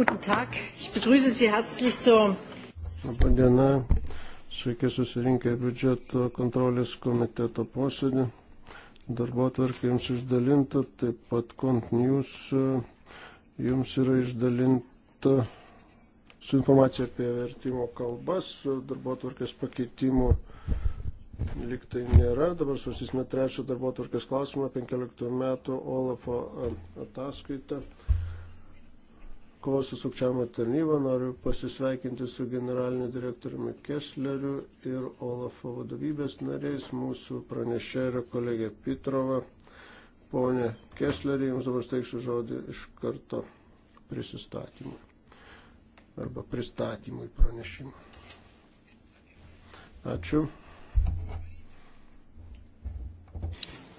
guten Tag. Ich begrüße Sie herzlich zur. Labadiena. Sveiki susirinkę biudžeto kontrolės komiteto posėdį. Darbo atvarkė jums išdalinta, taip pat kont news e, jums yra išdalinta su informacija apie vertimo kalbas, darbo atvarkės pakeitimų liktai nėra. Dabar susisime trečią darbo atvarkės klausimą, 15 metų Olafo ataskaitą kovos su sukčiavimo tarnyba, noriu pasisveikinti su generaliniu direktoriumi Kessleriu ir Olafo vadovybės nariais. Mūsų pranešė yra kolegė Pitrova. Pone Kessleri, jums dabar steiksiu žodį iš karto prisistatymui arba pristatymui pranešimui. Ačiū.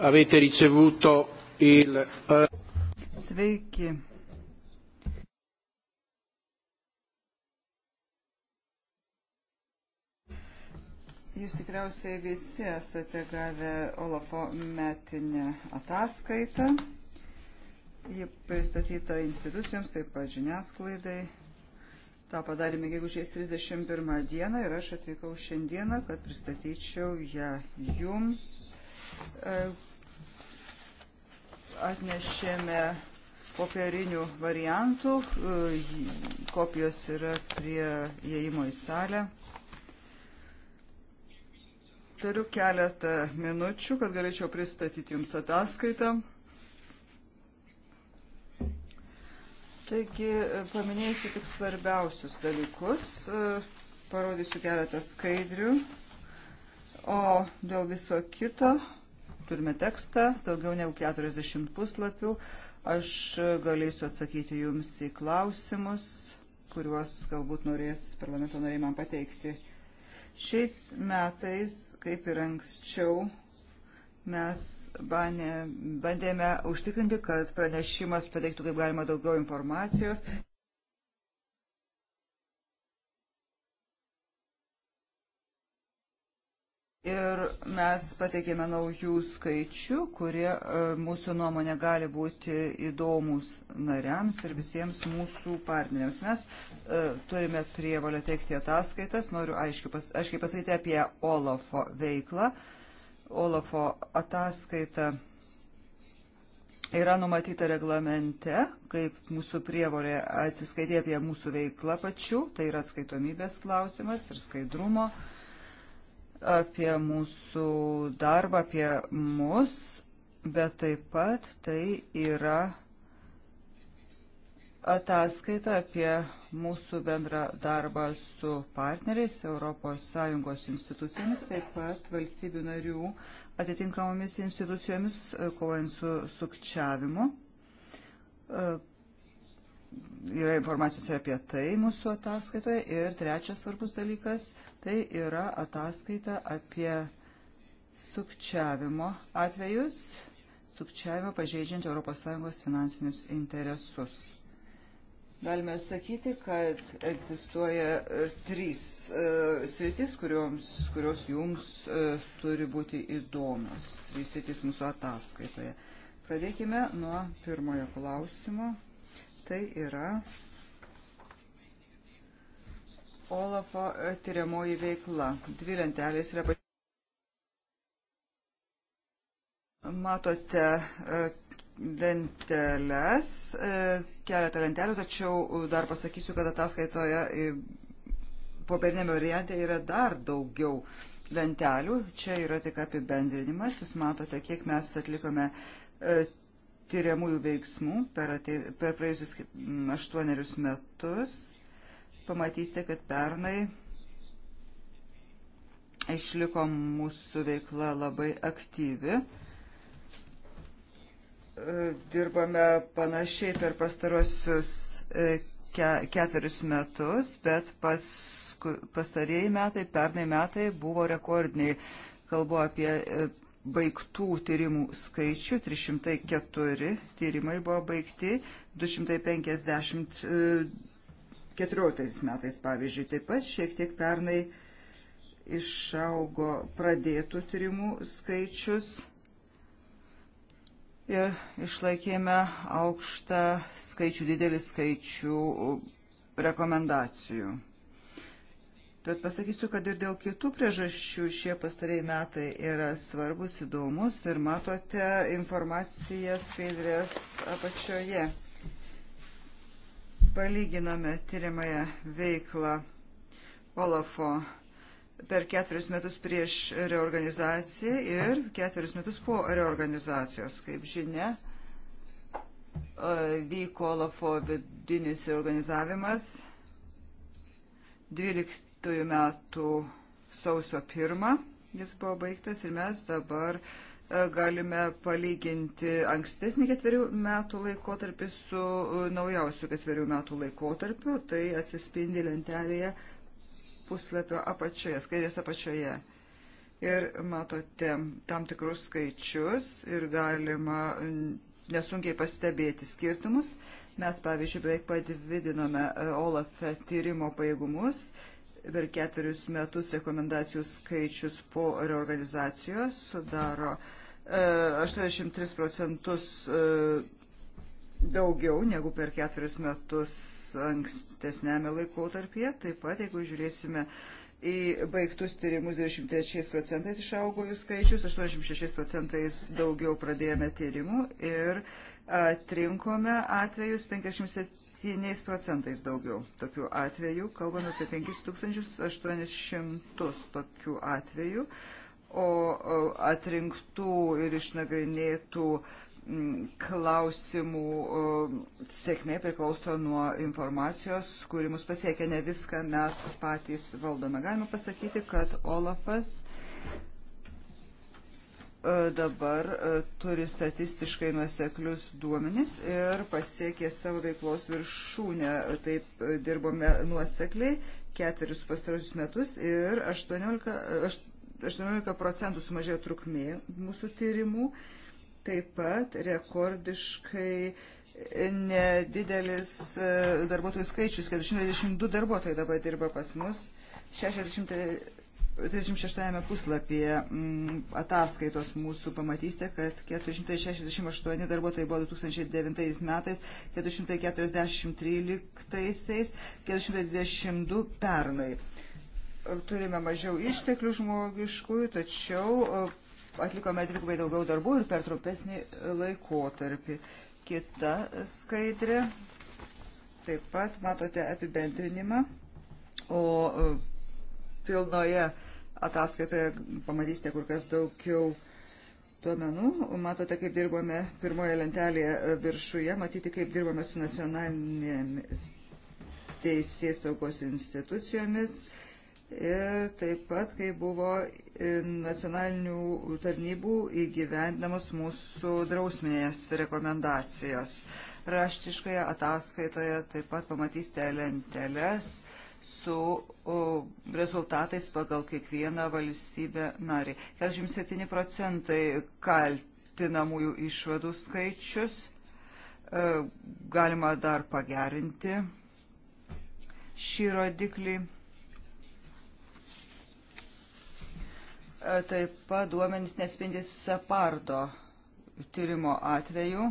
Avete ricevuto il... Eh, Sveiki Jūs tikriausiai visi esate gavę Olafo metinę ataskaitą. Ji pristatyta institucijoms, taip pat žiniasklaidai. Ta padarėme gegužės 31 dieną ir aš atvykau šiandieną, kad pristatyčiau ją jums. E, atnešėme popierinių variantų, e, kopijos yra prie įėjimo į salę. Turiu keletą minučių, kad galėčiau pristatyti Jums ataskaitą. Taigi paminėsiu tik svarbiausius dalykus, parodysiu keletą skaidrių, o dėl viso kito turime tekstą, daugiau negu 40 puslapių. Aš galėsiu atsakyti Jums į klausimus, kuriuos galbūt norės parlamento nariai man pateikti. Šiais metais kaip ir anksčiau, mes bandėme užtikrinti, kad pranešimas pateiktų kaip galima daugiau informacijos. Ir mes pateikėme naujų skaičių, kurie e, mūsų nuomonė gali būti įdomus nariams ir visiems mūsų partneriams. Mes uh, turime prievalę teikti ataskaitas, noriu aiškiai, pas, aiškiai pasakyti apie Olafo veiklą. Olafo ataskaita yra numatyta reglamente, kaip mūsų prievalė atsiskaitė apie mūsų veiklą pačių, tai yra atskaitomybės klausimas ir skaidrumo klausimas apie mūsų darbą, apie mus, bet taip pat tai yra ataskaita apie mūsų bendrą darbą su partneriais, ES institucijomis, taip pat valstybių narių atitinkamomis institucijomis, e, kovojant su sukčiavimu. E, yra informacijos ir apie tai mūsų ataskaitoje. Ir trečias svarbus dalykas Tai yra ataskaita apie sukčiavimo atvejus, sukčiavimo pažeidžiant ES finansinius interesus. Galime sakyti, kad egzistuoja e, trys uh, sritis, kurioms, kurios jums uh, turi būti įdomios. Trys sritis mūsų ataskaitoje. Pradėkime nuo pirmojo klausimo. Tai yra Olafo tyriamoji veikla. Dvi lentelės yra. Matote e, lenteles, e, keletą lentelių, tačiau e, dar pasakysiu, kad ataskaitoje popierinėme variante yra dar daugiau lentelių. Čia yra tik apibendrinimas. Jūs matote, kiek mes atlikome tyriamųjų veiksmų per, atė, per praėjusius aštuonerius metus pamatysite, kad pernai išliko mūsų veikla labai aktyvi. Dirbame panašiai per pastarosius e, ketverius metus, bet pastarėjai metai, pernai metai buvo rekordiniai. Kalbu apie e, baigtų tyrimų skaičių, 304 tyrimai buvo baigti, 250 2014 metais, pavyzdžiui, taip pat šiek tiek pernai išaugo pradėtų tyrimų skaičius ir išlaikėme aukštą skaičių, didelį skaičių rekomendacijų. Bet pasakysiu, kad ir dėl kitų priežasčių šie pastarėjai metai yra svarbus, įdomus ir matote informaciją skaidrės apačioje palyginome tyriamąją veiklą Olafo per ketverius metus prieš reorganizaciją ir ketverius metus po reorganizacijos. Kaip žinia, vyko Olafo vidinis reorganizavimas 12 metų sausio 1. Jis buvo baigtas ir mes dabar uh, galime palyginti ankstesnį ketverių metų laikotarpį su e, naujausiu ketverių metų laikotarpiu. Tai atsispindi lentelėje puslapio apačioje, skaidrės apačioje. Ir matote tam tikrus skaičius ir galima nesunkiai pastebėti skirtumus. Mes, pavyzdžiui, beveik padvidinome e, OLAF tyrimo pajėgumus per ketverius metus rekomendacijų skaičius po reorganizacijos sudaro 83 e, procentus e, daugiau negu per ketverius metus ankstesnėme laikotarpyje. Taip pat, jeigu žiūrėsime į baigtus tyrimus 23 procentais išaugo jų skaičius, 86 procentais daugiau pradėjome tyrimų ir atrinkome atvejus 57 7 procentais daugiau tokių atvejų, kalbame apie 5800 tokių atvejų, o atrinktų ir išnagrinėtų klausimų sėkmė priklauso nuo informacijos, kuri mus pasiekia, ne viską mes patys valdome. Galima pasakyti, kad Olafas E, dabar e, turi statistiškai nuoseklius duomenis ir pasiekė savo veiklos viršūnę. Taip e, dirbome nuosekliai ketverius pastarusius metus ir 18, 18 procentų sumažėjo trukmė mūsų tyrimų. Taip pat rekordiškai nedidelis darbuotojų skaičius, 422 darbuotojai dabar dirba pas mus. 60 36 puslapyje mm, ataskaitos mūsų pamatysite, kad 468 darbuotojai buvo 2009 metais, 443, 422 pernai. Turime mažiau išteklių žmogiškųjų, tačiau e, atlikome dvigubai daugiau darbų ir per trumpesnį laikotarpį. Kita skaidrė. Taip pat matote apibendrinimą. O e, pilnoje ataskaitoje pamatysite kur kas daugiau duomenų. Matote, kaip dirbome pirmoje lentelėje e, viršuje, matyti, kaip dirbome su nacionalinėmis teisės saugos institucijomis ir taip pat, kaip buvo e, nacionalinių tarnybų įgyvendinamos mūsų drausminės rekomendacijos. Raštiškoje ataskaitoje taip pat pamatysite lenteles su rezultatais pagal kiekvieną valstybę narį. 47 procentai kaltinamųjų išvadų skaičius e, galima dar pagerinti šį rodiklį. E, taip pat duomenys nespindys Sapardo tyrimo atveju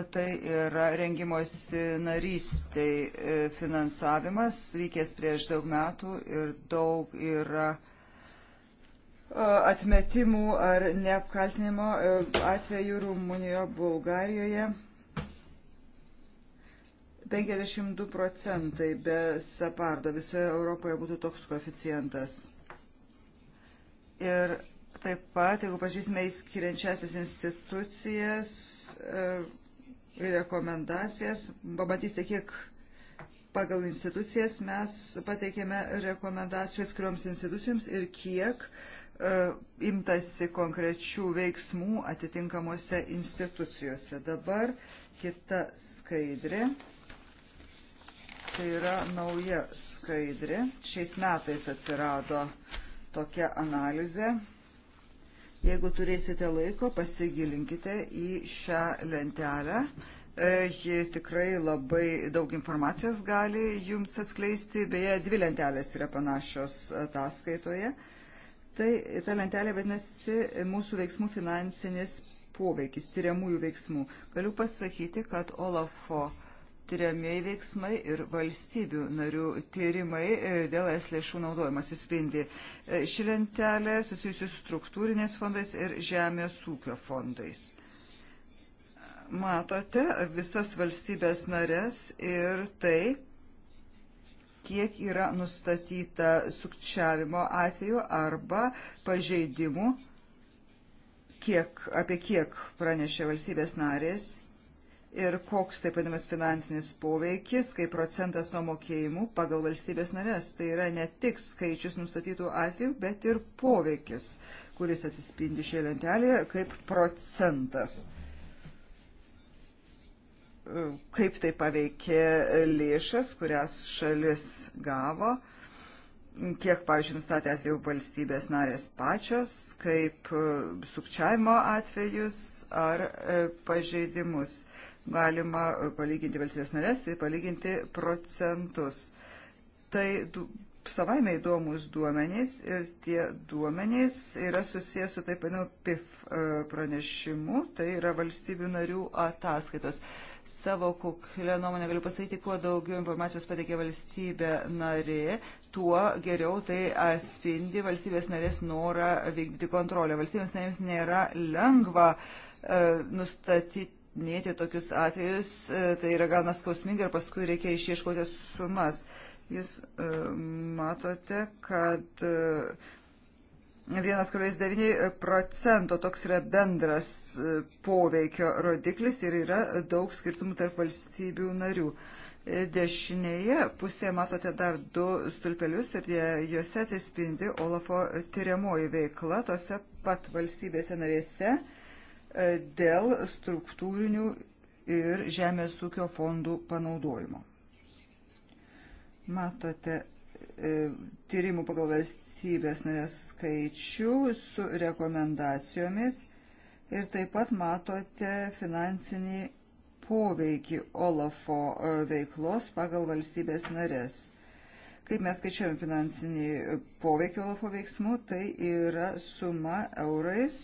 tai yra rengimosi narystai e, finansavimas, vykęs prieš daug metų ir daug yra e, atmetimų ar neapkaltinimo e, atvejų Rumunijoje, Bulgarijoje. 52 procentai be sapardo visoje Europoje būtų toks koeficientas. Ir taip pat, jeigu pažiūrėsime į skiriančiasias institucijas, rekomendacijas. Pamatysite, kiek pagal institucijas mes pateikėme rekomendacijos skirioms institucijoms ir kiek uh, imtasi konkrečių veiksmų atitinkamuose institucijose. Dabar kita skaidrė. Tai yra nauja skaidrė. Šiais metais atsirado tokia analizė Jeigu turėsite laiko, pasigilinkite į šią lentelę. E, ji tikrai labai daug informacijos gali jums atskleisti. Beje, dvi lentelės yra panašios ataskaitoje. Tai ta lentelė vadinasi mūsų veiksmų finansinis poveikis, tyriamųjų veiksmų. Galiu pasakyti, kad Olafo tyriamieji veiksmai ir valstybių narių tyrimai dėl e, es lėšų naudojimo atsispindi. E, ši lentelė susijusi su struktūriniais fondais ir žemės ūkio fondais. Matote visas valstybės narės ir tai, kiek yra nustatyta sukčiavimo atveju arba pažeidimų, kiek, apie kiek pranešė valstybės narės ir koks taip vadinamas finansinis poveikis, kaip procentas nuo mokėjimų pagal valstybės narės. Tai yra ne tik skaičius nustatytų atvejų, bet ir poveikis, kuris atsispindi šioje lentelėje kaip procentas. Kaip tai paveikė lėšas, kurias šalis gavo, kiek, pavyzdžiui, nustatė atveju valstybės narės pačios, kaip sukčiavimo atvejus ar e, pažeidimus galima palyginti valstybės narės ir palyginti procentus. Tai du, savaime įdomus duomenys ir tie duomenys yra susijęs su taip vadinamu PIF e, pranešimu, tai yra valstybių narių ataskaitos. Savo kuklę nuomonę galiu pasakyti, kuo daugiau informacijos pateikia valstybė narė, tuo geriau tai atspindi valstybės narės norą vykdyti kontrolę. Valstybės narėms nėra lengva uh, nustatyti nagrinėti tokius atvejus, e, tai yra gana skausminga ir paskui reikia išieškoti sumas. Jūs e, matote, kad 1,9 e, procento toks yra bendras poveikio rodiklis ir yra daug skirtumų tarp valstybių narių. Dešinėje pusėje matote dar du stulpelius ir juose atsispindi Olafo tyriamoji veikla tose pat valstybėse narėse. E, dėl struktūrinių ir žemės ūkio fondų panaudojimo. Matote e, tyrimų pagal valstybės narės skaičių su rekomendacijomis ir taip pat matote finansinį poveikį Olafo e, veiklos pagal valstybės narės. Kaip mes skaičiuojame finansinį poveikį Olafo veiksmų, tai yra suma eurais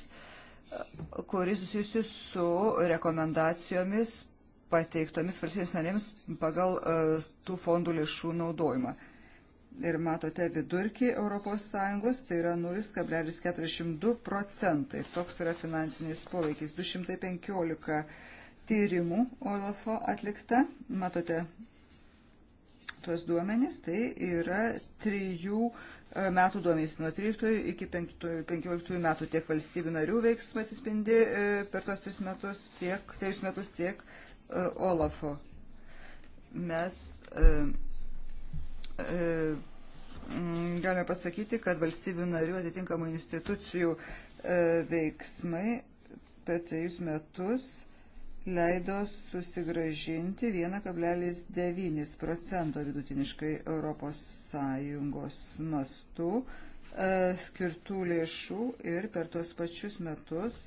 kuris susijusi su rekomendacijomis pateiktomis valstybės narėms pagal uh, tų fondų lėšų naudojimą. Ir matote vidurkį ES, tai yra 0,42 procentai. Toks yra finansinis poveikis. 215 tyrimų Olafo atlikta. Matote tuos duomenys, tai yra trijų uh, E, metų duomenys nuo 13 iki 15 metų tiek valstybių narių veiksmai atsispindi e, per tos tris metus, tiek, trejus metus, tiek e, Olafo. Mes mm, galime pasakyti, kad valstybių narių atitinkamų institucijų veiksmai per trejus metus leido susigražinti 1,9 procento vidutiniškai ES mastu e, skirtų lėšų ir per tos pačius metus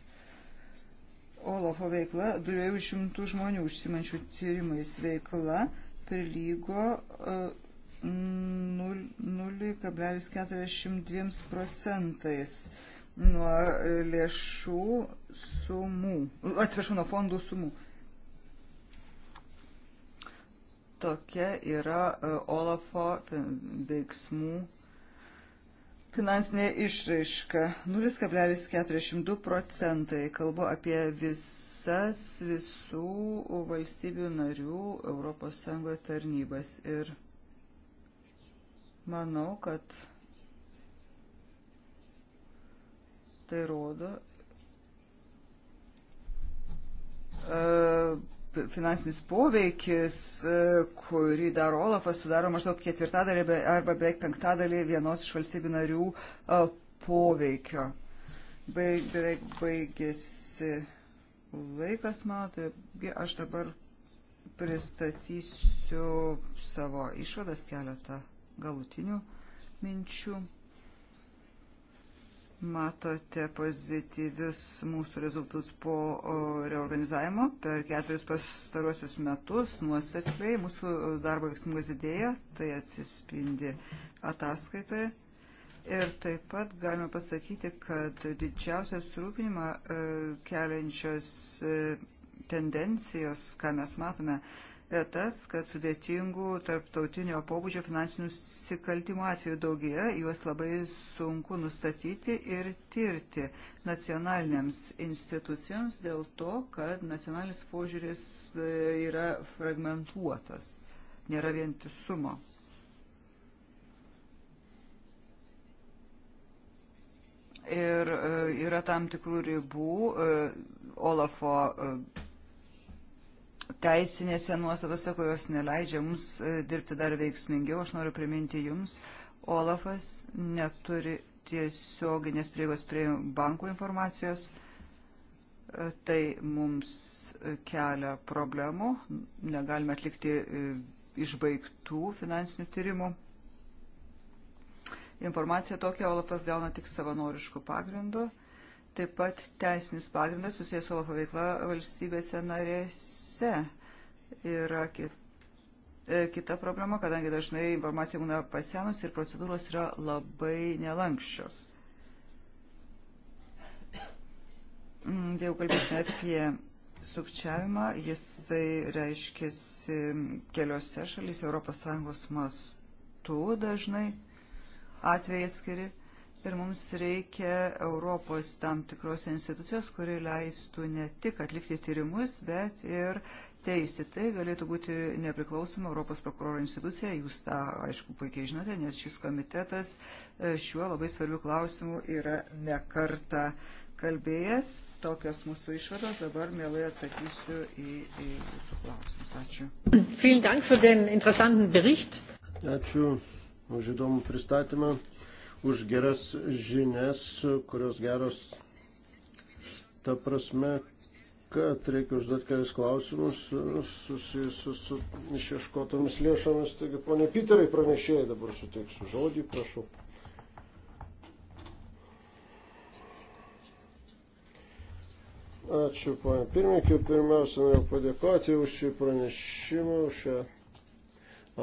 Olafo veikla, 200 žmonių užsimančių tyrimais veikla prilygo 0,42 e, procentais nuo lėšų sumų, atsiprašau, nuo fondų sumų. Tokia yra e, Olafo veiksmų Finansinė išraiška 0,42 procentai. Kalbu apie visas visų valstybių narių ES tarnybas. Ir manau, kad Tai rodo e, finansinis poveikis, e, kurį daro Olafas, sudaro maždaug ketvirtadalį arba beveik penktadalį vienos iš valstybių narių e, poveikio. Beveik, beveik baigėsi laikas, matote, aš dabar pristatysiu savo išvadas keletą galutinių minčių. Matote pozityvius mūsų rezultatus po reorganizavimo. Per keturis pastaruosius metus nuosekliai mūsų darbo veiksmų didėja, tai atsispindi ataskaitoje. Ir taip pat galime pasakyti, kad didžiausias rūpinimą e, keliančios e, tendencijos, ką mes matome, E, tas, kad sudėtingų tarptautinio pobūdžio finansinių sikaltimų atveju daugėja, juos labai sunku nustatyti ir tirti nacionalinėms institucijoms dėl to, kad nacionalinis požiūris e, yra fragmentuotas, nėra vientisumo. Ir e, yra tam tikrų ribų Olafo teisinėse nuostatose, kurios neleidžia mums e, dirbti dar veiksmingiau. Aš noriu priminti jums, Olafas neturi tiesioginės prieigos prie bankų informacijos. E, tai mums kelia problemų, negalime atlikti e, išbaigtų finansinių tyrimų. Informaciją tokią Olafas gauna tik savanoriškų pagrindų. Taip pat teisinis pagrindas susijęs su Olafo veikla valstybėse narės narėse yra kita. E, kita problema, kadangi dažnai informacija būna pasenus ir procedūros yra labai nelankščios. Mm, Jau kalbėsime apie sukčiavimą. Jisai reiškėsi keliose šalyse, ES mastu dažnai atvejai skiri. Ir mums reikia Europos tam tikros institucijos, kuri leistų ne tik atlikti tyrimus, bet ir teisti. Tai galėtų būti nepriklausoma Europos prokuroro institucija. Jūs tą, aišku, puikiai žinote, nes šis komitetas e, šiuo labai svarbiu klausimu yra nekarta kalbėjęs. Tokios mūsų išvados. Dabar mielai atsakysiu į, į jūsų klausimus. Ačiū. Ačiū už įdomų pristatymą už geras žinias, kurios geros ta prasme, kad reikia užduoti kelias klausimus susijusius su išieškotomis lėšomis. Taigi, ponė Piterai, pranešėjai dabar suteiksiu žodį, prašau. Ačiū, ponė pirmininkė. Pirmiausia, noriu padėkoti už šį pranešimą, už šią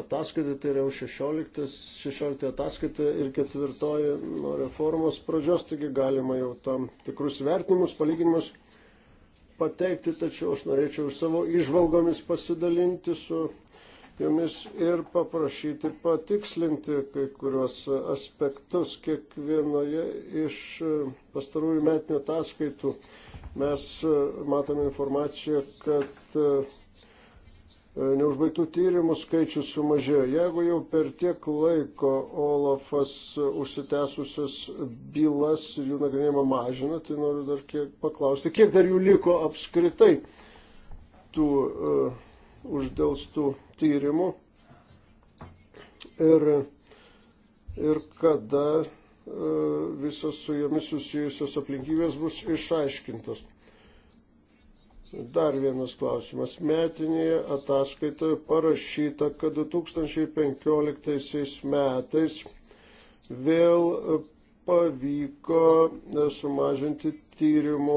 ataskaita, tai yra jau 16, 16 ataskaita ir ketvirtoji nuo reformos pradžios, taigi galima jau tam tikrus vertinimus, palyginimus pateikti, tačiau aš norėčiau ir savo išvalgomis pasidalinti su jumis ir paprašyti patikslinti kai kurios aspektus kiekvienoje iš pastarųjų metinių ataskaitų. Mes matome informaciją, kad E, neužbaigtų tyrimų skaičius sumažėjo. Jeigu jau per tiek laiko Olafas užsitęsusias bylas ir jų nagrinėjimą mažina, tai noriu dar kiek paklausti, kiek dar jų liko apskritai tų uh, e, uždėlstų tyrimų ir, ir kada uh, visos su jomis susijusios aplinkybės bus išaiškintos. Dar vienas klausimas. Metinėje ataskaitoje parašyta, kad 2015 metais vėl pavyko sumažinti tyrimų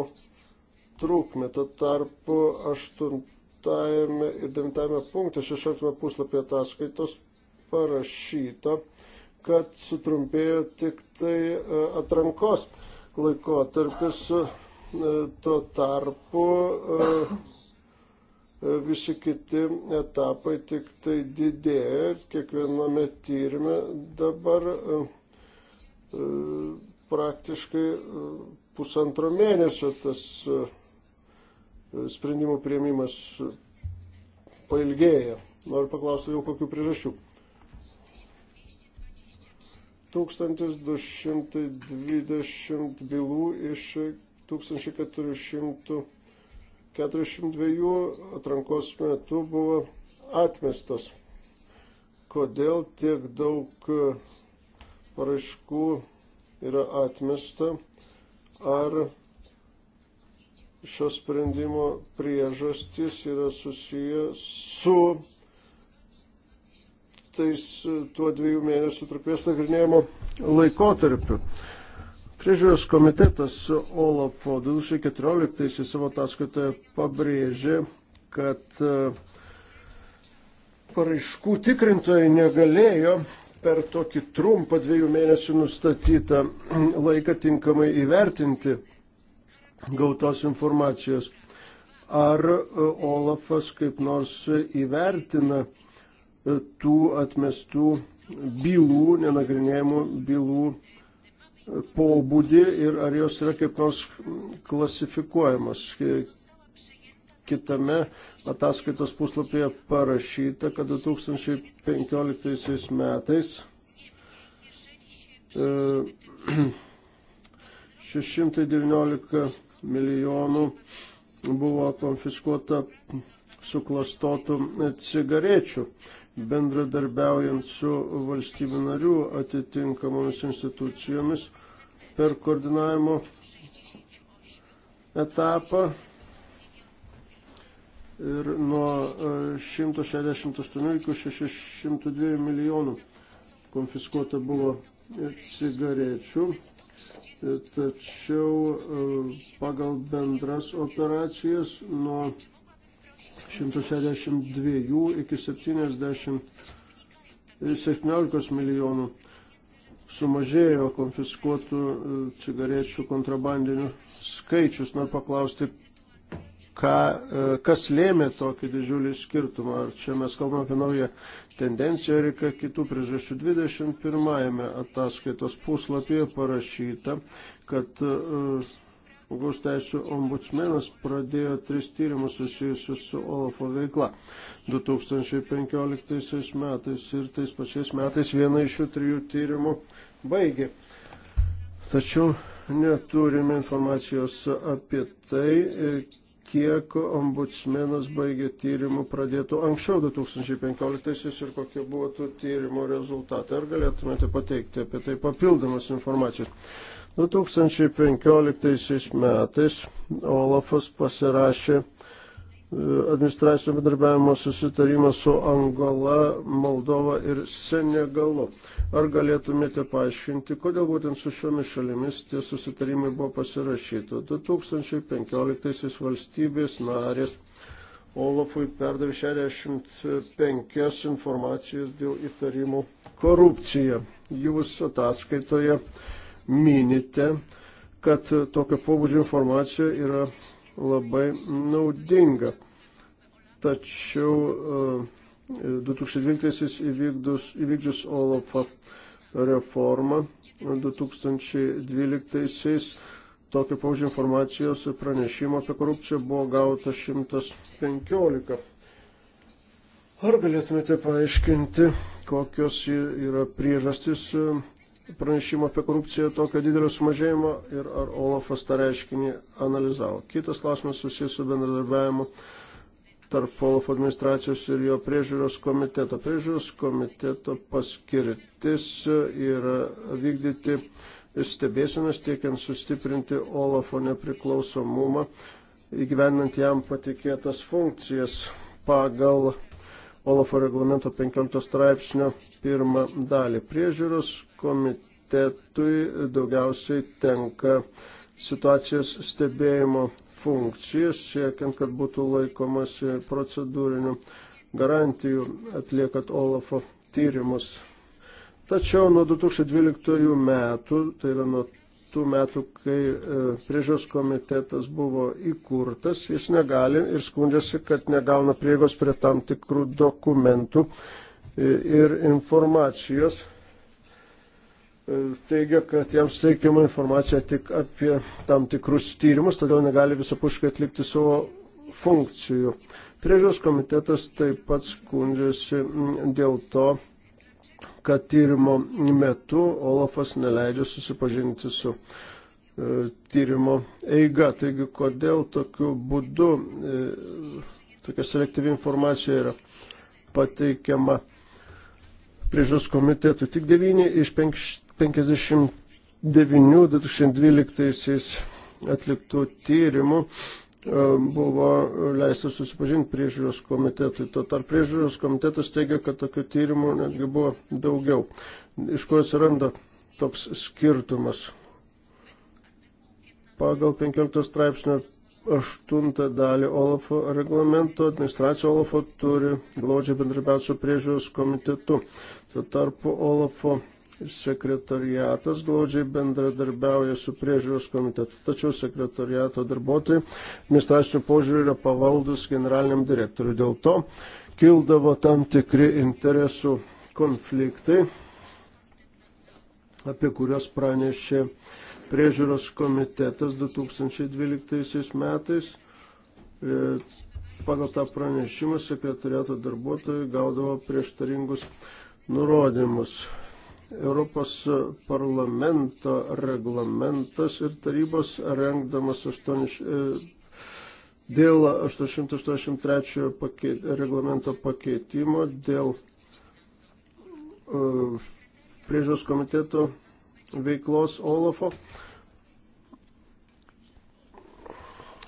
trūkmę. Tad tarpu 8 ir 9 punkte 16 puslapį ataskaitos parašyta, kad sutrumpėjo tik tai e, atrankos laikotarpis Tuo tarpu e, e, visi kiti etapai tik tai didėja ir kiekviename tyrimė dabar e, praktiškai pusantro mėnesio tas sprendimų prieimimas pailgėja. Noriu paklausti jau kokių priežasčių. 1220 bylų iš 1442 atrankos metu buvo atmestas. Kodėl tiek daug e, paraiškų yra atmesta? Ar šio sprendimo priežastys yra susiję su tais tuo dviejų mėnesių trukmės nagrinėjimo laikotarpiu? Priežiūros komitetas Olafo 2014 savo ataskaitoje pabrėžė, kad e, paraiškų tikrintojai negalėjo per tokį trumpą dviejų mėnesių nustatytą laiką tinkamai įvertinti gautos informacijos. Ar e, Olafas kaip nors įvertina e, tų atmestų bylų, nenagrinėjimų bylų pobūdį ir ar jos yra kaip nors klasifikuojamos. Kitame ataskaitos puslapyje parašyta, kad 2015 metais 619 e, milijonų buvo konfiskuota suklastotų cigarečių bendradarbiaujant su valstybių narių atitinkamomis institucijomis per koordinavimo etapą ir nuo 168 e, iki 602 milijonų konfiskuota buvo cigarečių. E, tačiau e, pagal bendras operacijas nuo 162 iki 70, 17 milijonų sumažėjo konfiskuotų e, cigarečių kontrabandinių skaičius. Noriu paklausti, ką, e, kas lėmė tokį didžiulį skirtumą. Ar čia mes kalbame apie naują tendenciją ir kitų priežasčių. 21 ataskaitos puslapyje parašyta, kad e, Žmogaus teisų ombudsmenas pradėjo tris tyrimus susijusius su Olafo veikla 2015 metais ir tais pačiais metais viena iš šių trijų tyrimų uh, baigė. Tačiau neturime informacijos apie tai, kiek ombudsmenas baigė tyrimų pradėtų anksčiau 2015 ir kokie buvo tų tyrimų rezultatai. Ar galėtumėte pateikti apie tai papildomas informacijos? 2015 metais Olafas pasirašė e, administracinio bendarbiavimo susitarimą su Angola, Moldova ir Senegalu. Ar galėtumėte paaiškinti, kodėl būtent su šiomis šalimis tie susitarimai buvo pasirašyti? 2015 valstybės narės Olafui perdavė 65 informacijos dėl įtarimų korupciją. Jūs ataskaitoje minite, kad tokio pobūdžio informacija yra labai naudinga. Tačiau uh, 2012 įvykdus, įvykdžius Olafą reformą 2012 tokio paužio informacijos ir pranešimo apie korupciją buvo gauta 115. Ar galėtumėte paaiškinti, kokios yra priežastys e, pranešimo apie korupciją tokio didelio sumažėjimo ir ar Olafas tą reiškinį analizavo? Kitas klausimas susijęs su bendradarbiavimu tarp OLAF administracijos ir jo priežiūros komiteto. Priežiūros komiteto paskirtis yra vykdyti stebėsinas, tiekiant sustiprinti OLAFo nepriklausomumą, įgyvenant jam patikėtas funkcijas pagal OLAFo reglamento 15 straipsnio pirmą dalį. Priežiūros komitetui daugiausiai tenka situacijos stebėjimo funkcijas, siekiant, kad būtų laikomasi procedūrinių garantijų atliekant Olafo tyrimus. Tačiau nuo 2012 metų, tai yra nuo tų metų, kai e, priežios komitetas buvo įkurtas, jis negali ir skundžiasi, kad negauna priegos prie tam tikrų dokumentų e, ir informacijos. E, teigia, kad jam suteikiama informacija tik apie tam tikrus tyrimus, todėl negali visapuškai atlikti savo funkcijų. Priežiūros komitetas taip pat skundžiasi dėl to, kad tyrimo metu Olafas neleidžia susipažinti su e, tyrimo eiga. Taigi, kodėl tokiu būdu e, tokia selektyvi informacija yra pateikiama priežos komitetui. Tik 9 iš 5, 59-2012 atliktų tyrimų e, buvo leista susipažinti priežiūros komitetui. Tuo tarp priežiūros komitetas teigia, kad tokių tyrimų netgi buvo daugiau. Iš ko atsiranda toks skirtumas? Pagal 15 straipsnio 8 dalį Olafo reglamento administracija Olafo turi glaudžiai bendrabiauti su priežiūros komitetu. Tuo tarpu Olafo sekretariatas glaudžiai bendradarbiauja su priežiūros komitetu, tačiau sekretariato darbuotojai administracinių požiūrį yra pavaldus generaliniam direktoriui. Dėl to kildavo tam tikri interesų konfliktai, apie kuriuos pranešė priežiūros komitetas 2012 metais. E, pagal tą pranešimą sekretariato darbuotojai gaudavo prieštaringus nurodymus. Europos parlamento reglamentas ir tarybos rengdamas 8, e, dėl 883 pakeit, reglamento pakeitimo, dėl uh, priežiūros komiteto veiklos Olafo.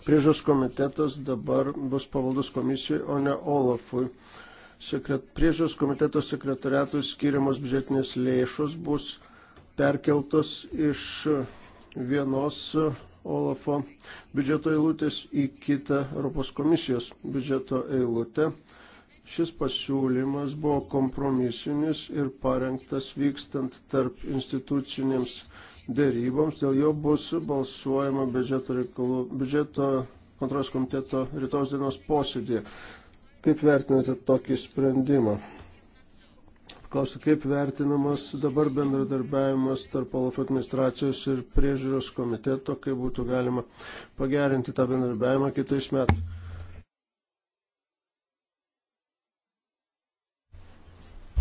Priežiūros komitetas dabar bus pavaldus komisijai, o ne Olafui. Uh, sekret, priežiūros komiteto sekretariatui skiriamos biudžetinės lėšos bus perkeltos iš vienos e, Olafo biudžeto eilutės į kitą Europos komisijos biudžeto eilutę. Šis pasiūlymas buvo kompromisinis ir parengtas vykstant tarp institucinėms dėryboms. Dėl jo bus balsuojama biudžeto, reikalų, biudžeto kontrolės komiteto rytos dienos posėdėje. Kaip vertinate tokį sprendimą? Klausiu, kaip vertinamas dabar bendradarbiavimas tarp OLAF administracijos ir priežiūros komiteto, kaip būtų galima pagerinti tą bendradarbiavimą kitais metais?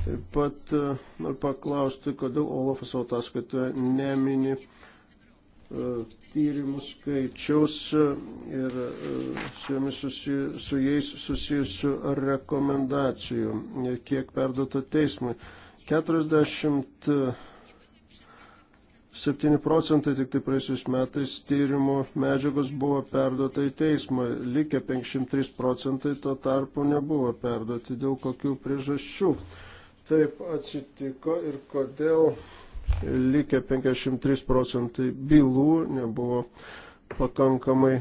Taip pat e, noriu paklausti, kodėl Olafas ataskaitoje nemini E, tyrimų skaičiaus e, ir e, su, susi, su jais susijusių rekomendacijų, kiek perduota teismui. 47 procentai tik tai praėjusiais metais tyrimų medžiagos buvo perduota į teismą, likę 503 procentai to tarpu nebuvo perduoti, dėl kokių priežasčių. Taip atsitiko ir kodėl likę 53 procentai bylų nebuvo pakankamai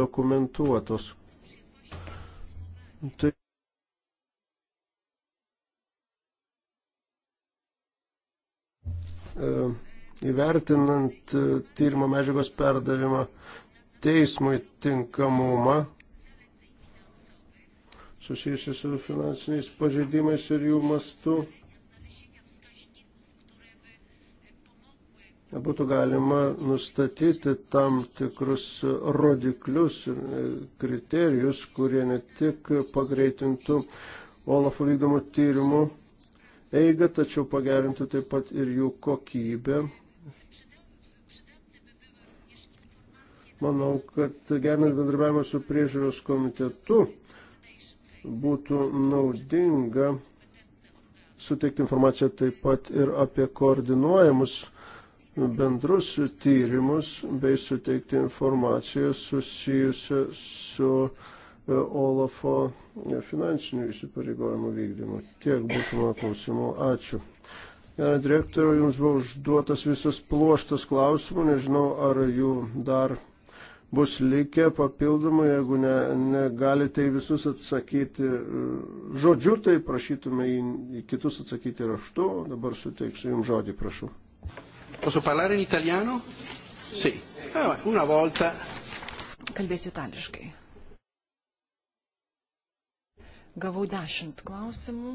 dokumentuotos. Tai e, įvertinant e, tyrimo medžiagos perdavimą teismui tinkamumą susijusi su finansiniais pažeidimais ir jų mastu būtų galima nustatyti tam tikrus rodiklius ir kriterijus, kurie ne tik pagreitintų Olafų vykdomų tyrimų eigą, tačiau pagerintų taip pat ir jų kokybę. Manau, kad gerinant bendradarbiavimą su priežiūros komitetu būtų naudinga suteikti informaciją taip pat ir apie koordinuojamus bendrus tyrimus bei suteikti informaciją susijusią su e, Olafo finansinių įsipareigojimų vykdymu. Tiek būtų mano klausimų. Ačiū. Gerą direktorių, jums buvo užduotas visas pluoštas klausimų, nežinau, ar jų dar bus likę papildomai, jeigu ne, negalite į visus atsakyti e, žodžiu, tai prašytume į, į kitus atsakyti raštu, dabar suteiksiu jums žodį, prašau. Posso parlare in italiano? Sì. Ah, una volta. Kalbėsiu itališkai. Gavau dešimt klausimų.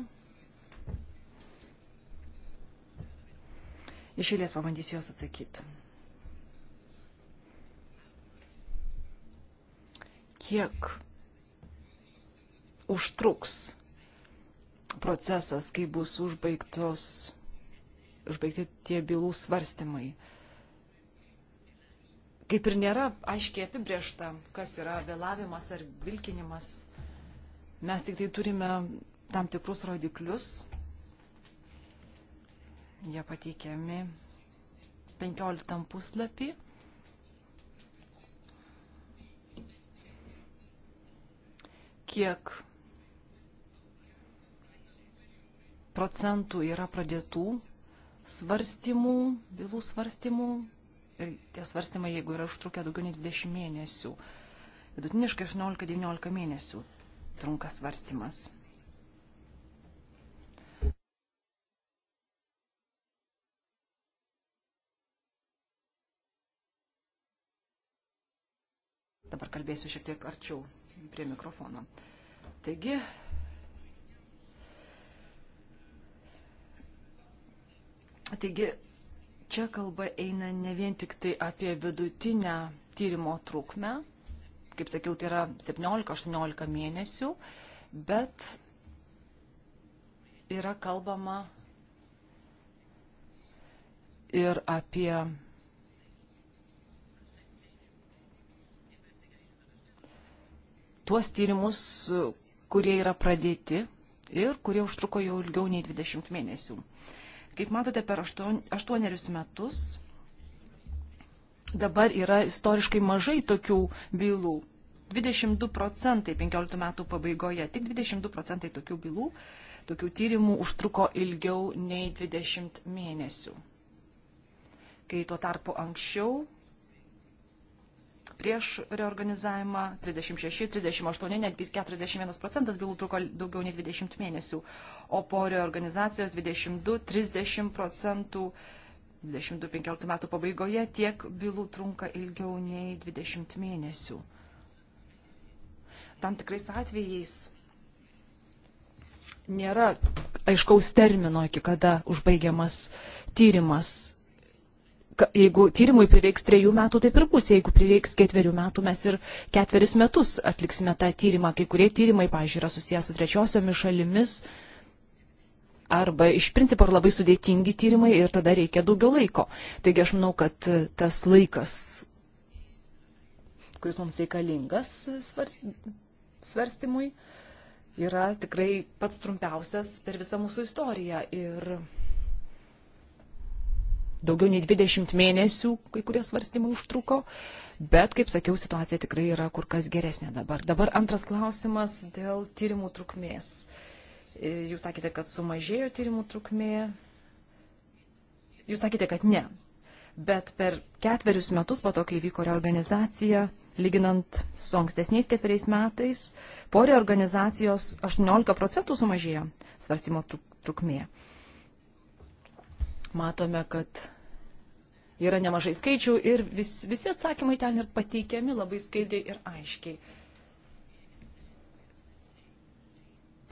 Iš eilės pabandysiu juos atsakyti. Kiek užtruks procesas, kai bus užbaigtos užbaigti tie bylų svarstymai. Kaip ir nėra aiškiai apibriešta, kas yra vėlavimas ar vilkinimas. Mes tik tai turime tam tikrus rodiklius. Jie pateikiami 15 puslapį. Kiek procentų yra pradėtų svarstymų, bylų svarstymų. Ir tie svarstymai, jeigu yra užtrukę daugiau nei 20 mėnesių, vidutiniškai 18-19 mėnesių trunka svarstymas. Dabar kalbėsiu šiek tiek arčiau prie mikrofono. Taigi, Taigi, čia kalba eina ne vien tik tai apie vidutinę tyrimo trukmę, kaip sakiau, tai yra 17-18 mėnesių, bet yra kalbama ir apie tuos tyrimus, kurie yra pradėti ir kurie užtruko jau ilgiau nei 20 mėnesių. Kaip matote, per aštuonerius metus dabar yra istoriškai mažai tokių bylų. 22 procentai 15 metų pabaigoje, tik 22 procentai tokių bylų, tokių tyrimų užtruko ilgiau nei 20 mėnesių. Kai tuo tarpu anksčiau prieš reorganizavimą, 36, 38, netgi 41 procentas bylų truko daugiau nei 20 mėnesių, o po reorganizacijos 22, 30 procentų 22-15 metų pabaigoje tiek bylų trunka ilgiau nei 20 mėnesių. Tam tikrais atvejais nėra aiškaus termino, iki kada užbaigiamas tyrimas jeigu tyrimui prireiks trejų metų, taip ir bus. Jeigu prireiks ketverių metų, mes ir ketveris metus atliksime tą tyrimą. Kai kurie tyrimai, pažiūrėjau, yra susijęs su trečiosiomis šalimis. Arba iš principo ar labai sudėtingi tyrimai ir tada reikia daugiau laiko. Taigi aš manau, kad tas laikas, kuris mums reikalingas svarstymui, yra tikrai pats trumpiausias per visą mūsų istoriją. Ir daugiau nei 20 mėnesių kai kurie svarstymai užtruko, bet, kaip sakiau, situacija tikrai yra kur kas geresnė dabar. Dabar antras klausimas dėl tyrimų trukmės. E, jūs sakėte, kad sumažėjo tyrimų trukmė. Jūs sakėte, kad ne. Bet per ketverius metus po to, kai vyko reorganizacija, lyginant su ankstesniais ketveriais metais, po reorganizacijos 18 procentų sumažėjo svarstymo trukmė. Truk Matome, kad yra nemažai skaičių ir vis, visi atsakymai ten ir pateikiami labai skaidriai ir aiškiai.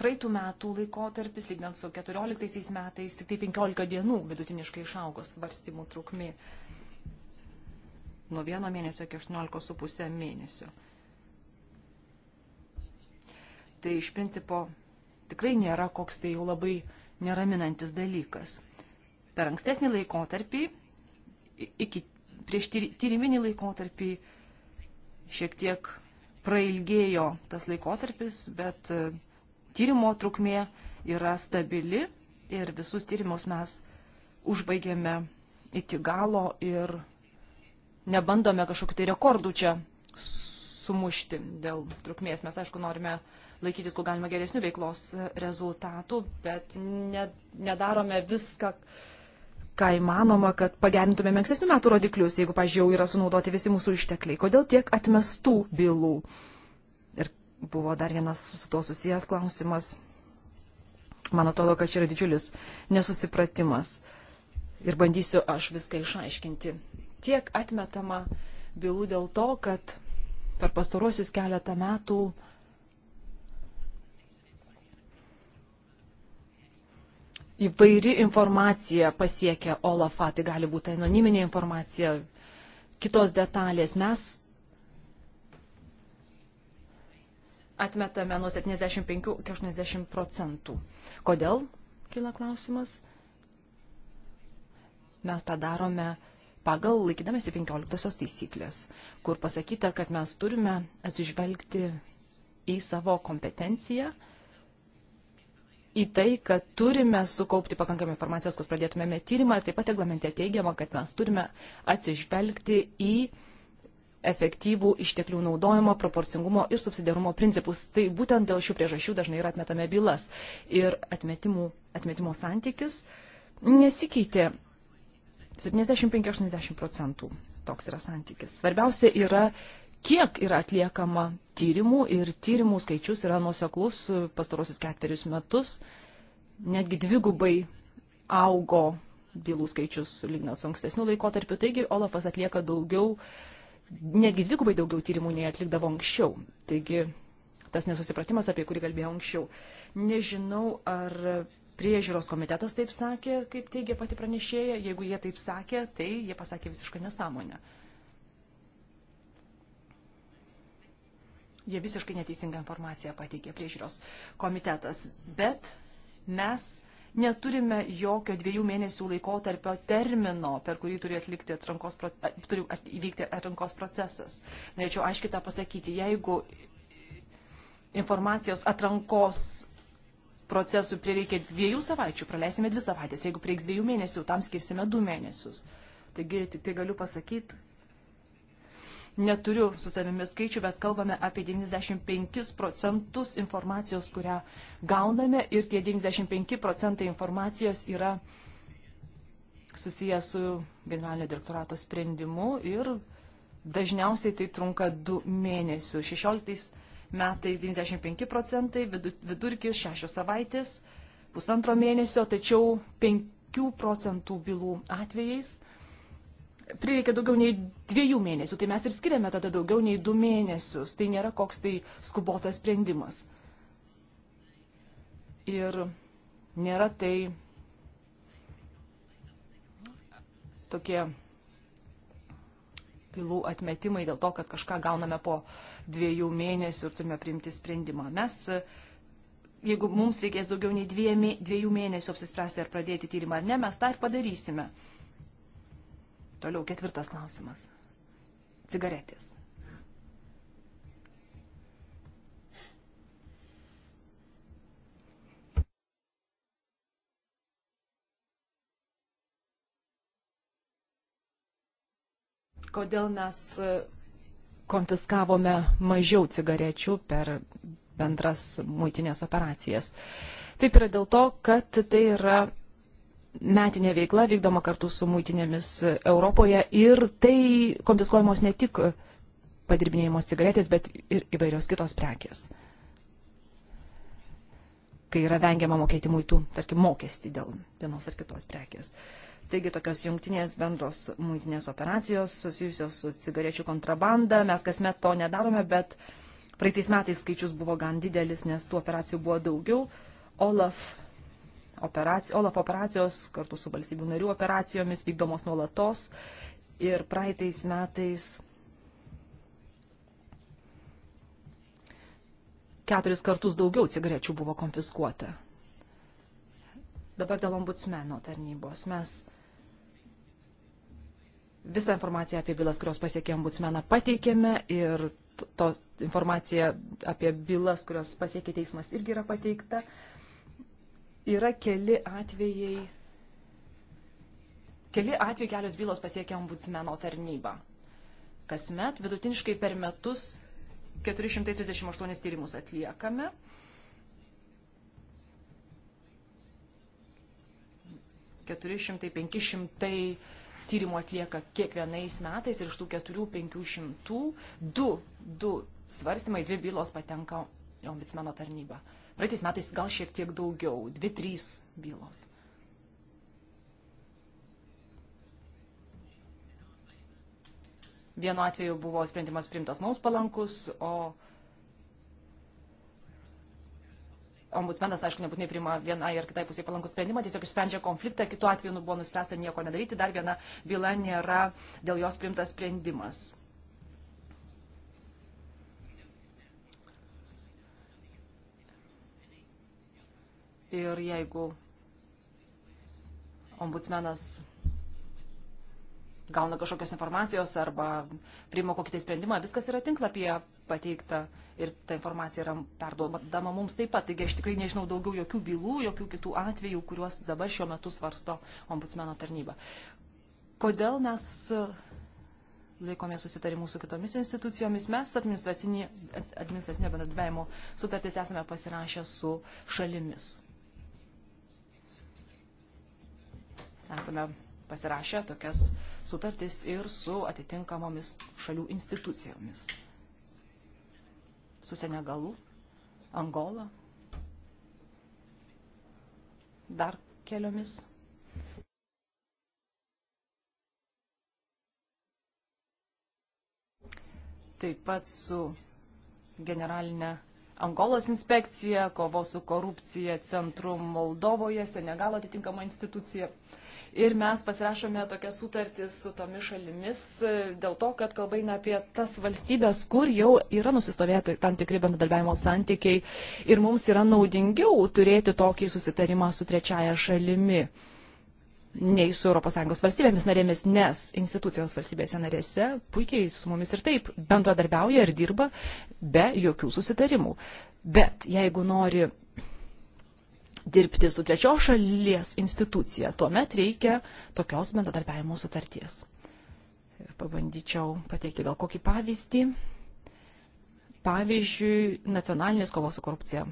Praeitų metų laikotarpis, lygnant su 14 metais, tik tai 15 dienų vidutiniškai išaugo svarstymų trukmi. Nuo vieno mėnesio iki 18,5 mėnesio. Tai iš principo tikrai nėra koks tai jau labai neraminantis dalykas. Per ankstesnį laikotarpį, iki prieš tyriminį laikotarpį šiek tiek prailgėjo tas laikotarpis, bet e, tyrimo trukmė yra stabili ir visus tyrimus mes užbaigėme iki galo ir nebandome kažkokiu tai rekordu čia sumušti dėl trukmės. Mes, aišku, norime laikytis, kuo galima geresnių veiklos rezultatų, bet ne, nedarome viską, ką įmanoma, kad pagerintumėme ankstesnių metų rodiklius, jeigu, pažiūrėjau, yra sunaudoti visi mūsų ištekliai. Kodėl tiek atmestų bylų? Ir buvo dar vienas su to susijęs klausimas. Man atrodo, kad čia yra didžiulis nesusipratimas. Ir bandysiu aš viską išaiškinti. Tiek atmetama bylų dėl to, kad per pastarosius keletą metų įvairi informacija pasiekia Olafą, tai gali būti anoniminė informacija, kitos detalės. Mes atmetame nuo 75 iki 80 procentų. Kodėl? Kila klausimas. Mes tą darome pagal laikydamėsi 15 taisyklės, kur pasakyta, kad mes turime atsižvelgti į savo kompetenciją į tai, kad turime sukaupti pakankamai informacijos, kad pradėtumėme tyrimą. Taip pat reglamente teigiama, kad mes turime atsižvelgti į efektyvų išteklių naudojimo, proporcingumo ir subsidiarumo principus. Tai būtent dėl šių priežasčių dažnai yra atmetame bylas. Ir atmetimų, atmetimo santykis nesikeitė 75-80 procentų. Toks yra santykis. Svarbiausia yra kiek yra atliekama tyrimų ir tyrimų skaičius yra nuoseklus e, pastarosius ketverius metus, netgi dvigubai augo bylų skaičius lygnant su ankstesniu laikotarpiu, taigi Olafas atlieka daugiau, netgi dvigubai daugiau tyrimų nei atlikdavo anksčiau. Taigi tas nesusipratimas, apie kurį kalbėjau anksčiau. Nežinau, ar priežiūros komitetas taip sakė, kaip teigia pati pranešėja. Jeigu jie taip sakė, tai jie pasakė visišką nesąmonę. Uh, jie visiškai neteisingą informaciją pateikė priežiūros komitetas. Bet mes neturime jokio dviejų mėnesių laikotarpio termino, per kurį turi, atlikti atrankos, turi įvykti atrankos procesas. Norėčiau aiškiai tą pasakyti, jeigu informacijos atrankos procesų prireikia dviejų savaičių, praleisime dvi savaitės, jeigu prieiks dviejų mėnesių, tam skirsime du mėnesius. Taigi tik tai galiu pasakyti, neturiu su savimi skaičių, bet kalbame apie 95 procentus informacijos, kurią gauname ir tie 95 procentai informacijos yra susijęs su generalinio direktorato sprendimu ir dažniausiai tai trunka 2 mėnesius. 16 metais 95 procentai, vidurkis 6 savaitės, pusantro mėnesio, tačiau 5 procentų bylų atvejais prireikia daugiau nei dviejų mėnesių, tai mes ir skiriame tada daugiau nei du mėnesius. Tai nėra koks tai skubotas sprendimas. Ir nėra tai tokie pilų atmetimai dėl to, kad kažką gauname po dviejų mėnesių ir turime priimti sprendimą. Mes, jeigu mums reikės daugiau nei dviejų mėnesių apsispręsti ar pradėti tyrimą ar ne, mes tą ir padarysime. Toliau ketvirtas klausimas. Cigaretės. Kodėl mes e, konfiskavome mažiau cigarečių per bendras muitinės operacijas? Taip yra dėl to, kad tai yra metinė veikla vykdoma kartu su muitinėmis Europoje ir tai konfiskuojamos ne tik padirbinėjimos cigaretės, bet ir įvairios kitos prekės. Kai yra vengiama mokėti muitų, tarkim, mokestį dėl vienos ar kitos prekės. Taigi tokios jungtinės bendros muitinės operacijos susijusios su cigarečių kontrabanda. Mes kasmet to nedarome, bet praeitais metais skaičius buvo gan didelis, nes tų operacijų buvo daugiau. Olaf operaci OLAF operacijos kartu su valstybių narių operacijomis vykdomos nuolatos ir praeitais metais keturis kartus daugiau cigarečių buvo konfiskuota. Dabar dėl ombudsmeno tarnybos mes visą informaciją apie bylas, kurios pasiekė ombudsmeną, pateikėme ir tos informacija apie bylas, kurios pasiekė teismas, irgi yra pateikta yra keli atvejai, keli atvejai kelios bylos pasiekia ombudsmeno tarnybą. Kasmet vidutiniškai per metus 438 tyrimus atliekame. Keturi šimtai, penki šimtai tyrimų atlieka kiekvienais metais ir iš tų keturių, penkių šimtų du, du svarstymai, dvi bylos patenka ombudsmeno tarnybą. Praeitais metais gal šiek tiek daugiau, 2-3 bylos. Vienu atveju buvo sprendimas priimtas mums palankus, o ombudsmenas, aišku, nebūtinai priima vienai ar kitai pusiai palankų sprendimą, tiesiog išsprendžia konfliktą, kitu atveju nu, buvo nuspręsta nieko nedaryti, dar viena byla nėra dėl jos priimtas sprendimas. ir jeigu ombudsmenas gauna kažkokios informacijos arba priima kokį tai sprendimą, viskas yra tinklapyje pateikta ir ta informacija yra perduodama mums taip pat. Taigi aš tikrai nežinau daugiau jokių bylų, jokių kitų atvejų, kuriuos dabar šiuo metu svarsto ombudsmeno tarnyba. Kodėl mes laikomės susitarimų su kitomis institucijomis? Mes administracinio bendradarbiavimo sutartis esame pasirašę su šalimis esame pasirašę tokias sutartis ir su atitinkamomis šalių institucijomis. Su Senegalu, Angola, dar keliomis. Taip pat su generalinė Angolos inspekcija, kovos su korupcija centru Moldovoje, Senegalo atitinkama institucija ir mes pasirašome tokias sutartis su tomis šalimis e, dėl to, kad kalba eina apie tas valstybės, kur jau yra nusistovėję tai tam tikri bendradarbiavimo santykiai ir mums yra naudingiau turėti tokį susitarimą su trečiaja šalimi nei su ES valstybėmis narėmis, nes institucijos valstybėse narėse puikiai su mumis ir taip bendradarbiauja ir dirba be jokių susitarimų. Bet jeigu nori dirbti su trečios šalies institucija, tuomet reikia tokios bendradarbiavimo sutarties. Ir pabandyčiau pateikti gal kokį pavyzdį. Pavyzdžiui, nacionalinės kovos su korupcija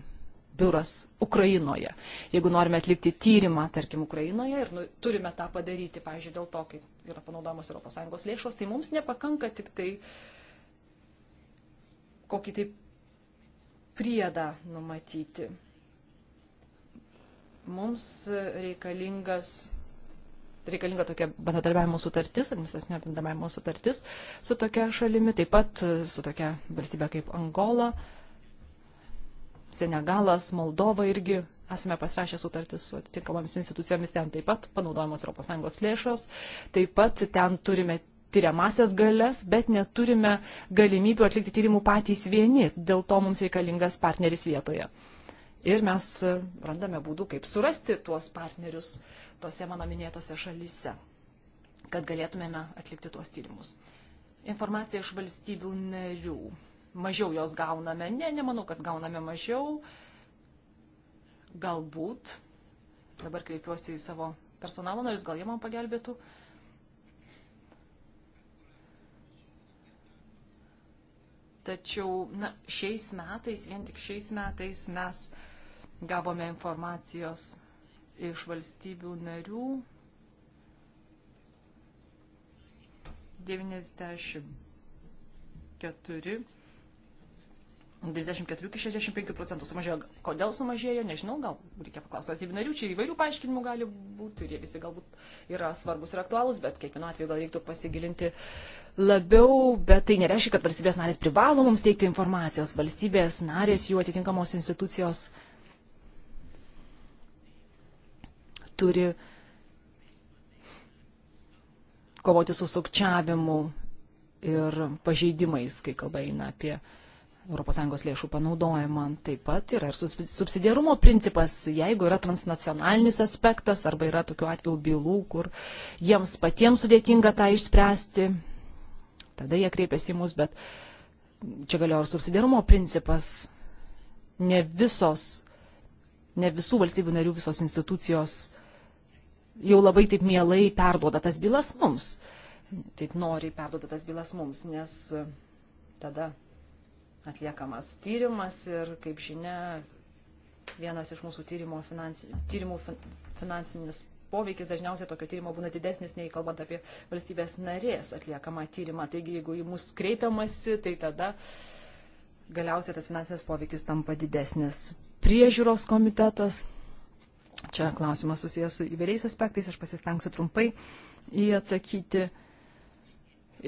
biuras Ukrainoje. Jeigu norime atlikti tyrimą, tarkim, Ukrainoje ir nu, turime tą padaryti, pavyzdžiui, dėl to, kaip yra panaudojamos ES lėšos, tai mums nepakanka tik tai kokį tai priedą numatyti mums reikalingas reikalinga tokia bendradarbiavimo sutartis, administracinio bendradarbiavimo sutartis su tokia šalimi, taip pat su tokia valstybė kaip Angola, Senegalas, Moldova irgi esame pasirašę sutartis su atitinkamomis institucijomis, ten taip pat panaudojamos ES lėšos, taip pat ten turime tyriamasias galės, bet neturime galimybių atlikti tyrimų patys vieni, dėl to mums reikalingas partneris vietoje. Ir mes randame būdų, kaip surasti tuos partnerius tose mano minėtose šalyse, kad galėtumėme atlikti tuos tyrimus. Informacija iš valstybių narių. Mažiau jos gauname. Ne, nemanau, kad gauname mažiau. Galbūt. Dabar kreipiuosi į savo personalo narius, gal jie man pagelbėtų. Tačiau na, šiais metais, vien tik šiais metais mes uh, Gavome informacijos iš valstybių narių. 94 94 iki 65 procentų sumažėjo. Kodėl sumažėjo, nežinau, gal reikia paklausti valstybių narių, čia įvairių paaiškinimų gali būti ir jie visi galbūt yra svarbus ir aktualūs, bet kiekvienu atveju gal reiktų pasigilinti labiau, bet tai nereiškia, kad valstybės narės privalo mums teikti informacijos. Valstybės narės, jų atitinkamos institucijos turi kovoti su sukčiavimu ir pažeidimais, kai kalba eina apie ES lėšų panaudojimą. Taip pat yra ir subsidiarumo principas, jeigu yra transnacionalinis aspektas arba yra tokių atvejų bylų, kur jiems patiems sudėtinga tą išspręsti, tada jie kreipiasi į mus, bet čia galioja ir subsidiarumo principas. Ne visos, ne visų valstybių narių visos institucijos jau labai taip mielai perduoda tas bylas mums. Taip noriai perduoda tas bylas mums, nes e, tada atliekamas tyrimas ir, kaip žinia, vienas iš mūsų tyrimo finansi, tyrimų fin, finansinis poveikis dažniausiai tokio tyrimo būna didesnis nei kalbant apie valstybės narės atliekamą tyrimą. Taigi, jeigu į mus kreipiamasi, tai tada galiausiai tas finansinis poveikis tampa didesnis. Priežiūros komitetas Čia klausimas susijęs su įvairiais aspektais, aš pasistengsiu trumpai į atsakyti.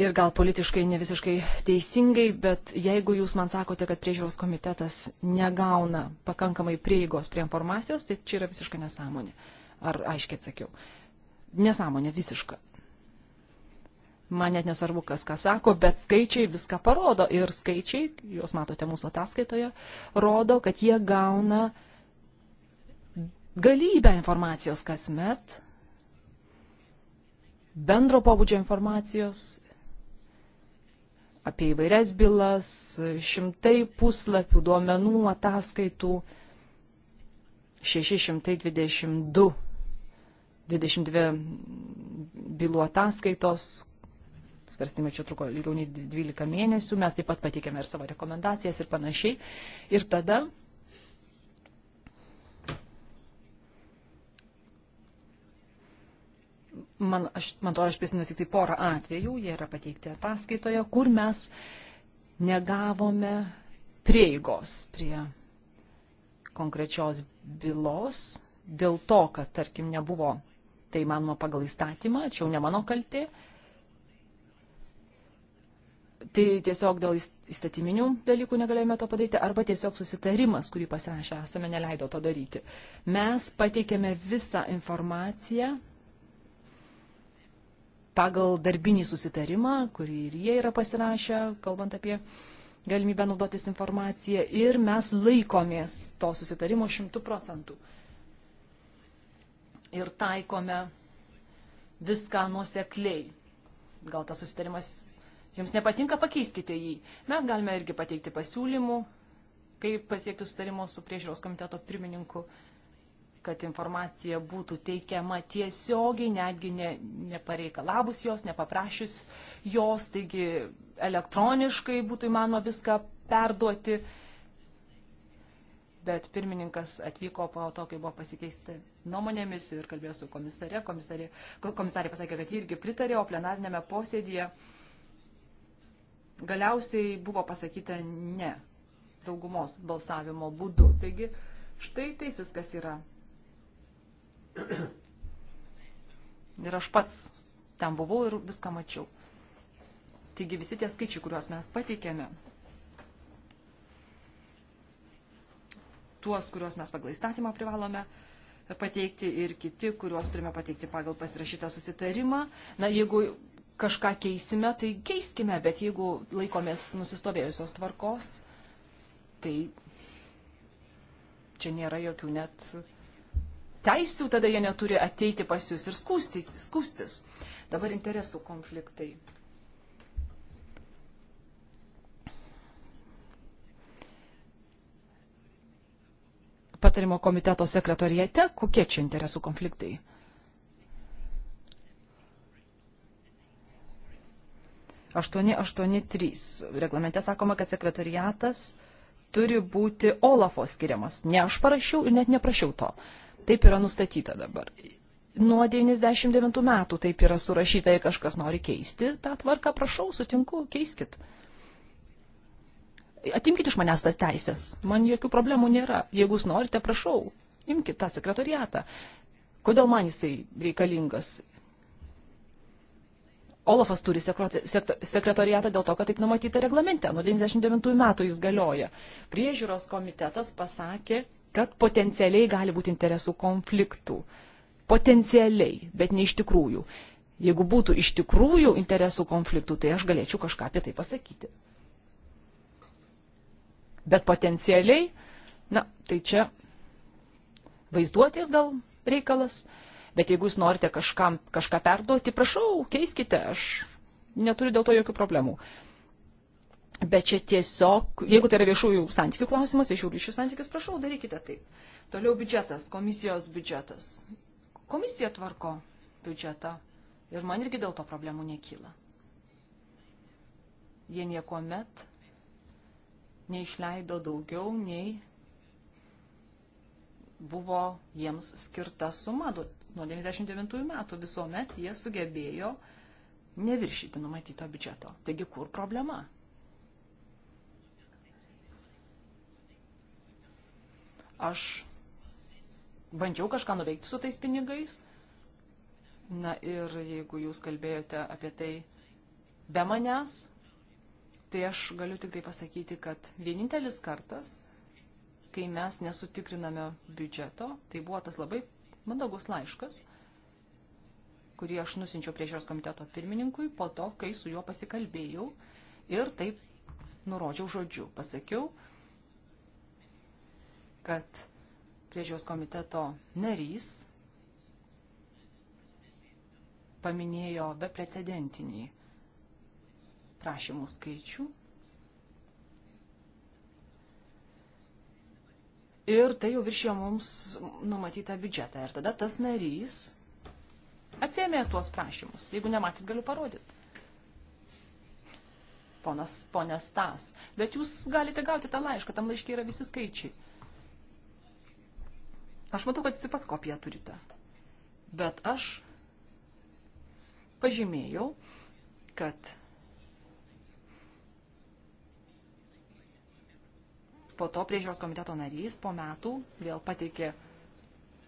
Ir gal politiškai ne visiškai teisingai, bet jeigu jūs man sakote, kad priežiūros komitetas negauna pakankamai prieigos prie informacijos, tai čia yra visiška nesąmonė. Ar aiškiai atsakiau? Nesąmonė visiška. Man net nesvarbu, kas ką sako, bet skaičiai viską parodo. Ir skaičiai, juos matote mūsų ataskaitoje, rodo, kad jie gauna uh, galybę informacijos kasmet, bendro pobūdžio informacijos apie įvairias bylas, šimtai puslapių duomenų ataskaitų, 622 22 bylų ataskaitos, svarstymai čia truko ilgiau nei 12 mėnesių, mes taip pat pateikėme ir savo rekomendacijas ir panašiai. Ir tada man, aš, man to aš prisimenu tik tai porą atvejų, jie yra pateikti ataskaitoje, kur mes negavome prieigos prie konkrečios bylos dėl to, kad, tarkim, nebuvo tai manoma pagal įstatymą, čia jau ne mano kalti. Tai tiesiog dėl įstatyminių dalykų negalėjome to padaryti, arba tiesiog susitarimas, kurį pasirašę esame, neleido to daryti. Mes pateikėme visą informaciją pagal darbinį susitarimą, kurį ir jie yra pasirašę, kalbant apie galimybę naudotis informaciją, ir mes laikomės to susitarimo šimtų procentų. Ir taikome viską nuosekliai. Gal tas susitarimas jums nepatinka, pakeiskite jį. Mes galime irgi pateikti pasiūlymų, kaip pasiekti sutarimo su priežiūros komiteto pirmininku. Uh, kad informacija būtų teikiama tiesiogiai, netgi ne, nepareikalavus jos, nepaprašius jos, taigi elektroniškai būtų įmanoma viską perduoti. Bet pirmininkas atvyko po to, kai buvo pasikeisti nuomonėmis ir kalbėjo su komisare. Komisarė, komisarė pasakė, kad ji irgi pritarė, o plenarinėme posėdėje galiausiai buvo pasakyta ne daugumos balsavimo būdu. Taigi štai taip viskas yra Ir aš pats ten buvau ir viską mačiau. Taigi visi tie skaičiai, kuriuos mes pateikėme, tuos, kuriuos mes pagal įstatymą privalome pateikti ir kiti, kuriuos turime pateikti pagal pasirašytą susitarimą. Na, jeigu kažką keisime, tai keiskime, bet jeigu laikomės nusistovėjusios tvarkos, tai čia nėra jokių net teisių, tada jie neturi ateiti pas jūs ir skūsti, skūstis. Dabar interesų konfliktai. Patarimo komiteto sekretorijate, kokie čia interesų konfliktai? Aštuoni, aštuoni, trys. Reglamente sakoma, kad sekretariatas turi būti Olafo skiriamas. Ne aš parašiau ir net neprašiau to. Taip yra nustatyta dabar. Nuo 99 metų taip yra surašyta, jei kažkas nori keisti tą tvarką, prašau, sutinku, keiskit. Atimkite iš manęs tas teisės, man jokių problemų nėra. Jeigu jūs norite, prašau, imkite tą sekretoriatą. Kodėl man jisai reikalingas? Olafas turi sekretoriatą dėl to, kad taip numatyta reglamente. Nuo 99 metų jis galioja. Priežiūros komitetas pasakė, kad potencialiai gali būti interesų konfliktų. Potencialiai, bet ne iš tikrųjų. Jeigu būtų iš tikrųjų interesų konfliktų, tai aš galėčiau kažką apie tai pasakyti. Bet potencialiai, na, tai čia vaizduotės gal reikalas, bet jeigu jūs norite kažkam kažką perduoti, prašau, keiskite, aš neturiu dėl to jokių problemų. Uh, Bet čia tiesiog, jeigu tai yra viešųjų santykių klausimas, viešųjų ryšių santykis, prašau, darykite taip. Toliau biudžetas, komisijos biudžetas. Komisija tvarko biudžetą ir man irgi dėl to problemų nekyla. Jie nieko met neišleido daugiau nei buvo jiems skirta suma nuo 99 metų. Visuomet jie sugebėjo neviršyti numatyto biudžeto. Taigi kur problema? Aš bandžiau kažką nuveikti su tais pinigais. Na ir jeigu jūs kalbėjote apie tai be manęs, tai aš galiu tik tai pasakyti, kad vienintelis kartas, kai mes nesutikriname biudžeto, tai buvo tas labai mandagus laiškas, kurį aš nusinčiau priežiūros komiteto pirmininkui po to, kai su juo pasikalbėjau ir taip nurodžiau žodžiu. Pasakiau, kad priežiūros komiteto narys paminėjo beprecedentinį prašymų skaičių. Ir tai jau viršė mums numatytą biudžetą. Ir tada tas narys atsėmė tuos prašymus. Jeigu nematyt, galiu parodyti. Ponas, ponės tas. Bet jūs galite gauti tą laišką, tam laiškiai yra visi skaičiai. Aš matau, kad jūs ir pats kopiją turite. Bet aš pažymėjau, kad po to priežiūros komiteto narys po metų vėl pateikė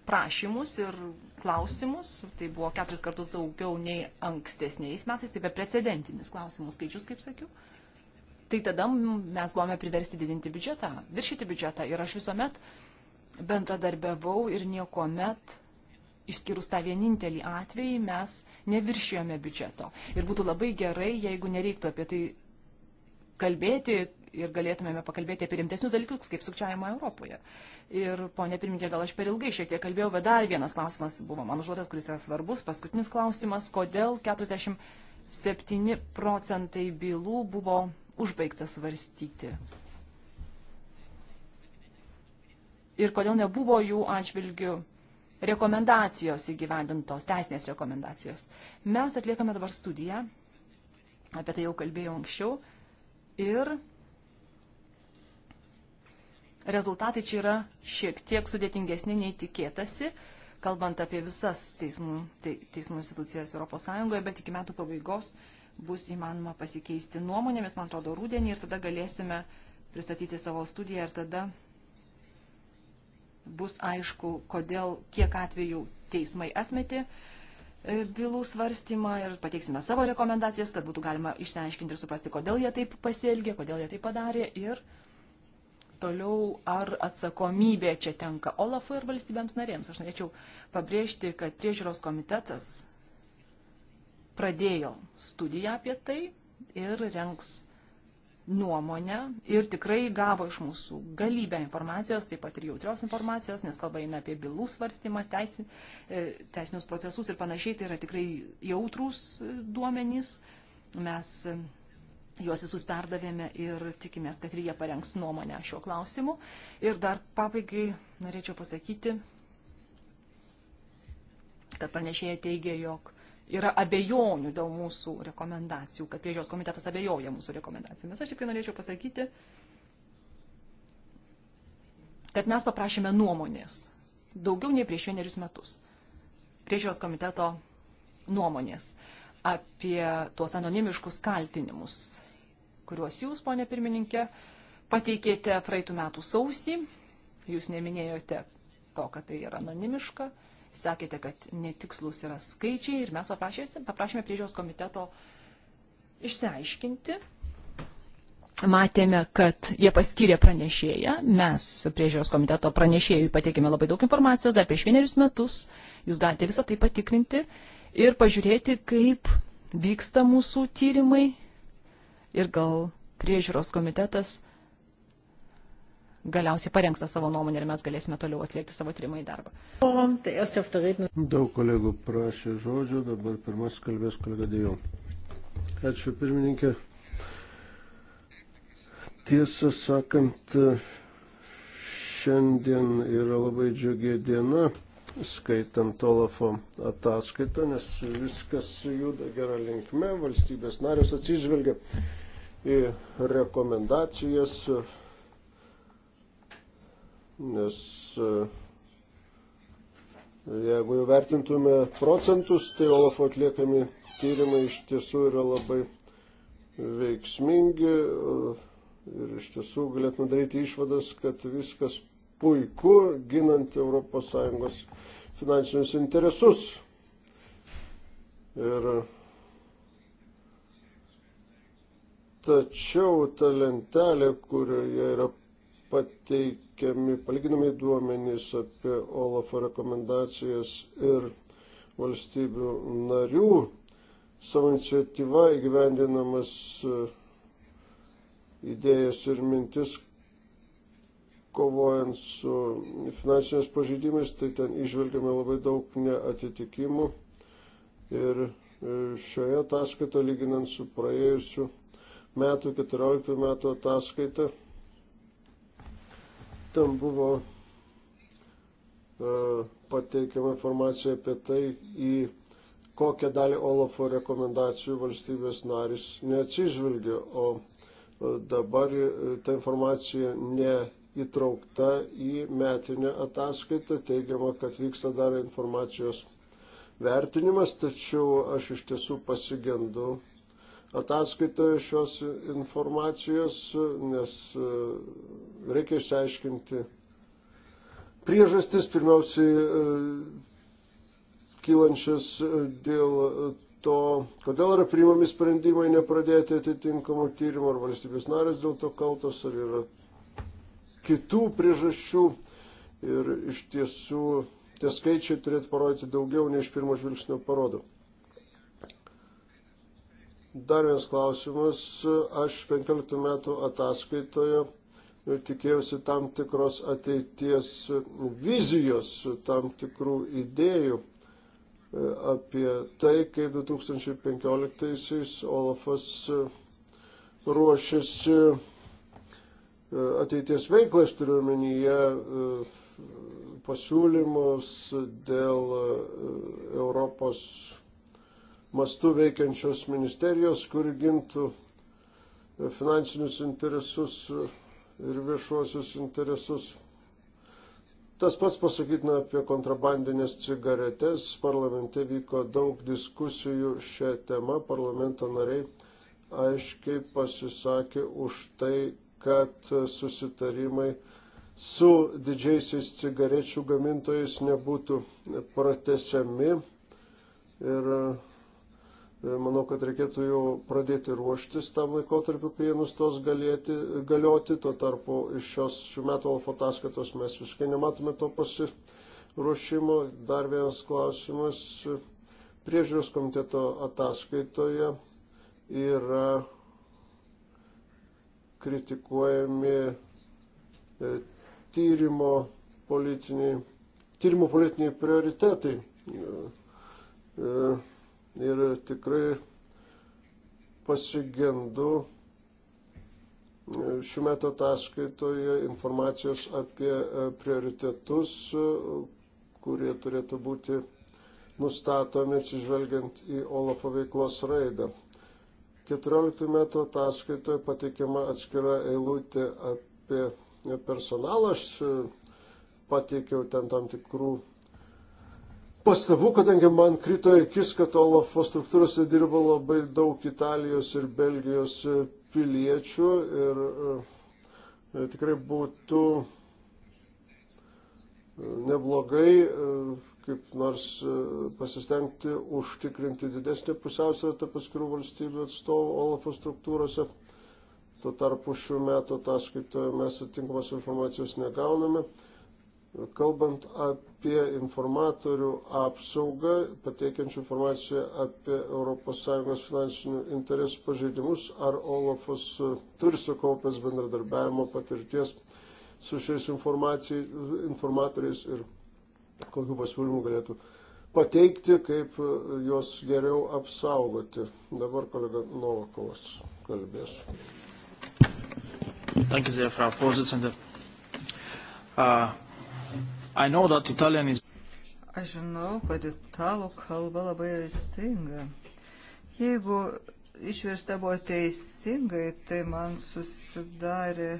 prašymus ir klausimus. Tai buvo keturis kartus daugiau nei ankstesniais metais, tai beprecedentinis klausimų skaičius, kaip sakiau. Tai tada mes buvome priversti didinti biudžetą, viršyti biudžetą. Ir aš visuomet uh, bendradarbiavau ir nieko met, išskyrus tą vienintelį atvejį, mes neviršijome biudžeto. Ir būtų labai gerai, jeigu nereiktų apie tai kalbėti ir galėtumėme pakalbėti apie rimtesnius dalykus, kaip sukčiavimą Europoje. Ir, ponė pirmininkė, gal aš per ilgai šiek tiek kalbėjau, bet dar vienas klausimas buvo man užduotas, kuris yra svarbus. Paskutinis klausimas, kodėl 47 procentai bylų buvo užbaigta svarstyti. ir kodėl nebuvo jų atžvilgių rekomendacijos įgyvendintos, teisinės rekomendacijos. Mes atliekame dabar studiją, apie tai jau kalbėjau anksčiau, ir rezultatai čia yra šiek tiek sudėtingesni nei tikėtasi, kalbant apie visas teismų, te, teismų institucijas ES, bet iki metų pabaigos bus įmanoma pasikeisti nuomonėmis, man atrodo, rūdienį ir tada galėsime pristatyti savo studiją ir tada bus aišku, kodėl, kiek atvejų teismai atmeti e, bylų svarstymą ir pateiksime savo rekomendacijas, kad būtų galima išsiaiškinti ir suprasti, kodėl jie taip pasielgė, kodėl jie taip padarė ir toliau ar atsakomybė čia tenka Olafui ir valstybėms narėms. Aš norėčiau pabrėžti, kad priežiūros komitetas pradėjo studiją apie tai ir rengs nuomonę ir tikrai gavo iš mūsų galybę informacijos, taip pat ir jautrios informacijos, nes kalba eina apie bylų svarstymą, teisi, e, teisinius procesus ir panašiai, tai yra tikrai jautrus e, duomenys. Mes e, juos visus perdavėme ir tikimės, kad ir jie parengs nuomonę šiuo klausimu. Ir dar pabaigai norėčiau pasakyti, kad pranešėja teigia, jog yra abejonių dėl mūsų rekomendacijų, kad priežiūros komitetas abejoja mūsų rekomendacijomis. Aš tik norėčiau pasakyti, kad mes paprašėme nuomonės daugiau nei prieš vienerius metus. Priežiūros komiteto nuomonės apie tuos anonimiškus kaltinimus, kuriuos jūs, ponė pirmininkė, pateikėte praeitų metų sausį. Jūs neminėjote to, kad tai yra anonimiška sakėte, kad netikslus yra skaičiai ir mes paprašėme, paprašėme priežiūros komiteto išsiaiškinti. Matėme, kad jie paskyrė pranešėją, mes priežiūros komiteto pranešėjui pateikėme labai daug informacijos dar prieš vienerius metus, jūs galite visą tai patikrinti ir pažiūrėti, kaip vyksta mūsų tyrimai ir gal priežiūros komitetas galiausiai parengs tą savo nuomonę ir mes galėsime toliau atlikti savo tyrimą į darbą. Daug kolegų prašė žodžio, dabar pirmasis kalbės kolega Dėjau. Ačiū pirmininkė. Tiesą sakant, šiandien yra labai džiugi diena, skaitant Olafo ataskaitą, nes viskas juda gerą linkme, valstybės narius atsižvelgia į rekomendacijas, nes e, jeigu jau vertintume procentus, tai Olafo atliekami tyrimai iš tiesų yra labai veiksmingi ir iš tiesų galėtume daryti išvadas, kad viskas puiku ginant ES finansinius interesus. Ir tačiau ta lentelė, kurioje yra pateikiama, pateikiami palyginami duomenys apie OLAFO rekomendacijas ir valstybių narių savo iniciatyva įgyvendinamas e, idėjas ir mintis, kovojant su finansinės pažeidimais, tai ten išvelgiame labai daug neatitikimų. Ir e, šioje ataskaitoje, lyginant su praėjusiu metu, 14 metų ataskaita, Ten buvo e, pateikiama informacija apie tai, į kokią dalį Olafo rekomendacijų valstybės narys neatsižvelgia, o e, dabar e, ta informacija neįtraukta į metinę ataskaitą, teigiama, kad vyksta dar informacijos vertinimas, tačiau aš iš tiesų pasigendu ataskaitoje šios informacijos, nes e, reikia išsiaiškinti priežastis, pirmiausiai e, kylančias e, dėl to, kodėl yra priimami sprendimai nepradėti atitinkamų tyrimų, ar valstybės narės dėl to kaltos, ar yra kitų priežasčių. Ir iš tiesų tie skaičiai turėtų parodyti daugiau, nei iš pirmo žvilgsnio parodo. Dar vienas klausimas. Aš 15 metų ataskaitoje tikėjausi tam tikros ateities vizijos, tam tikrų idėjų e, apie tai, kaip 2015-aisiais Olafas e, ruošiasi e, ateities veiklą, aš turiu omenyje pasiūlymus dėl Europos mastu veikiančios ministerijos, kuri gintų finansinius interesus ir viešuosius interesus. Tas pats pasakytina apie kontrabandinės cigaretės. Parlamente vyko daug diskusijų šią temą. Parlamento nariai aiškiai pasisakė už tai, kad susitarimai su didžiaisiais cigarečių gamintojais nebūtų pratesiami. Ir E, manau, kad reikėtų jau pradėti ruoštis tam laikotarpiu, kai jie nustos galėti, galioti. Tuo tarpu iš šios šių metų alfa ataskaitos mes visiškai nematome to pasiruošimo. Dar vienas klausimas. Priežiūros komiteto ataskaitoje yra kritikuojami e, tyrimo politiniai, tyrimo politiniai prioritetai. E, e, ir tikrai pasigendu šių metų ataskaitoje informacijos apie e, prioritetus, e, kurie turėtų būti nustatomi atsižvelgiant į Olafo veiklos raidą. 14 metų ataskaitoje pateikiama atskira eilutė apie personalą. Aš e, pateikiau ten tam tikrų pastabų, kadangi man krito į akis, kad Olafo struktūrose dirba labai daug Italijos ir Belgijos e, piliečių ir e, tikrai būtų e, neblogai kaip nors pasistengti užtikrinti didesnį pusiausvyrą tarp atskirų valstybių atstovų Olafo struktūrose. Tuo tarpu šių metų ataskaitoje mes atitinkamos informacijos negauname. Kalbant apie informatorių apsaugą, pateikiančių informaciją apie ES finansinių interesų pažeidimus, ar Olafas turi sukaupęs bendradarbiavimo patirties su šiais informatoriais ir kokiu pasiūlymu galėtų pateikti, kaip juos geriau apsaugoti. Dabar kolega Novakovas kalbės. Danke sehr, Frau Vorsitzende. Uh, is... Aš žinau, kad italų kalba labai aistringa. Jeigu išversta buvo teisingai, tai man susidarė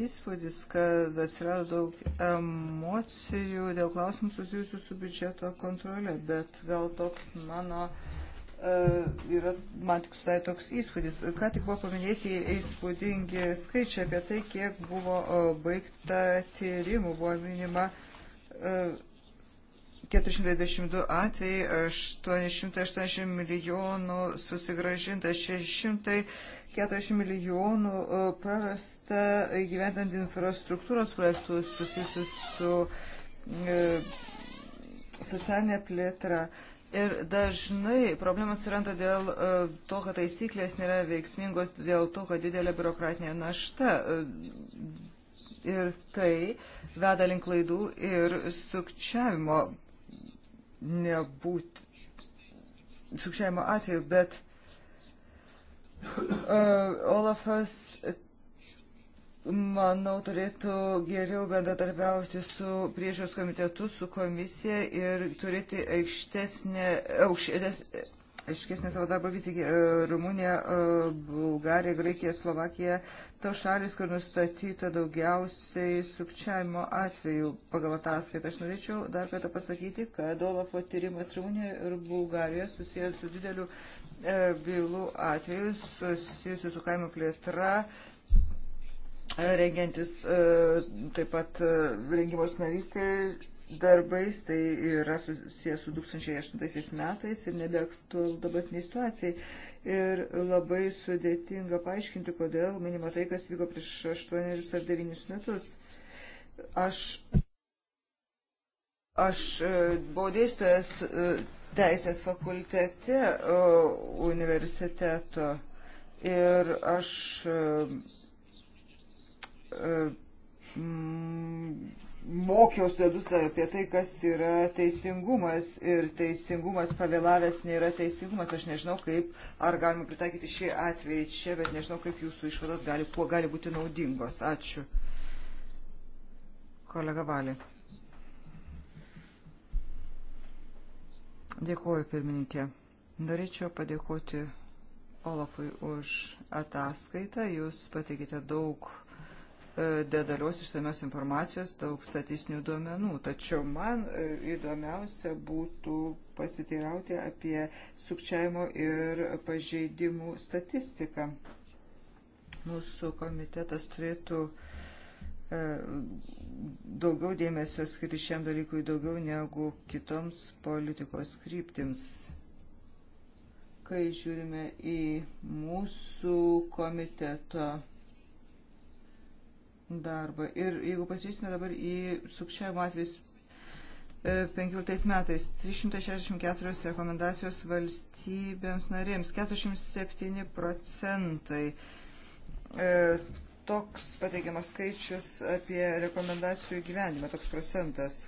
įspūdis, kad atsirado daug emocijų dėl klausimų susijusių su biudžeto kontrole, bet gal toks mano uh, yra, man tik susai toks įspūdis. Ką tik buvo paminėti įspūdingi skaičiai apie tai, kiek buvo uh, baigta tyrimų, buvo minima uh, 422 atvejai, 880 milijonų susigražinta, 640 milijonų e, prarasta gyventant infrastruktūros projektus susijusius su e, socialinė plėtra. Ir dažnai problemas suranda dėl e, to, kad taisyklės nėra veiksmingos, dėl to, kad didelė biurokratinė našta ir tai veda link klaidų ir sukčiavimo nebūt sukčiavimo atveju, bet uh, Olafas, manau, turėtų geriau bendradarbiauti su priežiūros komitetu, su komisija ir turėti aukštesnę, aukštesnę aiškesnį savo darbą vizį e, Rumunija, e, Bulgarija, Graikija, Slovakija, to šalis, kur nustatyta daugiausiai sukčiavimo atvejų pagal ataskaitą. Aš norėčiau dar kartą pasakyti, kad Olafo tyrimas Rumunijoje ir Bulgarijoje susijęs su dideliu e, bylų atveju susijusiu su kaimo plėtra rengiantis taip pat rengimos narystė darbais, tai yra susijęs su 2008 metais ir nebeaktual dabartiniai situacijai. Ir labai sudėtinga paaiškinti, kodėl minima tai, kas vyko prieš 8 ar 9 metus. Aš, aš e, buvau dėstytojas e, teisės fakultete e, universiteto ir aš mm, mokiau studusą apie tai, kas yra teisingumas ir teisingumas pavėlavęs nėra teisingumas. Aš nežinau, kaip, ar galima pritaikyti šį atvejį čia, bet nežinau, kaip jūsų išvados gali, kuo gali būti naudingos. Ačiū. Kolega Valė. Dėkuoju, pirmininkė. Norėčiau padėkoti Olafui už ataskaitą. Jūs pateikite daug E, detalios išsamios informacijos, daug statistinių duomenų. Tačiau man e, įdomiausia būtų pasiteirauti apie sukčiavimo ir pažeidimų statistiką. Mūsų komitetas turėtų e, daugiau dėmesio skirti šiam dalykui daugiau negu kitoms politikos kryptims kai žiūrime į mūsų komiteto darbą. Ir jeigu pasižiūrėsime dabar į sukčiavimo atvejus 15 e, metais 364 rekomendacijos valstybėms narėms, 47 procentai. E, toks pateikiamas skaičius apie rekomendacijų gyvenimą, toks procentas.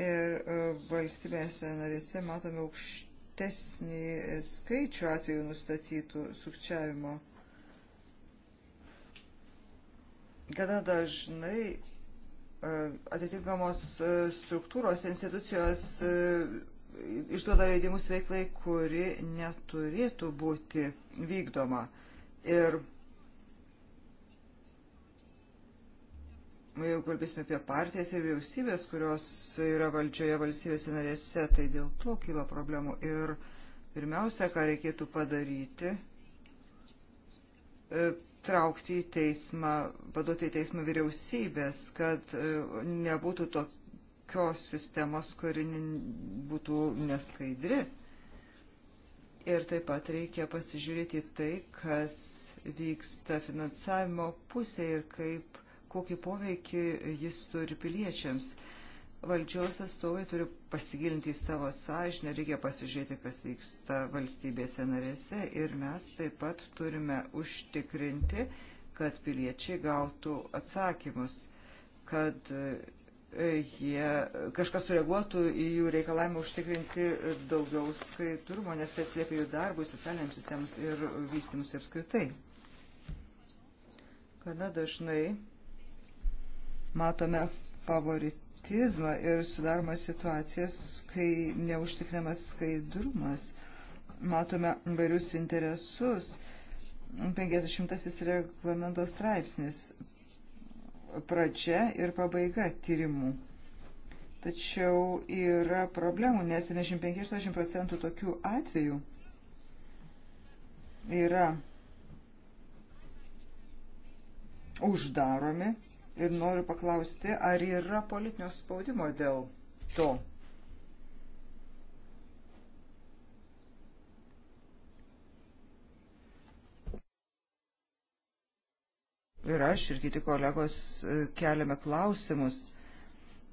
Ir e, valstybėse narėse matome aukštesnį skaičių atvejų nustatytų sukčiavimo. gana dažnai e, atitinkamos e, struktūros institucijos e, išduoda leidimus veiklai, kuri neturėtų būti vykdoma. Ir jeigu kalbėsime apie partijas ir vyriausybės, kurios yra valdžioje valstybėse narėse, tai dėl to kyla problemų. Ir pirmiausia, ką reikėtų padaryti, traukti į teismą, paduoti į teismą vyriausybės, kad e, nebūtų tokios sistemos, kuri būtų neskaidri. Ir taip pat reikia pasižiūrėti tai, kas vyksta finansavimo pusėje ir kaip, kokį poveikį jis turi piliečiams. Uh, valdžios atstovai turi pasigilinti į savo sąžinę, reikia pasižiūrėti, kas vyksta valstybėse narėse ir mes taip pat turime užtikrinti, kad piliečiai gautų atsakymus, kad e, jie kažkas sureaguotų į jų reikalavimą užtikrinti daugiau skaidrumo, nes tai atsiliepia jų darbų, socialiniams sistemams ir vystymus apskritai. Gana dažnai matome favoritą nepotizmą ir sudaroma situacijas, kai neužtikrinamas skaidrumas. Matome vairius interesus. 50 reglamento straipsnis pradžia ir pabaiga tyrimų. Tačiau yra problemų, nes 75-80 procentų tokių atvejų yra uždaromi ir noriu paklausti, ar yra politinio spaudimo dėl to. Ir aš ir kiti kolegos e, keliame klausimus.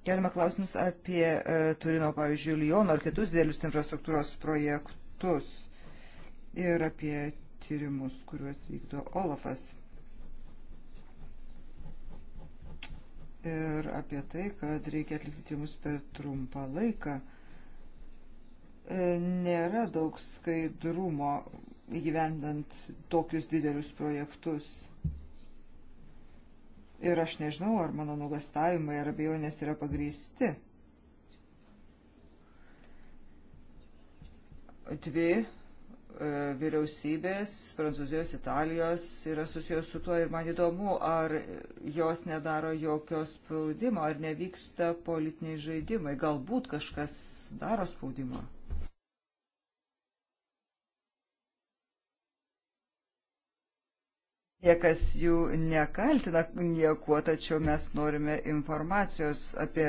Keliame klausimus apie e, Turino, pavyzdžiui, Lyono ar kitus dėlius infrastruktūros projektus ir apie tyrimus, kuriuos vykdo Olafas. ir apie tai, kad reikia atlikti tyrimus per trumpą laiką. E, nėra daug skaidrumo įgyvendant tokius didelius projektus. Ir aš nežinau, ar mano nugastavimai ar abejonės yra pagrysti. Dvi E, vyriausybės, Prancūzijos, Italijos yra susijęs su tuo ir man įdomu, ar jos nedaro jokios spaudimo, ar nevyksta politiniai žaidimai, galbūt kažkas daro spaudimą. Niekas jų nekaltina niekuo, tačiau mes norime informacijos apie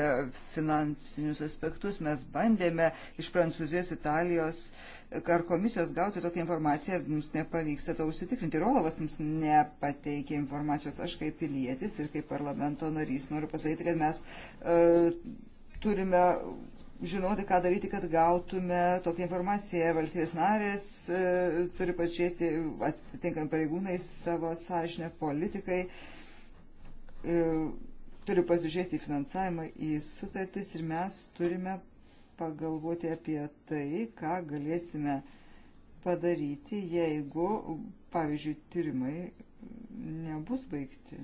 finansinius aspektus. Mes bandėme iš Prancūzijos, Italijos, uh, ar komisijos gauti tokią informaciją, mums nepavyksta to užsitikrinti. Rolovas mums nepateikė informacijos. Aš kaip pilietis ir kaip parlamento narys noriu pasakyti, kad mes e, turime žinoti, ką daryti, kad gautume tokią informaciją. Valstybės narės e, turi pačiai atitinkam pareigūnai savo sąžinę politikai. E, turi pasižiūrėti į finansavimą, į sutartis ir mes turime pagalvoti apie tai, ką galėsime padaryti, jeigu, pavyzdžiui, tyrimai nebus baigti.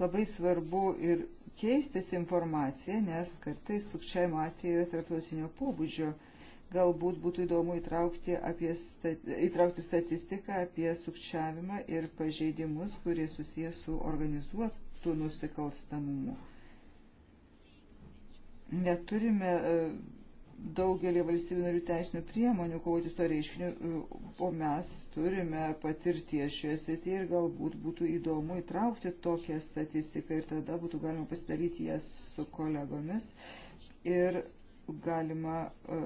Labai svarbu ir keistis informaciją, nes kartais sukčiavimo atveju yra tarptautinio pobūdžio. Galbūt būtų įdomu įtraukti, apie, įtraukti statistiką apie sukčiavimą ir pažeidimus, kurie susijęs su organizuotu nusikalstamumu. Neturime e, daugelį valstybių narių teisinių priemonių kovoti su to reiškiniu, e, o mes turime patirties šioje srityje ir galbūt būtų įdomu įtraukti tokią statistiką ir tada būtų galima pasidalyti jas su kolegomis ir galima e,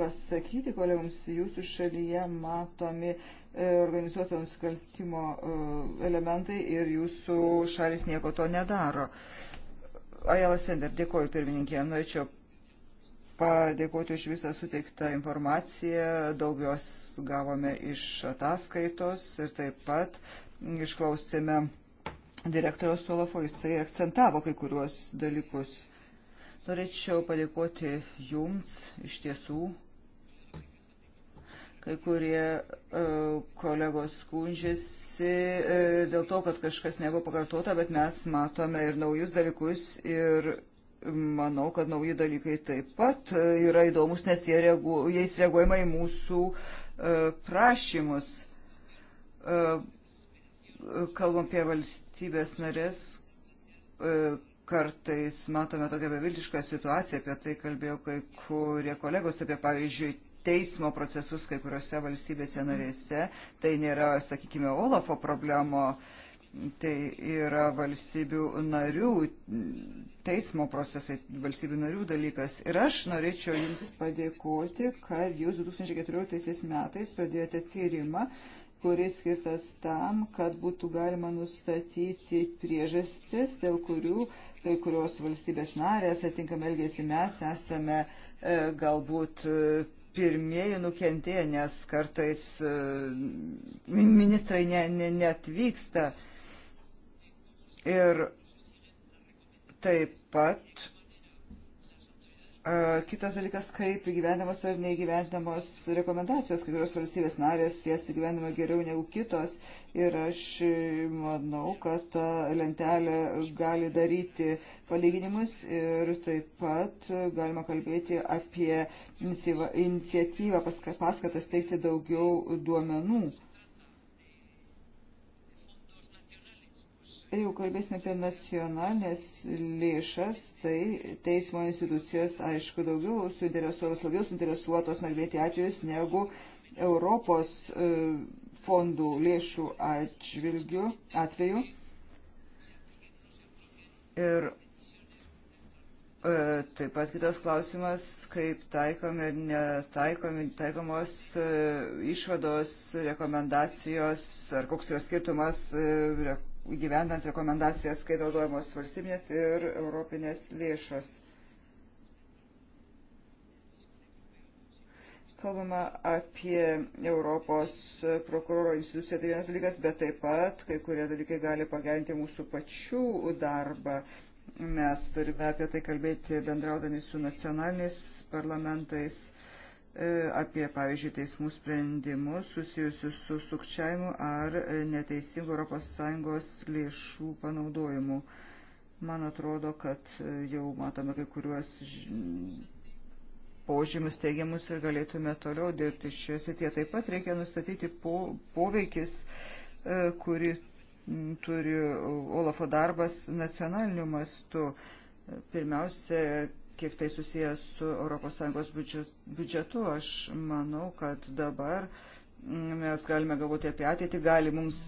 pasakyti kolegoms, jūsų šalyje matomi organizuoto nusikaltimo elementai ir jūsų šalis nieko to nedaro. Uh, Ajala Sender, dėkoju pirmininkė, norėčiau padėkoti už visą suteiktą informaciją, daug jos gavome iš ataskaitos ir taip pat išklausėme direktoriaus Solofo, jisai akcentavo kai kuriuos dalykus. Norėčiau padėkoti jums iš tiesų Kai kurie e, kolegos skundžiasi e, dėl to, kad kažkas nebuvo pakartota, bet mes matome ir naujus dalykus ir manau, kad nauji dalykai taip pat e, yra įdomus, nes jie reagu, jais reaguojama į mūsų prašymus. Kalbam apie valstybės narės, kartais matome tokią beviltišką situaciją, apie tai kalbėjo kai kurie kolegos, apie pavyzdžiui teismo procesus kai kuriuose valstybėse narėse. Tai nėra, sakykime, Olafo problemo, tai yra valstybių narių, teismo procesai, valstybių narių dalykas. Ir aš norėčiau Jums padėkoti, kad Jūs 2014 metais pradėjote tyrimą kuris skirtas tam, kad būtų galima nustatyti priežastis, dėl kurių kai kurios valstybės narės, atinkam elgėsi mes, esame e, galbūt pirmieji nukentėję, nes kartais e, ministrai ne, ne, neatvyksta. Ir taip pat Kitas dalykas, kaip įgyvendamos ar neįgyvendamos rekomendacijos, kai kurios valstybės narės jas įgyvendama geriau negu kitos. Ir aš e, manau, kad ta lentelė gali daryti palyginimus ir taip pat e, galima kalbėti apie iniciatyvą paskatas teikti daugiau duomenų Jeigu kalbėsime apie nacionalinės lėšas, tai teismo institucijos, aišku, daugiau suinteresuotos, labiau suinteresuotos nagrinėti atvejus negu Europos e, fondų lėšų atžvilgių atveju. Ir e, taip pat kitas klausimas, kaip taikomi ir netaikomi, taikomos e, išvados, rekomendacijos, ar koks yra skirtumas e, gyvendant rekomendacijas, kai naudojamos valstybinės ir europinės lėšos. Kalbama apie Europos prokuroro instituciją, tai vienas dalykas, bet taip pat kai kurie dalykai gali pagerinti mūsų pačių darbą. Mes turime apie tai kalbėti bendraudami su nacionaliniais parlamentais E, apie, pavyzdžiui, teismų sprendimus susijusius su sukčiavimu ar e, neteisingu ES lėšų panaudojimu. Man atrodo, kad e, jau matome kai kuriuos požymius teigiamus ir galėtume toliau dirbti šioje srityje. Taip pat reikia nustatyti po, poveikis, kuri turi Olafo darbas nacionaliniu mastu. Pirmiausia, kiek tai susijęs su ES biudžetu. Aš manau, kad dabar mes galime galvoti apie ateitį, gali mums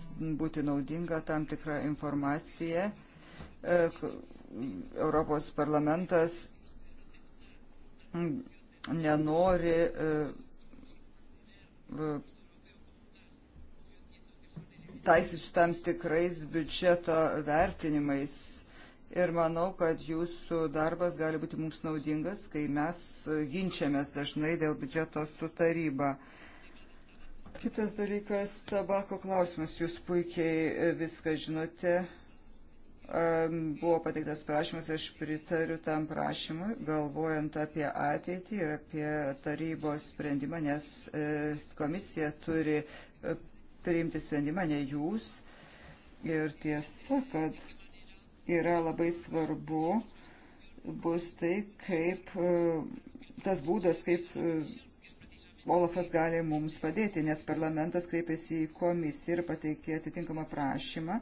būti naudinga tam tikra informacija. E, Europos parlamentas nenori e, taisyti su tam tikrais biudžeto vertinimais ir manau, kad jūsų darbas gali būti mums naudingas, kai mes ginčiamės dažnai dėl biudžeto su taryba. Kitas dalykas - tabako klausimas. Jūs puikiai viską žinote. Buvo pateiktas prašymas, aš pritariu tam prašymui, galvojant apie ateitį ir apie tarybos sprendimą, nes e, komisija turi e, priimti sprendimą, ne jūs. Ir tiesa, kad yra labai svarbu, bus tai, kaip e, tas būdas, kaip e, Olafas gali mums padėti, nes parlamentas kreipėsi į komisiją ir pateikė atitinkamą prašymą.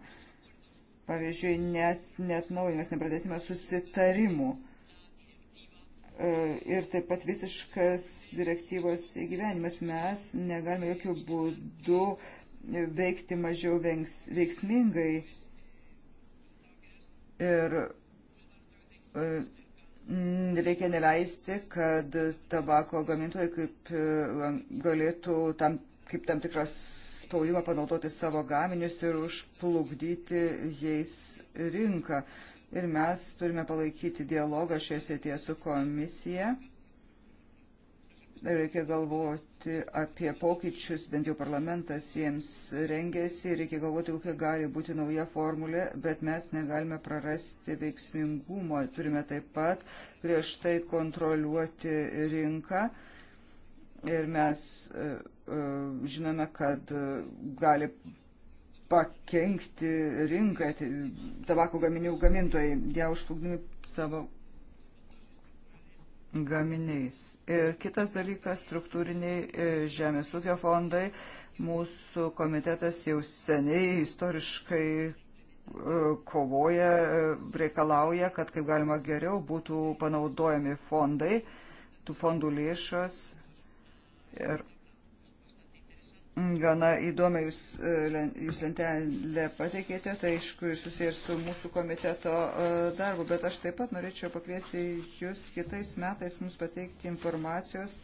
Pavyzdžiui, net, net naujinimas nepradėsime susitarimų e, ir taip pat visiškas direktyvos įgyvenimas. Mes negalime jokių būdų veikti mažiau veiksmingai Ir e, reikia neleisti, kad tabako gamintojai kaip e, galėtų tam, kaip tam tikras spaudimą panaudoti savo gaminius ir užplukdyti jais rinką. Ir mes turime palaikyti dialogą šioje srityje su komisija Reikia galvoti apie pokyčius, bent jau parlamentas jiems rengėsi, reikia galvoti, kokia gali būti nauja formulė, bet mes negalime prarasti veiksmingumo. Turime taip pat griežtai kontroliuoti rinką ir mes e, e, žinome, kad e, gali pakenkti rinką tai tabako gaminių gamintojai, jie užplukdami savo gaminiais. Ir kitas dalykas - struktūriniai e, žemės ūkio fondai. Mūsų komitetas jau seniai istoriškai e, kovoja, e, reikalauja, kad kaip galima geriau būtų panaudojami fondai, tų fondų lėšos. Ir gana įdomią jūs, e, jūs lentelę pateikėte, tai aišku ir susijęs su mūsų komiteto e, darbu, bet aš taip pat norėčiau pakviesti jūs kitais metais mums pateikti informacijos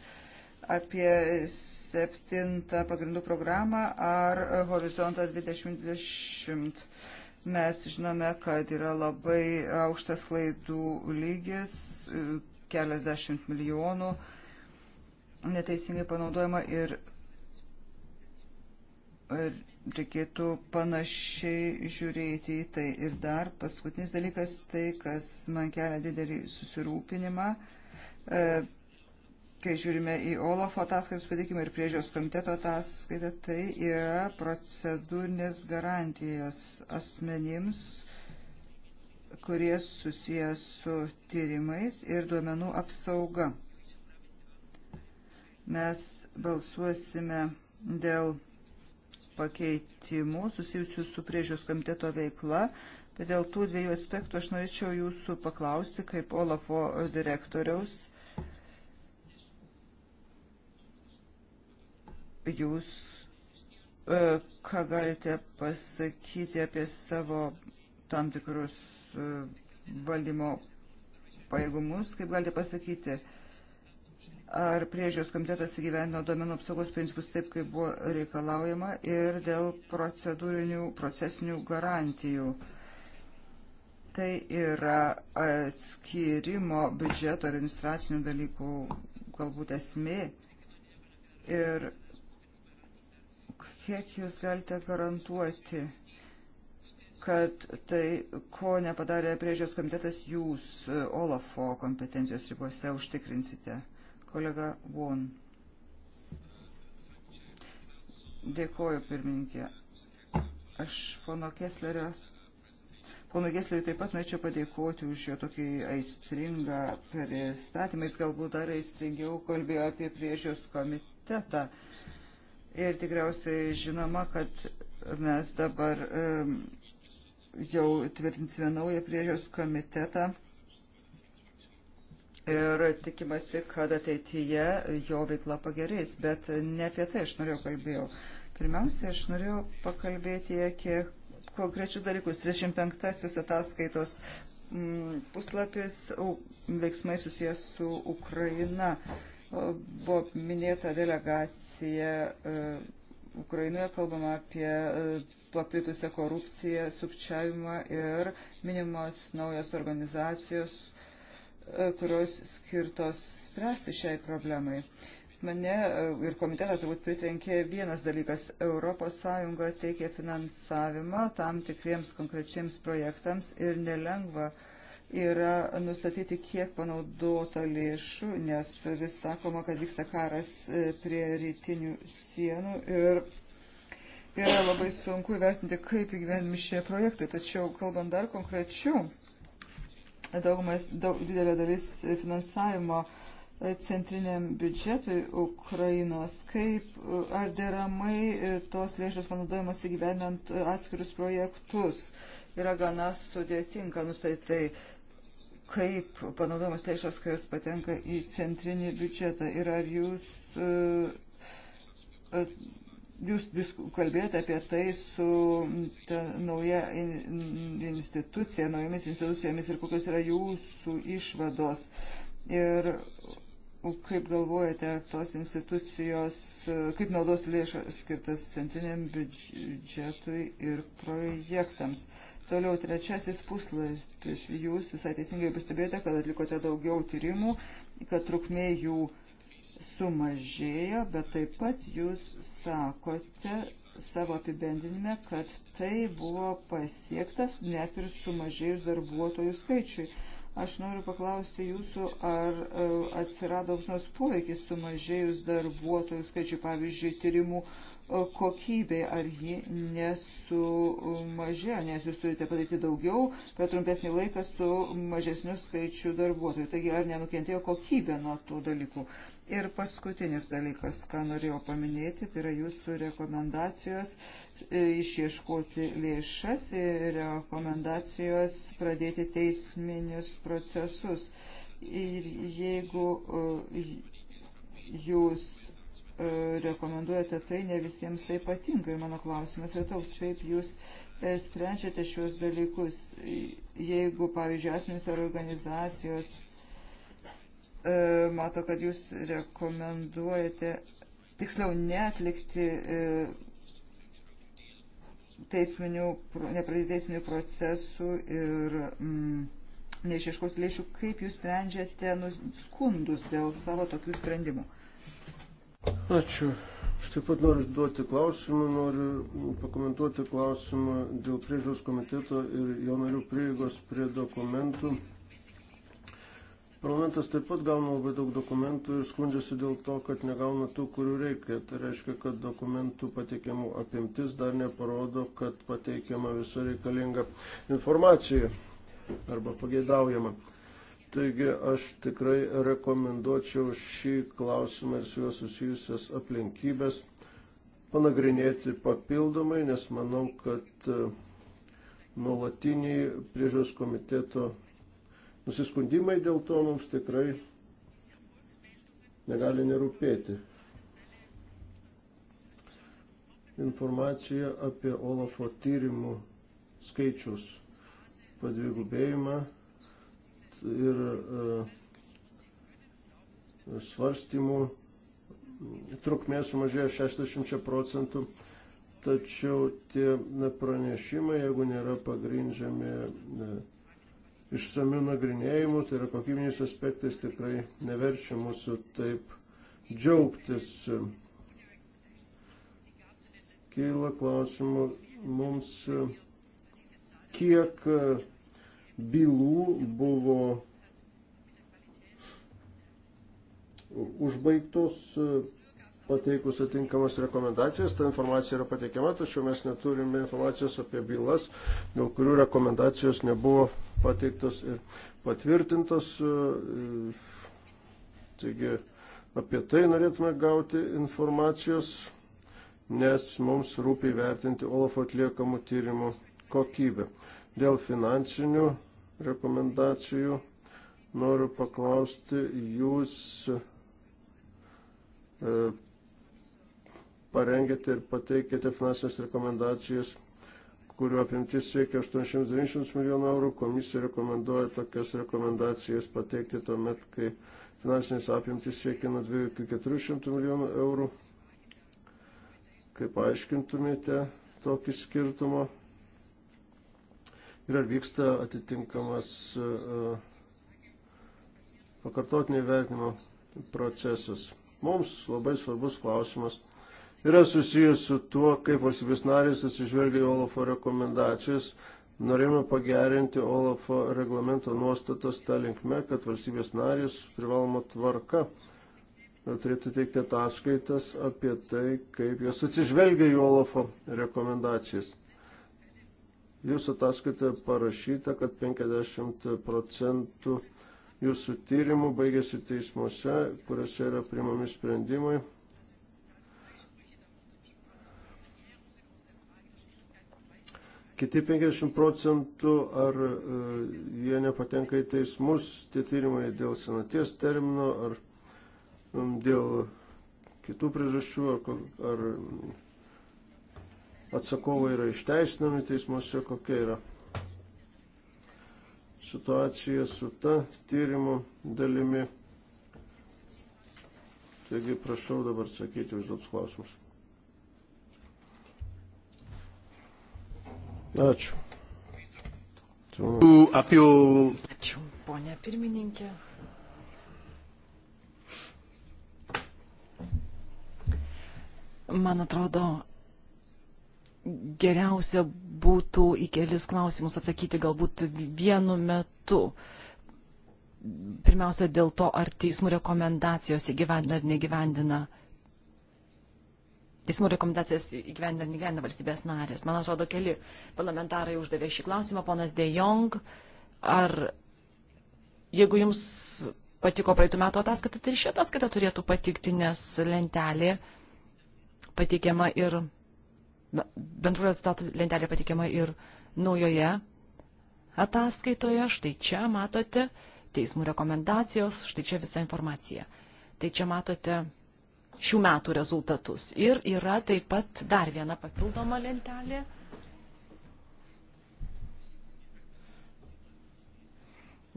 apie septintą pagrindų programą ar horizontą 2020. Mes žinome, kad yra labai aukštas klaidų lygis, e, keliasdešimt milijonų neteisingai panaudojama ir reikėtų panašiai žiūrėti į tai. Ir dar paskutinis dalykas, tai kas man kelia didelį susirūpinimą, e, kai žiūrime į Olafo ataskaitos patikimą ir priežios komiteto ataskaitą, tai yra procedūrinės garantijos asmenims, kurie susijęs su tyrimais ir duomenų apsauga. Mes balsuosime dėl pakeitimų susijusių su priežiūros komiteto veikla, bet dėl tų dviejų aspektų aš norėčiau jūsų paklausti kaip Olafo direktoriaus. Jūs e, ką galite pasakyti apie savo tam tikrus e, valdymo pajėgumus, kaip galite pasakyti, ar priežiūros komitetas įgyvendino domenų apsaugos principus taip, kaip buvo reikalaujama ir dėl procedūrinių, procesinių garantijų. Tai yra atskirimo biudžeto ir administracinių dalykų galbūt esmė. Ir kiek jūs galite garantuoti, kad tai, ko nepadarė priežiūros komitetas, jūs Olafo kompetencijos ribose užtikrinsite? kolega Von. Dėkoju, pirmininkė. Aš pono Keslerio Pono Gesleriui taip pat norėčiau padėkoti už jo tokį aistringą pristatymą. Jis galbūt dar aistringiau kalbėjo apie priežiūros komitetą. Ir tikriausiai žinoma, kad mes dabar um, jau tvirtinsime naują priežiūros komitetą ir tikimasi, kad ateityje jo veikla pagerės, bet ne apie tai aš norėjau kalbėjau. Pirmiausia, aš norėjau pakalbėti apie konkrečius dalykus. 35-asis ataskaitos mm, puslapis veiksmai susijęs su Ukraina. Buvo minėta delegacija e, Ukrainoje, kalbama apie e, paplitusią korupciją, sukčiavimą ir minimos naujos organizacijos E, kurios skirtos spręsti šiai problemai. Mane e, ir komitetą turbūt pritrenkė vienas dalykas. ES teikia finansavimą tam tikriems konkrečiems projektams ir nelengva yra nustatyti, kiek panaudota lėšų, nes vis sakoma, kad vyksta karas e, prie rytinių sienų ir yra labai sunku įvertinti, kaip įgyvenimi šie projektai. Tačiau, kalbant dar konkrečiau, daugumas, daug, didelė dalis finansavimo e, centriniam biudžetui Ukrainos, kaip e, ar deramai e, tos lėšos panaudojamos įgyvenant atskirius projektus yra gana sudėtinga nustatyti, tai, kaip panaudojamos lėšos, kai jos patenka į centrinį biudžetą ir ar jūs Jūs kalbėjote apie tai su ta nauja in, institucija, naujomis institucijomis ir kokios yra jūsų išvados. Ir kaip galvojate, tos institucijos, kaip naudos lėšas skirtas centriniam biudžetui ir projektams. Toliau trečiasis puslapis. Jūs visai teisingai pastebėjote, kad atlikote daugiau tyrimų, kad trukmė jų sumažėjo, bet taip pat jūs sakote savo apibendinime, kad tai buvo pasiektas net ir sumažėjus darbuotojų skaičiui. Aš noriu paklausti jūsų, ar e, atsirado koks nors poveikis sumažėjus darbuotojų skaičiui, pavyzdžiui, tyrimų uh, kokybei, ar ji nesumažėjo, nes jūs turite padaryti daugiau per trumpesnį laiką su mažesniu skaičiu darbuotojų. Taigi, ar nenukentėjo kokybė nuo tų dalykų. Ir paskutinis dalykas, ką norėjau paminėti, tai yra jūsų rekomendacijos e, išieškoti lėšas ir rekomendacijos pradėti teisminius procesus. Ir jeigu e, jūs rekomenduojate tai, ne visiems tai patinka. Ir mano klausimas yra toks, kaip jūs e, sprendžiate šios dalykus, jeigu, pavyzdžiui, asmenys ar organizacijos e, mato, kad jūs rekomenduojate, tiksliau, neatlikti e, teisminių, nepradėti teisminių procesų ir mm, neišieškoti lėšų, kaip jūs sprendžiate nu, skundus dėl savo tokių sprendimų. Ačiū. Aš taip pat noriu duoti klausimą, noriu pakomentuoti klausimą dėl priežos komiteto ir jo narių prieigos prie dokumentų. Parlamentas taip pat gauna labai daug dokumentų ir skundžiasi dėl to, kad negauna tų, kurių reikia. Tai reiškia, kad dokumentų pateikiamų apimtis dar neparodo, kad pateikiama visa reikalinga informacija arba pageidaujama. Taigi aš tikrai rekomenduočiau šį klausimą ir su juo susijusias aplinkybės panagrinėti papildomai, nes manau, kad e, nuolatiniai priežiūros komiteto nusiskundimai dėl to mums tikrai negali nerūpėti. Informacija apie Olafo tyrimų skaičius padvigubėjimą ir e, svarstymų trukmė sumažėjo 60 procentų, tačiau tie pranešimai, jeigu nėra pagrindžiami e, išsamių nagrinėjimų, tai yra kokybiniais aspektais, tikrai neverčia mūsų taip džiaugtis. Kyla klausimų mums, e, kiek bylų buvo užbaigtos pateikus atinkamas rekomendacijas. Ta informacija yra pateikiama, tačiau mes neturime informacijos apie bylas, dėl kurių rekomendacijos nebuvo pateiktos ir patvirtintos. Taigi apie tai norėtume gauti informacijos, nes mums rūpi vertinti Olafo atliekamų tyrimų kokybę. Dėl finansinių rekomendacijų noriu paklausti, jūs e, parengėte ir pateikėte finansinės rekomendacijas, kurių apimtis siekia 890 milijonų eurų. Komisija rekomenduoja tokias rekomendacijas pateikti tuomet, kai finansinės apimtis siekia nuo 2 iki 400 milijonų eurų. Kaip aiškintumėte tokį skirtumą? ir ar vyksta atitinkamas e, e, pakartotinio vertinimo procesas. Mums labai svarbus klausimas yra susijęs su tuo, kaip valstybės narės atsižvelgia į Olafo rekomendacijas. Norėjome pagerinti Olafo reglamento nuostatas tą linkme, kad valstybės narės privaloma tvarka turėtų teikti ataskaitas apie tai, kaip jos atsižvelgia į Olafo rekomendacijas. Jūsų ataskaitoje parašyta, kad 50 procentų jūsų tyrimų baigėsi teismuose, kuriuose yra primami sprendimai. Kiti 50 procentų, ar e, jie nepatenka į teismus, tie tyrimai dėl senaties termino, ar dėl kitų priežasčių, ar, ar atsakovai yra išteisinami teismuose, kokia yra situacija su ta tyrimo dalimi. Taigi prašau dabar sakyti užduotus klausimus. Ačiū. Apie... Ačiū, ponia pirmininkė. Man atrodo, geriausia būtų į kelis klausimus atsakyti galbūt vienu metu. Pirmiausia, dėl to, ar teismų rekomendacijos įgyvendina ar negyvendina. Teismų rekomendacijas įgyvendina ar negyvendina valstybės narės. Man atrodo, keli parlamentarai uždavė šį klausimą. Ponas De Jong, ar jeigu jums patiko praeitų metų ataskaita, tai ir ši ataskaita turėtų patikti, nes lentelė pateikiama ir bendrų rezultatų lentelė patikiama ir naujoje ataskaitoje. Štai čia matote teismų rekomendacijos, štai čia visa informacija. Tai čia matote šių metų rezultatus. Ir yra taip pat dar viena papildoma lentelė.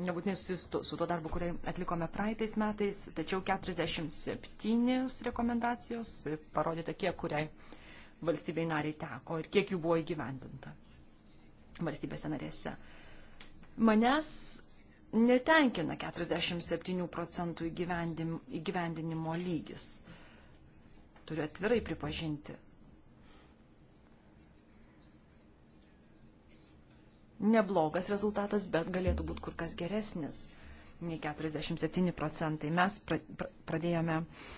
Nebūtinai su, su tuo darbu, kurį atlikome praeitais metais, tačiau 47 rekomendacijos, parodyta kiek, kuriai valstybei nariai teko ir kiek jų buvo įgyvendinta valstybėse narėse. Manęs netenkina 47 procentų įgyvendinimo lygis. Turiu atvirai pripažinti. Neblogas rezultatas, bet galėtų būti kur kas geresnis nei 47 procentai. Mes pradėjome uh,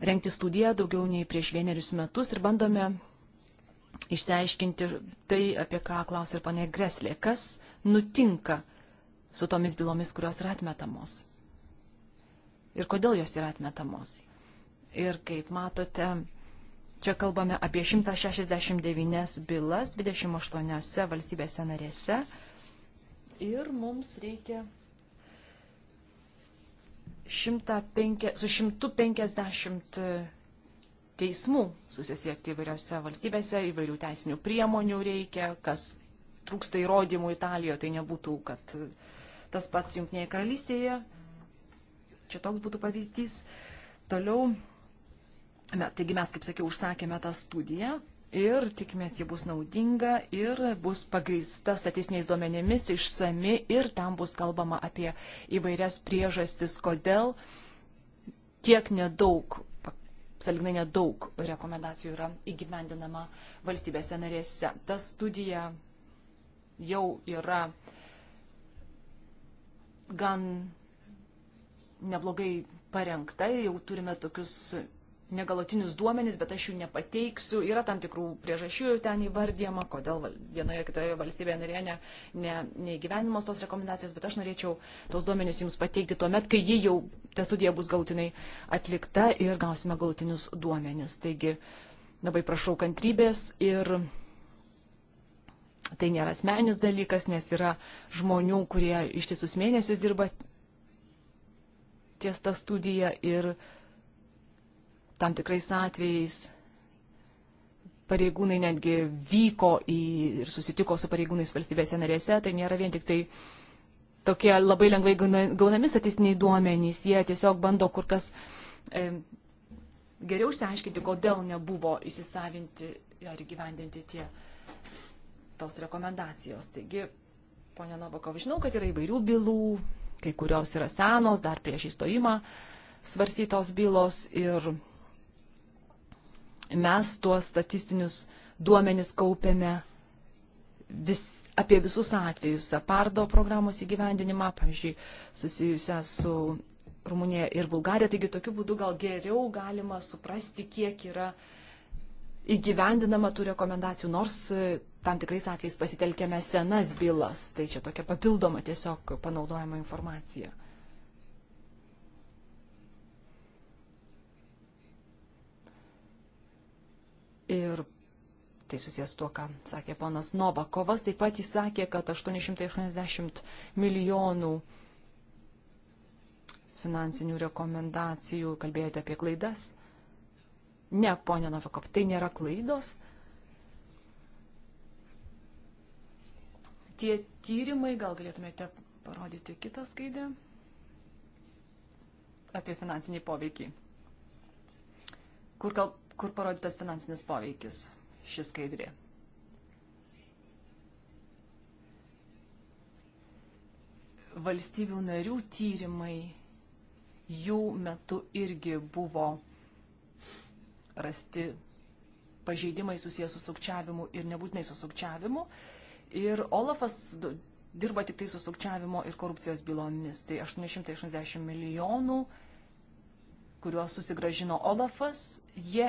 rengti studiją daugiau nei prieš vienerius metus ir bandome išsiaiškinti tai, apie ką klausė ir ponė Greslė, kas nutinka su tomis bylomis, kurios yra atmetamos ir kodėl jos yra atmetamos. Ir kaip matote, čia kalbame apie 169 bylas 28 valstybėse narėse ir mums reikia 105, su 150 e, teismų susisiekti įvairiose valstybėse, įvairių teisinių priemonių reikia, kas trūksta įrodymų Italijoje, tai nebūtų, kad e, tas pats Junktinėje karalystėje. Čia toks būtų pavyzdys. Toliau, taigi mes, kaip sakiau, užsakėme tą studiją, ir tikimės, ji bus naudinga ir bus pagrįsta statistiniais duomenėmis, išsami ir tam bus kalbama apie įvairias priežastis, kodėl tiek nedaug, salginai nedaug rekomendacijų yra įgyvendinama valstybėse narėse. Ta studija jau yra gan neblogai parengta, jau turime tokius negalutinius duomenis, bet aš jų nepateiksiu. Yra tam tikrų priežasčių ten įvardyjama, kodėl vienoje kitoje valstybėje narėje ne, ne, neįgyvenimos tos rekomendacijos, bet aš norėčiau tos duomenis jums pateikti tuo met, kai ji jau, ta studija bus galutinai atlikta ir gausime galutinius duomenis. Taigi labai prašau kantrybės ir tai nėra asmenis dalykas, nes yra žmonių, kurie ištisus mėnesius dirba ties tą studiją ir uh, tam tikrais atvejais pareigūnai netgi vyko į, ir susitiko su pareigūnais valstybėse narėse, tai nėra vien tik tai tokie labai lengvai gaunami statistiniai duomenys, jie tiesiog bando kur kas e, geriau išsiaiškinti, kodėl nebuvo įsisavinti ar įgyvendinti tie tos rekomendacijos. Taigi, ponia Novakov, žinau, kad yra įvairių bylų, kai kurios yra senos, dar prieš įstojimą svarstytos bylos ir Mes tuos statistinius duomenis kaupiame vis, apie visus atvejus, apardo programos įgyvendinimą, pavyzdžiui, susijusią su Rumunija ir Bulgarija. Taigi tokiu būdu gal geriau galima suprasti, kiek yra įgyvendinama tų rekomendacijų, nors tam tikrais atvejais pasitelkėme senas bylas. Tai čia tokia papildoma tiesiog panaudojama informacija. Ir tai susijęs tuo, ką sakė ponas Novakovas. Taip pat jis sakė, kad 880 milijonų finansinių rekomendacijų, kalbėjote apie klaidas. Ne, ponė Novikov, tai nėra klaidos. Tie tyrimai, gal galėtumėte parodyti kitą skaidę apie finansinį poveikį, kur gal kur parodytas finansinis poveikis ši skaidrė. Valstybių narių tyrimai jų metu irgi buvo rasti pažeidimai susijęs su sukčiavimu ir nebūtinai su sukčiavimu. Ir Olafas dirba tik tai su sukčiavimo ir korupcijos bylomis. Tai 880 milijonų, kuriuos susigražino Olafas, jie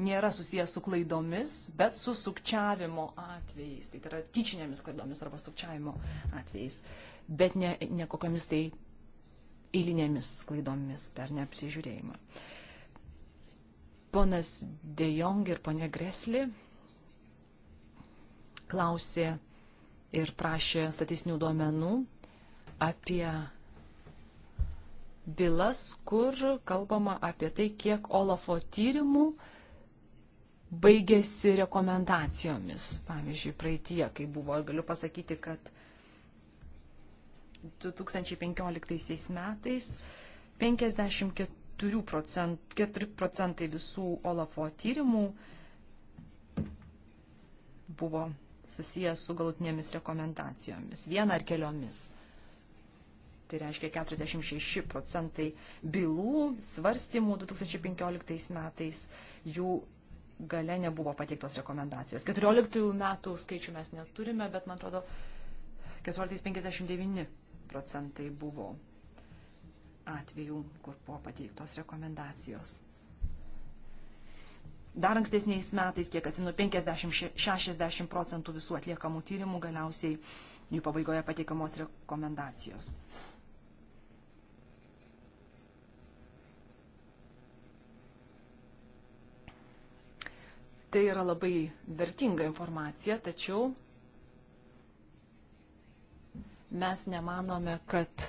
nėra susijęs su klaidomis, bet su sukčiavimo atvejais. Tai yra tyčinėmis klaidomis arba sukčiavimo atvejais, bet ne, ne kokiamis tai eilinėmis klaidomis per neapsižiūrėjimą. Ponas De Jong ir ponė Gresli klausė ir prašė statistinių duomenų apie bylas, kur kalbama apie tai, kiek Olafo tyrimų uh, baigėsi rekomendacijomis, pavyzdžiui, praeitie, kai buvo, ir galiu pasakyti, kad 2015 metais 54 procentai, procentai visų Olafo tyrimų buvo susijęs su galutinėmis rekomendacijomis, viena ar keliomis. Tai reiškia 46 procentai bylų svarstymų 2015 metais jų gale nebuvo pateiktos rekomendacijos. 14 metų skaičių mes neturime, bet man atrodo 14,59 procentai buvo atvejų, kur buvo pateiktos rekomendacijos. Dar ankstesniais metais, kiek atsinu, 50-60 procentų visų atliekamų tyrimų galiausiai jų pabaigoje pateikiamos rekomendacijos. Tai yra labai vertinga informacija, tačiau mes nemanome, kad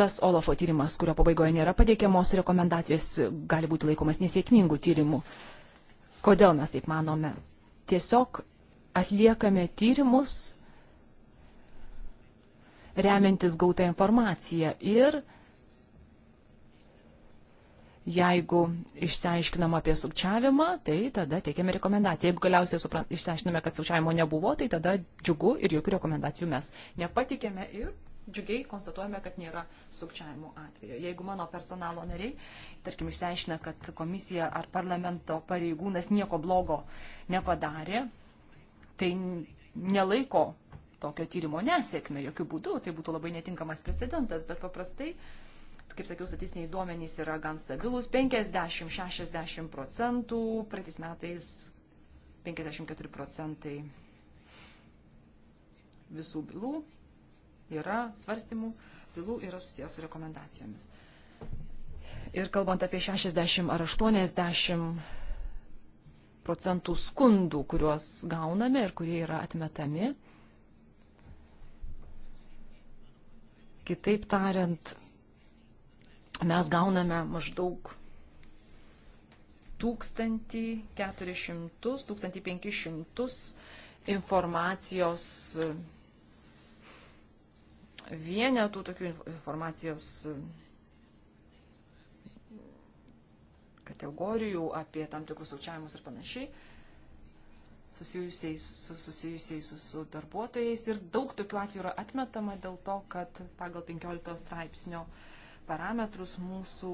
tas Olofo tyrimas, kurio pabaigoje nėra pateikiamos rekomendacijos, gali būti laikomas nesėkmingų tyrimų. Kodėl mes taip manome? Tiesiog atliekame tyrimus remiantis gautą informaciją ir Jeigu išsiaiškinama apie sukčiavimą, tai tada teikiame rekomendaciją. Jeigu galiausiai suprant, išsiaiškiname, kad sukčiavimo nebuvo, tai tada džiugu ir jokių rekomendacijų mes nepatikėme ir džiugiai konstatuojame, kad nėra sukčiavimo atvejo. Jeigu mano personalo nariai, tarkim, išsiaiškina, kad komisija ar parlamento pareigūnas nieko blogo nepadarė, tai nelaiko tokio tyrimo nesėkmė jokių būdų, tai būtų labai netinkamas precedentas, bet paprastai uh, kaip sakiau, statistiniai duomenys yra gan stabilus - 50-60 procentų, praeitais metais 54 procentai visų bylų yra svarstymų, bylų yra susijęs su rekomendacijomis. Ir kalbant apie 60 ar 80 procentų skundų, kuriuos gauname ir kurie yra atmetami, kitaip tariant, mes gauname maždaug 1400-1500 informacijos vienetų, tokių informacijos kategorijų apie tam tikrus sukčiavimus ir panašiai, susijusiais, su, susijusiais su, su darbuotojais. Ir daug tokių atvejų yra atmetama dėl to, kad pagal 15 straipsnio uh, parametrus mūsų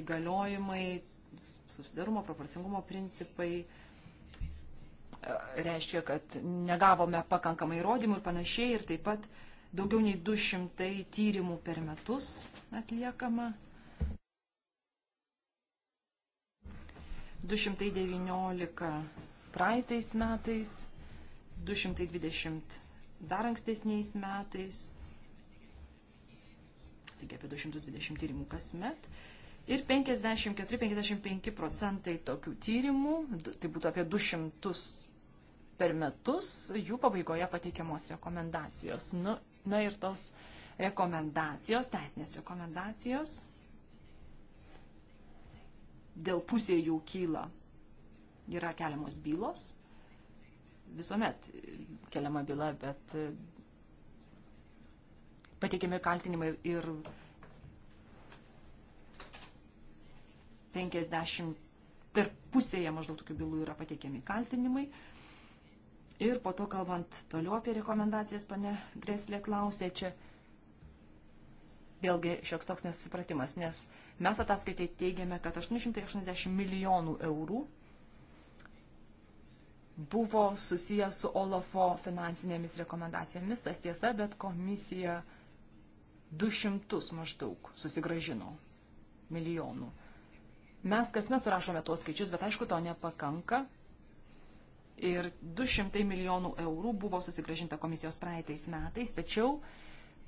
įgaliojimai, subsidarumo, proporcingumo principai e, reiškia, kad negavome pakankamai įrodymų ir panašiai. Ir taip pat daugiau nei 200 tyrimų per metus atliekama. 219 praeitais metais, 220 dar ankstesniais metais, taigi apie 220 tyrimų kasmet. Ir 54-55 procentai tokių tyrimų, tai būtų apie 200 per metus, jų pabaigoje pateikiamos rekomendacijos. Nu, na ir tos rekomendacijos, teisinės rekomendacijos, dėl pusė jų kyla, yra keliamos bylos. Visuomet keliama byla, bet pateikiami kaltinimai ir 50 per pusėje maždaug tokių bylų yra pateikiami kaltinimai. Ir po to, kalbant toliau apie rekomendacijas, pane Greslė klausė, čia vėlgi šioks toks nesusipratimas, nes mes ataskaitai teigiame, kad 880 milijonų eurų buvo susijęs su Olafo finansinėmis rekomendacijomis, tas tiesa, bet komisija 200 maždaug susigražino milijonų. Mes kasmet surašome tuos skaičius, bet aišku, to nepakanka. Ir 200 milijonų eurų buvo susigražinta komisijos praeitais metais, tačiau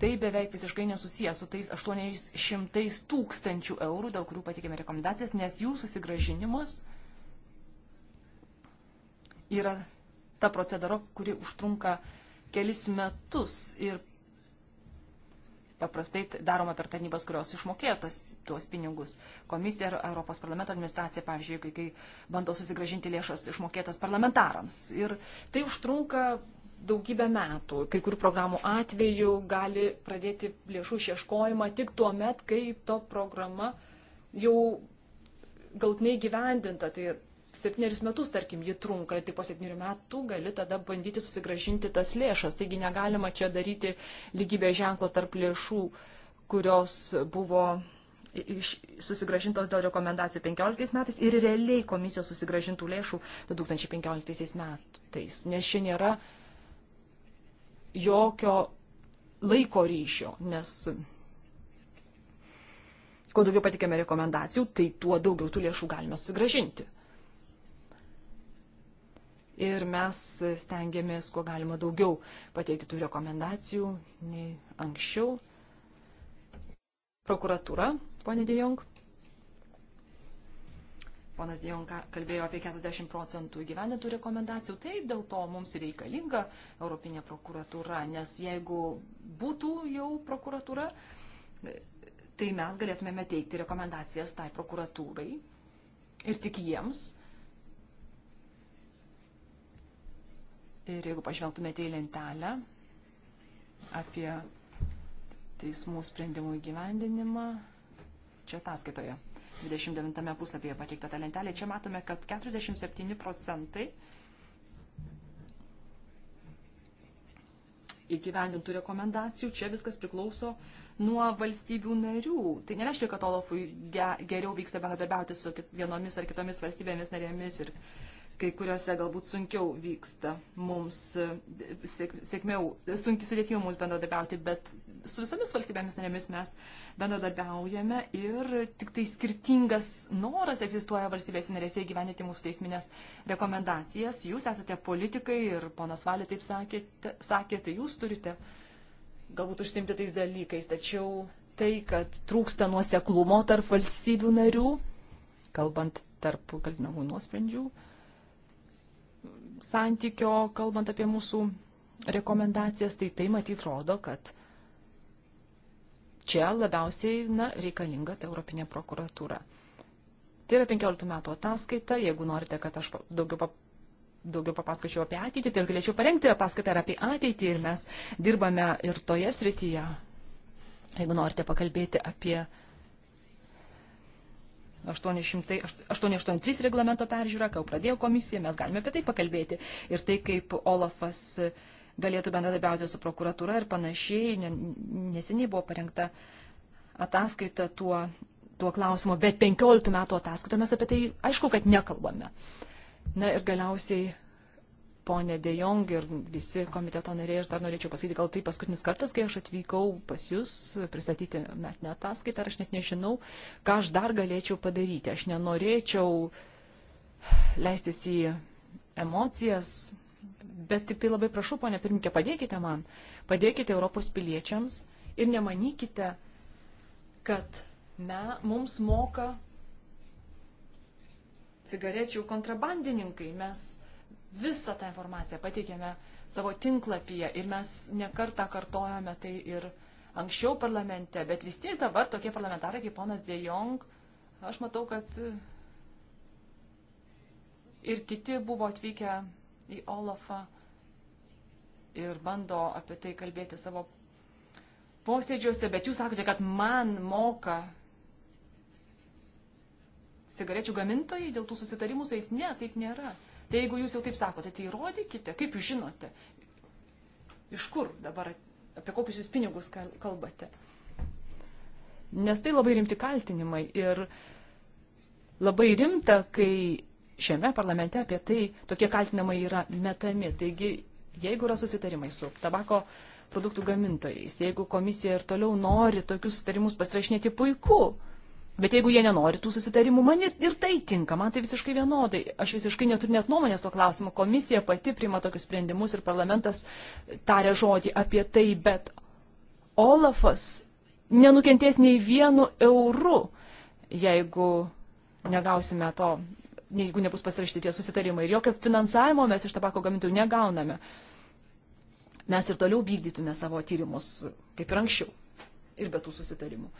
tai beveik visiškai nesusijęs su tais 800 tūkstančių eurų, dėl kurių patikėme rekomendacijas, nes jų susigražinimas yra ta procedūra, kuri užtrunka kelis metus ir paprastai daroma per tarnybas, kurios išmokėjo tas, tuos pinigus. Komisija ir Europos parlamento administracija, pavyzdžiui, kai, kai bando susigražinti lėšas išmokėtas parlamentarams. Ir tai užtrunka daugybę metų. Kai kurių programų atveju gali pradėti lėšų išieškojimą tik tuo met, kai to programa jau galtinai gyvendinta. Tai septynerius metus, tarkim, ji trunka ir tik po septynerių metų gali tada bandyti susigražinti tas lėšas. Taigi negalima čia daryti lygybės ženklo tarp lėšų, kurios buvo susigražintos dėl rekomendacijų 15 metais ir realiai komisijos susigražintų lėšų 2015 metais, nes čia nėra jokio laiko ryšio, nes kuo daugiau patikėme rekomendacijų, tai tuo daugiau tų lėšų galime susigražinti ir mes stengiamės, kuo galima daugiau pateikti tų rekomendacijų nei anksčiau. Prokuratūra, ponė Dejong. Ponas Dejong kalbėjo apie 40 procentų gyvenintų rekomendacijų. Taip, dėl to mums reikalinga Europinė prokuratūra, nes jeigu būtų jau prokuratūra, tai mes galėtumėme teikti rekomendacijas tai prokuratūrai ir tik jiems Ir jeigu pažvelgtumėte į lentelę apie teismų sprendimų įgyvendinimą, čia ataskaitoje, 29 puslapyje pateikta ta lentelė, čia matome, kad 47 procentai įgyvendintų rekomendacijų, čia viskas priklauso nuo valstybių narių. Tai nereiškia, kad Olofui geriau vyksta bendradarbiauti su vienomis ar kitomis valstybėmis narėmis ir uh, kai kuriuose galbūt sunkiau vyksta mums, sėk, sėkmiau, sunkiai sudėtingiau mums bendradarbiauti, bet su visomis valstybėmis narėmis mes bendradarbiaujame ir tik tai skirtingas noras egzistuoja valstybės narėse įgyvenyti mūsų teisminės rekomendacijas. Jūs esate politikai ir ponas Valė taip sakė, sakė, tai jūs turite galbūt užsimti tais dalykais, tačiau tai, kad trūksta nuoseklumo tarp valstybių narių, kalbant tarp kaltinamų nuosprendžių, santykio, kalbant apie mūsų rekomendacijas, tai tai matyt rodo, kad čia labiausiai na, reikalinga ta Europinė prokuratūra. Tai yra 15 metų ataskaita, jeigu norite, kad aš daugiau pap daugiau papasakočiau apie ateitį, tai ir galėčiau parengti ataskaitą ir apie ateitį. Ir mes dirbame ir toje srityje. Jeigu norite pakalbėti apie 883 reglamento peržiūrą, kai jau pradėjo komisija, mes galime apie tai pakalbėti. Ir tai, kaip Olafas galėtų bendradarbiauti su prokuratūra ir panašiai, neseniai buvo parengta ataskaita tuo, tuo klausimu, bet 15 metų ataskaitomis apie tai aišku, kad nekalbame. Na ir galiausiai ponė De Jong ir visi komiteto nariai. Ir dar norėčiau pasakyti, gal tai paskutinis kartas, kai aš atvykau pas Jūs pristatyti metinę ataskaitą, ar aš net nežinau, ką aš dar galėčiau padaryti. Aš nenorėčiau leistis į emocijas, bet tik tai labai prašau, ponė pirmininkė, padėkite man, padėkite Europos piliečiams ir nemanykite, kad me, mums moka cigarečių kontrabandininkai. Mes visą tą informaciją pateikėme savo tinklapyje ir mes nekartą kartojame tai ir anksčiau parlamente, bet vis tiek dabar tokie parlamentarai kaip ponas De Jong, aš matau, kad e, ir kiti buvo atvykę į Olafą ir bando apie tai kalbėti savo posėdžiuose, bet jūs sakote, kad man moka cigarečių gamintojai dėl tų susitarimų su jais. Ne, taip nėra. Tai jeigu jūs jau taip sakote, tai įrodykite, kaip jūs žinote, iš kur dabar, apie kokius jūs pinigus kalbate. Nes tai labai rimti kaltinimai ir labai rimta, kai šiame parlamente apie tai tokie kaltinimai yra metami. Taigi, jeigu yra susitarimai su tabako produktų gamintojais, jeigu komisija ir toliau nori tokius sutarimus pasirašinėti puiku, Bet jeigu jie nenori tų susitarimų, man ir, ir tai tinka, man tai visiškai vienodai. Aš visiškai neturiu net nuomonės tuo klausimu. Komisija pati priima tokius sprendimus ir parlamentas taria žodį apie tai, bet Olafas nenukentės nei vienu euru, jeigu negausime to, jeigu nebus pasirašyti tie susitarimai. Ir jokio finansavimo mes iš tabako gamintojų negauname. Mes ir toliau vykdytume savo tyrimus, kaip ir anksčiau, ir be tų susitarimų.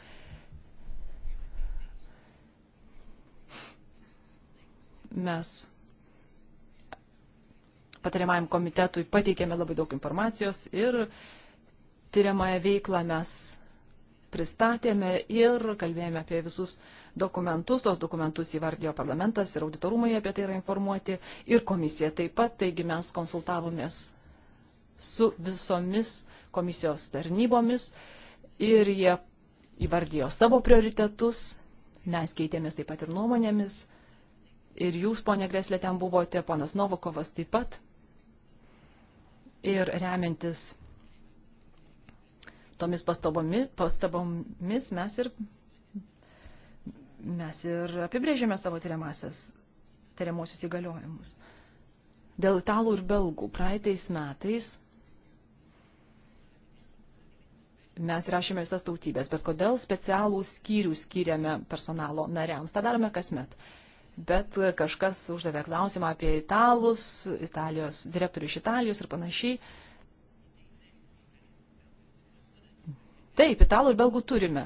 mes patariamajam komitetui pateikėme labai daug informacijos ir tyriamąją veiklą mes pristatėme ir kalbėjome apie visus dokumentus, tos dokumentus įvardijo parlamentas ir auditorumai apie tai yra informuoti ir komisija taip pat, taigi mes konsultavomės su visomis komisijos tarnybomis ir jie įvardijo savo prioritetus, mes keitėmės taip pat ir nuomonėmis ir jūs, ponė Greslė, ten buvote, ponas Novakovas taip pat. Ir remiantis tomis pastabomis, pastabomis mes ir, mes ir apibrėžėme savo tyriamosius įgaliojimus. Dėl italų ir belgų praeitais metais mes rašėme visas tautybės, bet kodėl specialų skyrių skiriame personalo nariams? Ta darome kasmet. met bet kažkas uždavė klausimą apie italus, Italijos direktorių iš Italijos ir panašiai. Taip, italų ir belgų turime,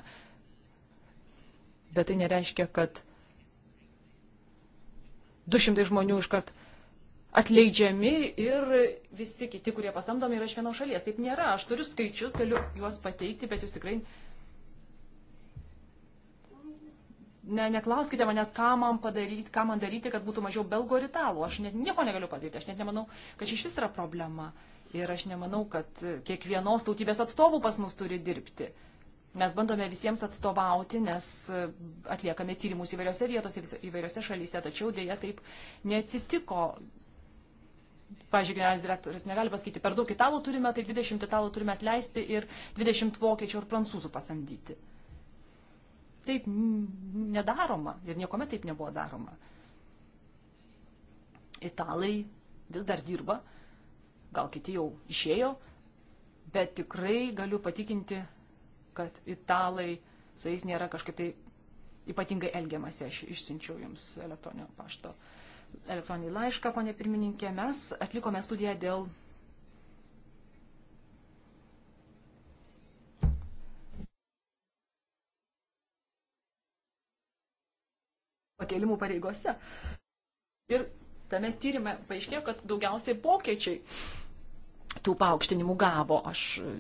bet tai nereiškia, kad 200 žmonių iškart atleidžiami ir visi kiti, kurie pasamdomi, yra iš vienos šalies. Taip nėra, aš turiu skaičius, galiu juos pateikti, bet jūs tikrai Ne, neklauskite manęs, ką man, padaryti, ką man daryti, kad būtų mažiau belgų ir italų. Aš net nieko negaliu padaryti. Aš net nemanau, kad šis vis yra problema. Ir aš nemanau, kad kiekvienos tautybės atstovų pas mus turi dirbti. Mes bandome visiems atstovauti, nes e, atliekame tyrimus įvairiose vietose, įvairiose šalyse, tačiau dėja taip neatsitiko. Pavyzdžiui, generalinis direktorius negali pasakyti, per daug italų turime, tai 20 italų turime atleisti ir 20 vokiečių ir prancūzų pasamdyti taip nedaroma ir niekuomet taip nebuvo daroma. Italai vis dar dirba, gal kiti jau išėjo, bet tikrai galiu patikinti, kad italai su jais nėra kažkaip tai ypatingai elgiamasi. Aš išsiunčiau jums elektroninio pašto elektroninį laišką, ponė pirmininkė. Mes atlikome studiją dėl pakelimų pareigose. Ir tame tyrimė paaiškėjo, kad daugiausiai pokėčiai tų paaukštinimų gavo. Aš e,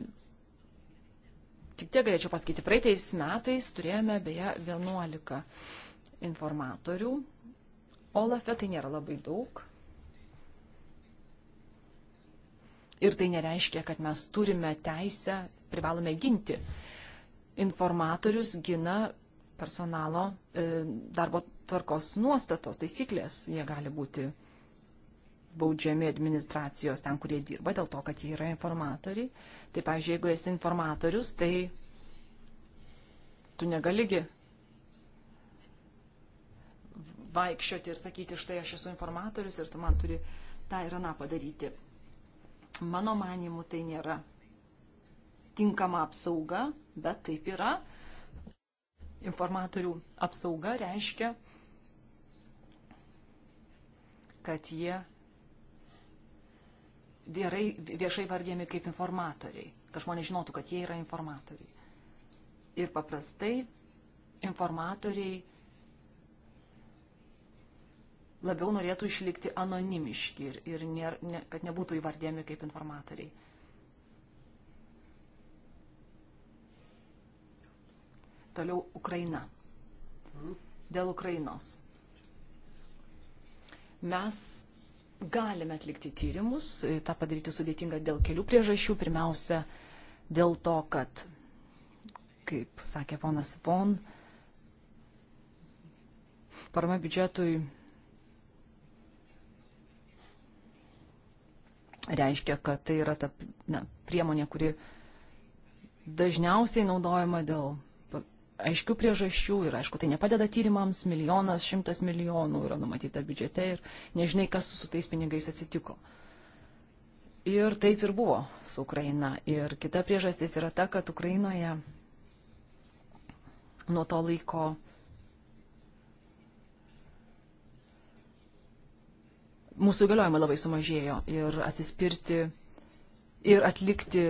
tik tiek galėčiau pasakyti, praeitais metais turėjome beje 11 informatorių. Olafe tai nėra labai daug. Ir tai nereiškia, kad mes turime teisę, privalome ginti. Informatorius gina personalo e, darbo tvarkos nuostatos, taisyklės, jie gali būti baudžiami administracijos ten, kurie dirba, dėl to, kad jie yra informatoriai. Tai, pavyzdžiui, jeigu esi informatorius, tai tu negaligi vaikščioti ir sakyti, štai aš esu informatorius ir tu man turi tą ir aną padaryti. Mano manimu, tai nėra tinkama apsauga, bet taip yra informatorių apsauga reiškia, kad jie gerai viešai vardėmi kaip informatoriai, kad žmonės žinotų, kad jie yra informatoriai. Ir paprastai informatoriai labiau norėtų išlikti anonimiški ir, ir ne, ne, kad nebūtų įvardėmi kaip informatoriai. Toliau Ukraina. Dėl Ukrainos. Mes galime atlikti tyrimus, e, tą padaryti sudėtinga dėl kelių priežasčių. Pirmiausia, dėl to, kad, kaip sakė ponas Von, parama biudžetui reiškia, kad tai yra ta na, priemonė, kuri dažniausiai naudojama dėl aiškių priežasčių ir aišku, tai nepadeda tyrimams, milijonas, šimtas milijonų yra numatyta biudžete ir nežinai, kas su tais pinigais atsitiko. Ir taip ir buvo su Ukraina. Ir kita priežastis yra ta, kad Ukrainoje nuo to laiko mūsų įgaliojimai labai sumažėjo ir atsispirti ir atlikti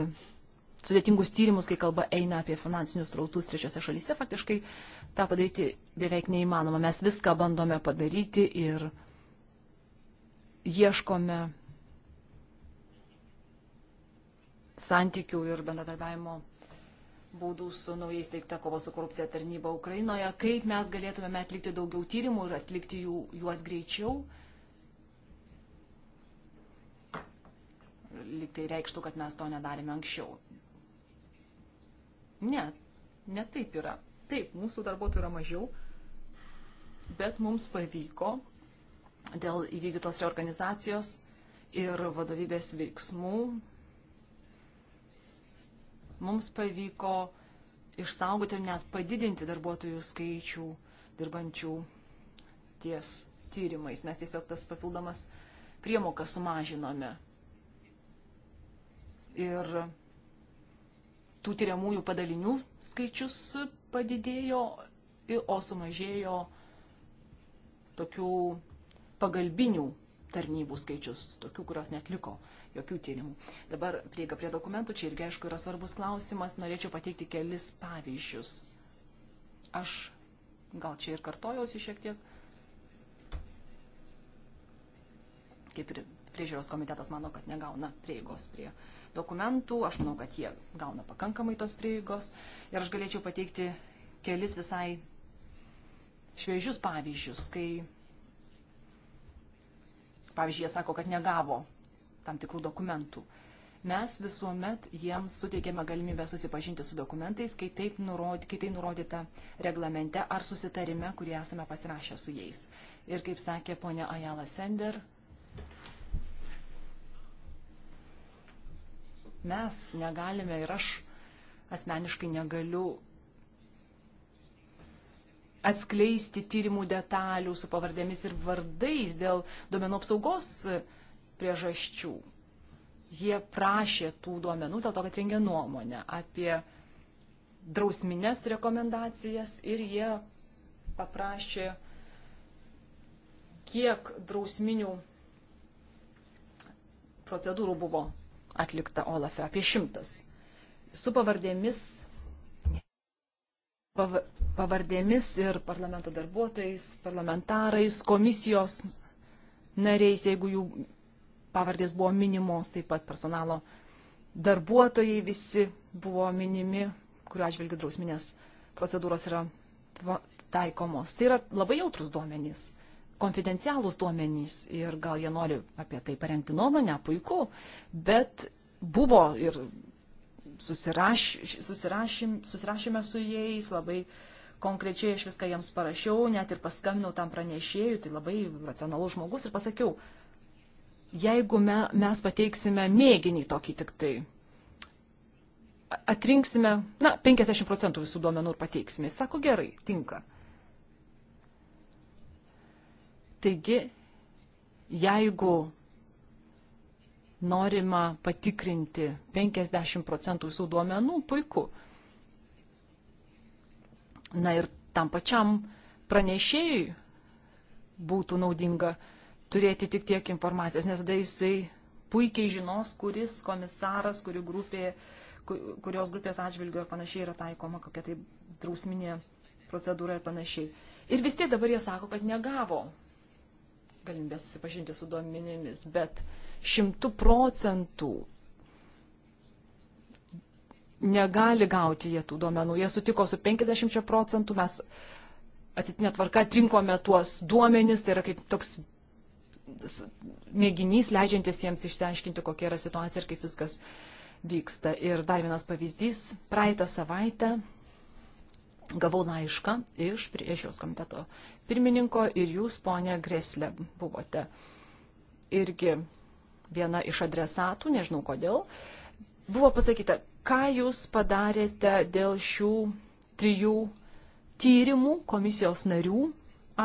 sudėtingus tyrimus, kai kalba eina apie finansinius trautus trečiose šalyse, faktiškai tą padaryti beveik neįmanoma. Mes viską bandome padaryti ir ieškome santykių ir bendradarbiavimo būdų su naujais teikta kovo su korupcija tarnyba Ukrainoje, kaip mes galėtumėme atlikti daugiau tyrimų ir atlikti jų, juos greičiau. Liktai reikštų, kad mes to nedarėme anksčiau. Ne, ne taip yra. Taip, mūsų darbuotojų yra mažiau, bet mums pavyko dėl įvykdytos reorganizacijos ir vadovybės veiksmų mums pavyko išsaugoti ir net padidinti darbuotojų skaičių dirbančių ties tyrimais. Mes tiesiog tas papildomas priemokas sumažinome. Ir tų tyriamųjų padalinių skaičius padidėjo, o sumažėjo tokių pagalbinių tarnybų skaičius, tokių, kurios netliko jokių tyrimų. Dabar prieiga prie dokumentų, čia irgi aišku yra svarbus klausimas, norėčiau pateikti kelis pavyzdžius. Aš gal čia ir kartojausi šiek tiek, kaip ir priežiūros komitetas mano, kad negauna prieigos prie uh, dokumentų, aš manau, kad jie gauna pakankamai tos prieigos ir aš galėčiau pateikti kelis visai šviežius pavyzdžius, kai, pavyzdžiui, jie sako, kad negavo tam tikrų dokumentų. Mes visuomet jiems suteikėme galimybę susipažinti su dokumentais, kai, taip nurod, kai tai nurodyta reglamente ar susitarime, kurį esame pasirašę su jais. Ir kaip sakė ponia Ajala Sender, mes negalime ir aš asmeniškai negaliu atskleisti tyrimų detalių su pavardėmis ir vardais dėl duomenų apsaugos priežasčių. Jie prašė tų duomenų dėl to, kad rengė nuomonę apie drausminės rekomendacijas ir jie paprašė, kiek drausminių procedūrų buvo atlikta Olafe, apie šimtas. Su pavardėmis, pavardėmis ir parlamento darbuotojais, parlamentarais, komisijos nariais, jeigu jų pavardės buvo minimos, taip pat personalo darbuotojai visi buvo minimi, kuriuo atžvilgiu drausminės procedūros yra taikomos. Tai yra labai jautrus duomenys konfidencialūs duomenys ir gal jie nori apie tai parengti nuomonę, puiku, bet buvo ir susiraš, susirašym, susirašėme su jais labai konkrečiai, aš viską jiems parašiau, net ir paskambinau tam pranešėjui, tai labai racionalus žmogus ir pasakiau, jeigu me, mes pateiksime mėginį tokį tik tai, atrinksime, na, 50 procentų visų duomenų ir pateiksime, jis sako gerai, tinka. Taigi, jeigu norima patikrinti 50 procentų visų duomenų, puiku. Na ir tam pačiam pranešėjui būtų naudinga turėti tik tiek informacijos, nes tada jisai puikiai žinos, kuris komisaras, kuri grupė, kurios grupės atžvilgiu ir panašiai yra taikoma, kokia tai drausminė procedūra ir panašiai. Ir vis tiek dabar jie sako, kad negavo galimybę susipažinti su duomenimis, bet šimtų procentų negali gauti jie tų duomenų. Jie sutiko su 50 procentų, mes atsitinė tvarka atrinkome tuos duomenis, tai yra kaip toks mėginys leidžiantis jiems išsiaiškinti, kokia yra situacija ir kaip viskas vyksta. Ir dar vienas pavyzdys, praeitą savaitę Gavau laišką iš priežiūros komiteto pirmininko ir jūs, ponė Greslė, buvote irgi viena iš adresatų, nežinau kodėl. Buvo pasakyta, ką jūs padarėte dėl šių trijų tyrimų komisijos narių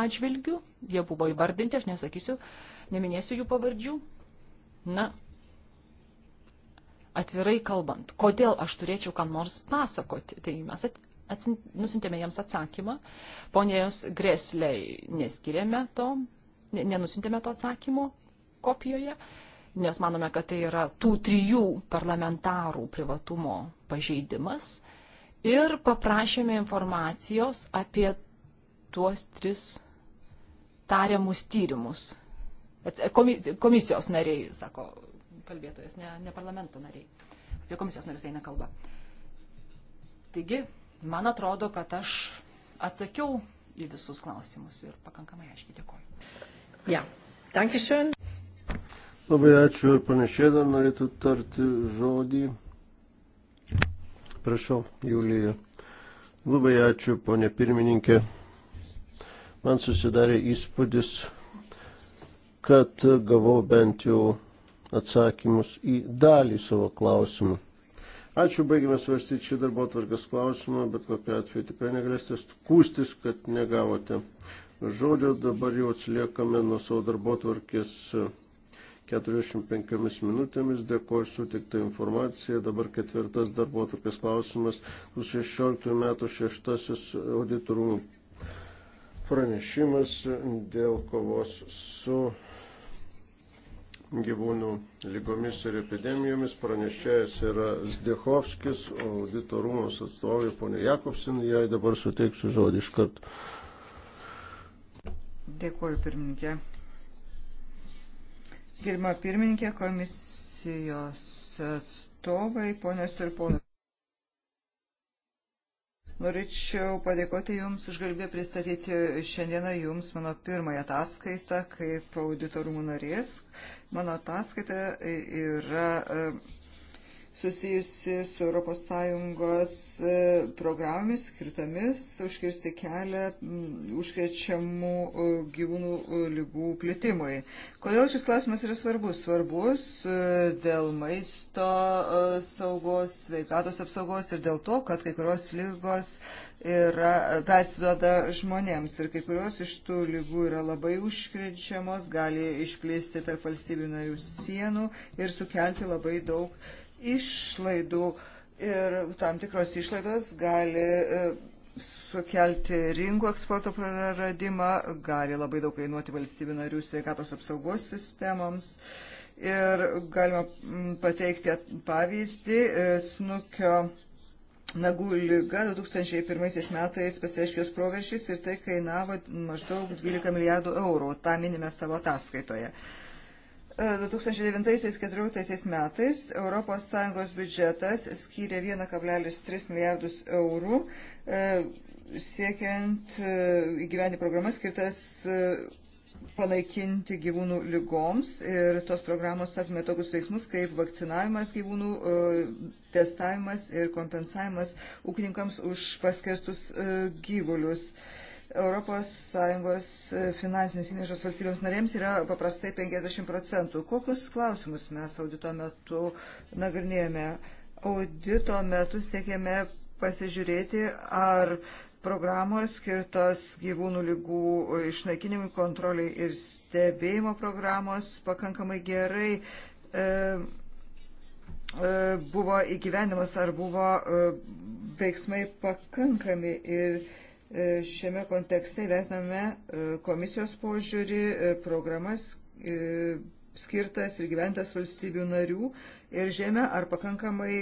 atžvilgių. Jie buvo įvardinti, aš nesakysiu, neminėsiu jų pavardžių. Na, atvirai kalbant, kodėl aš turėčiau kam nors pasakoti, tai mes nusintėme jiems atsakymą. Ponės Greslei neskiriame to, nenusintėme to atsakymo kopijoje, nes manome, kad tai yra tų trijų parlamentarų privatumo pažeidimas. Ir paprašėme informacijos apie tuos tris tariamus tyrimus. Komisijos nariai, sako kalbėtojas, ne, ne parlamento nariai. Apie komisijos narius eina kalba. Taigi, man atrodo, kad aš atsakiau į visus klausimus ir pakankamai aiškiai dėkoju. Ja, dankišin. Labai ačiū ir panašiai dar norėtų tarti žodį. Prašau, Julija. Labai ačiū, ponė pirmininkė. Man susidarė įspūdis, kad gavau bent jau atsakymus į dalį savo klausimų. Ačiū, baigime svarstyti šį darbo tvarkės klausimą, bet kokiu atveju tikrai negalėsite skūstis, kad negavote žodžio. Dabar jau atsiliekame nuo savo darbo tvarkės 45 minutėmis. Dėkuoju sutiktą informaciją. Dabar ketvirtas darbo tvarkės klausimas. 16 metų šeštasis auditorų pranešimas dėl kovos su gyvūnų lygomis ir epidemijomis. Pranešėjas yra Zdechovskis, audito rūmos atstovė ponė Jakobsin, jai dabar suteiksiu žodį iš karto. Dėkuoju pirmininkė. Pirma pirmininkė komisijos atstovai, ponės ir ponas. Norėčiau padėkoti Jums už galimybę pristatyti šiandieną Jums mano pirmąją ataskaitą kaip auditorumų narės. Mano ataskaita e, yra e, susijusi su ES e, programomis skirtomis užkirsti kelią užkrečiamų e, gyvūnų e, lygų plitimui. Kodėl šis klausimas yra svarbus? Svarbus dėl maisto saugos, sveikatos apsaugos ir dėl to, kad kai kurios lygos yra persiduoda žmonėms ir kai kurios iš tų lygų yra labai užkrečiamos, gali išplėsti tarp valstybių narių sienų ir sukelti labai daug išlaidų ir tam tikros išlaidos gali e, sukelti rinkų eksporto praradimą, gali labai daug kainuoti valstybių narių sveikatos apsaugos sistemoms. Ir galima pateikti pavyzdį e, snukio nagų lyga 2001 metais pasireiškė jos proveršys ir tai kainavo maždaug 12 milijardų eurų, tą minime savo ataskaitoje. 2009-2014 e, metais ES biudžetas skyrė 1,3 milijardus eurų e, siekiant e, įgyventi programas skirtas panaikinti gyvūnų lygoms ir tos programos apimė tokius veiksmus kaip vakcinavimas gyvūnų, testavimas ir kompensavimas ūkininkams už paskirstus gyvulius. ES e, finansinis įnešas valstybėms narėms yra paprastai 50 procentų. Kokius klausimus mes audito metu nagrinėjame? Audito metu siekėme pasižiūrėti, ar programos skirtos gyvūnų lygų išnaikinimui, kontroliai ir stebėjimo programos pakankamai gerai e, e, buvo įgyvenimas, ar buvo e, veiksmai pakankami ir e, E, šiame kontekste vertiname e, komisijos požiūrį, e, programas skirtas ir gyventas valstybių narių ir žemė ar pakankamai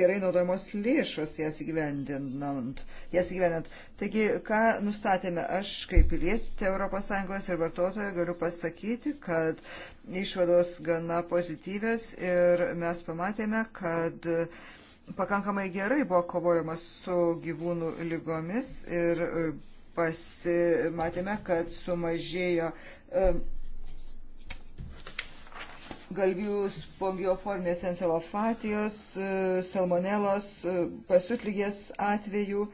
gerai naudojamos lėšos jas įgyvendinant. Jas įgyvendinant. Taigi, ką nustatėme, aš kaip pilietė ES ir vartotoja galiu pasakyti, kad išvados gana pozityvės ir mes pamatėme, kad uh, pakankamai gerai buvo kovojama su gyvūnų lygomis ir e, pasimatėme, kad sumažėjo e, galvijų spongioformės encelofatijos, e, salmonelos, pasiutlygės atvejų,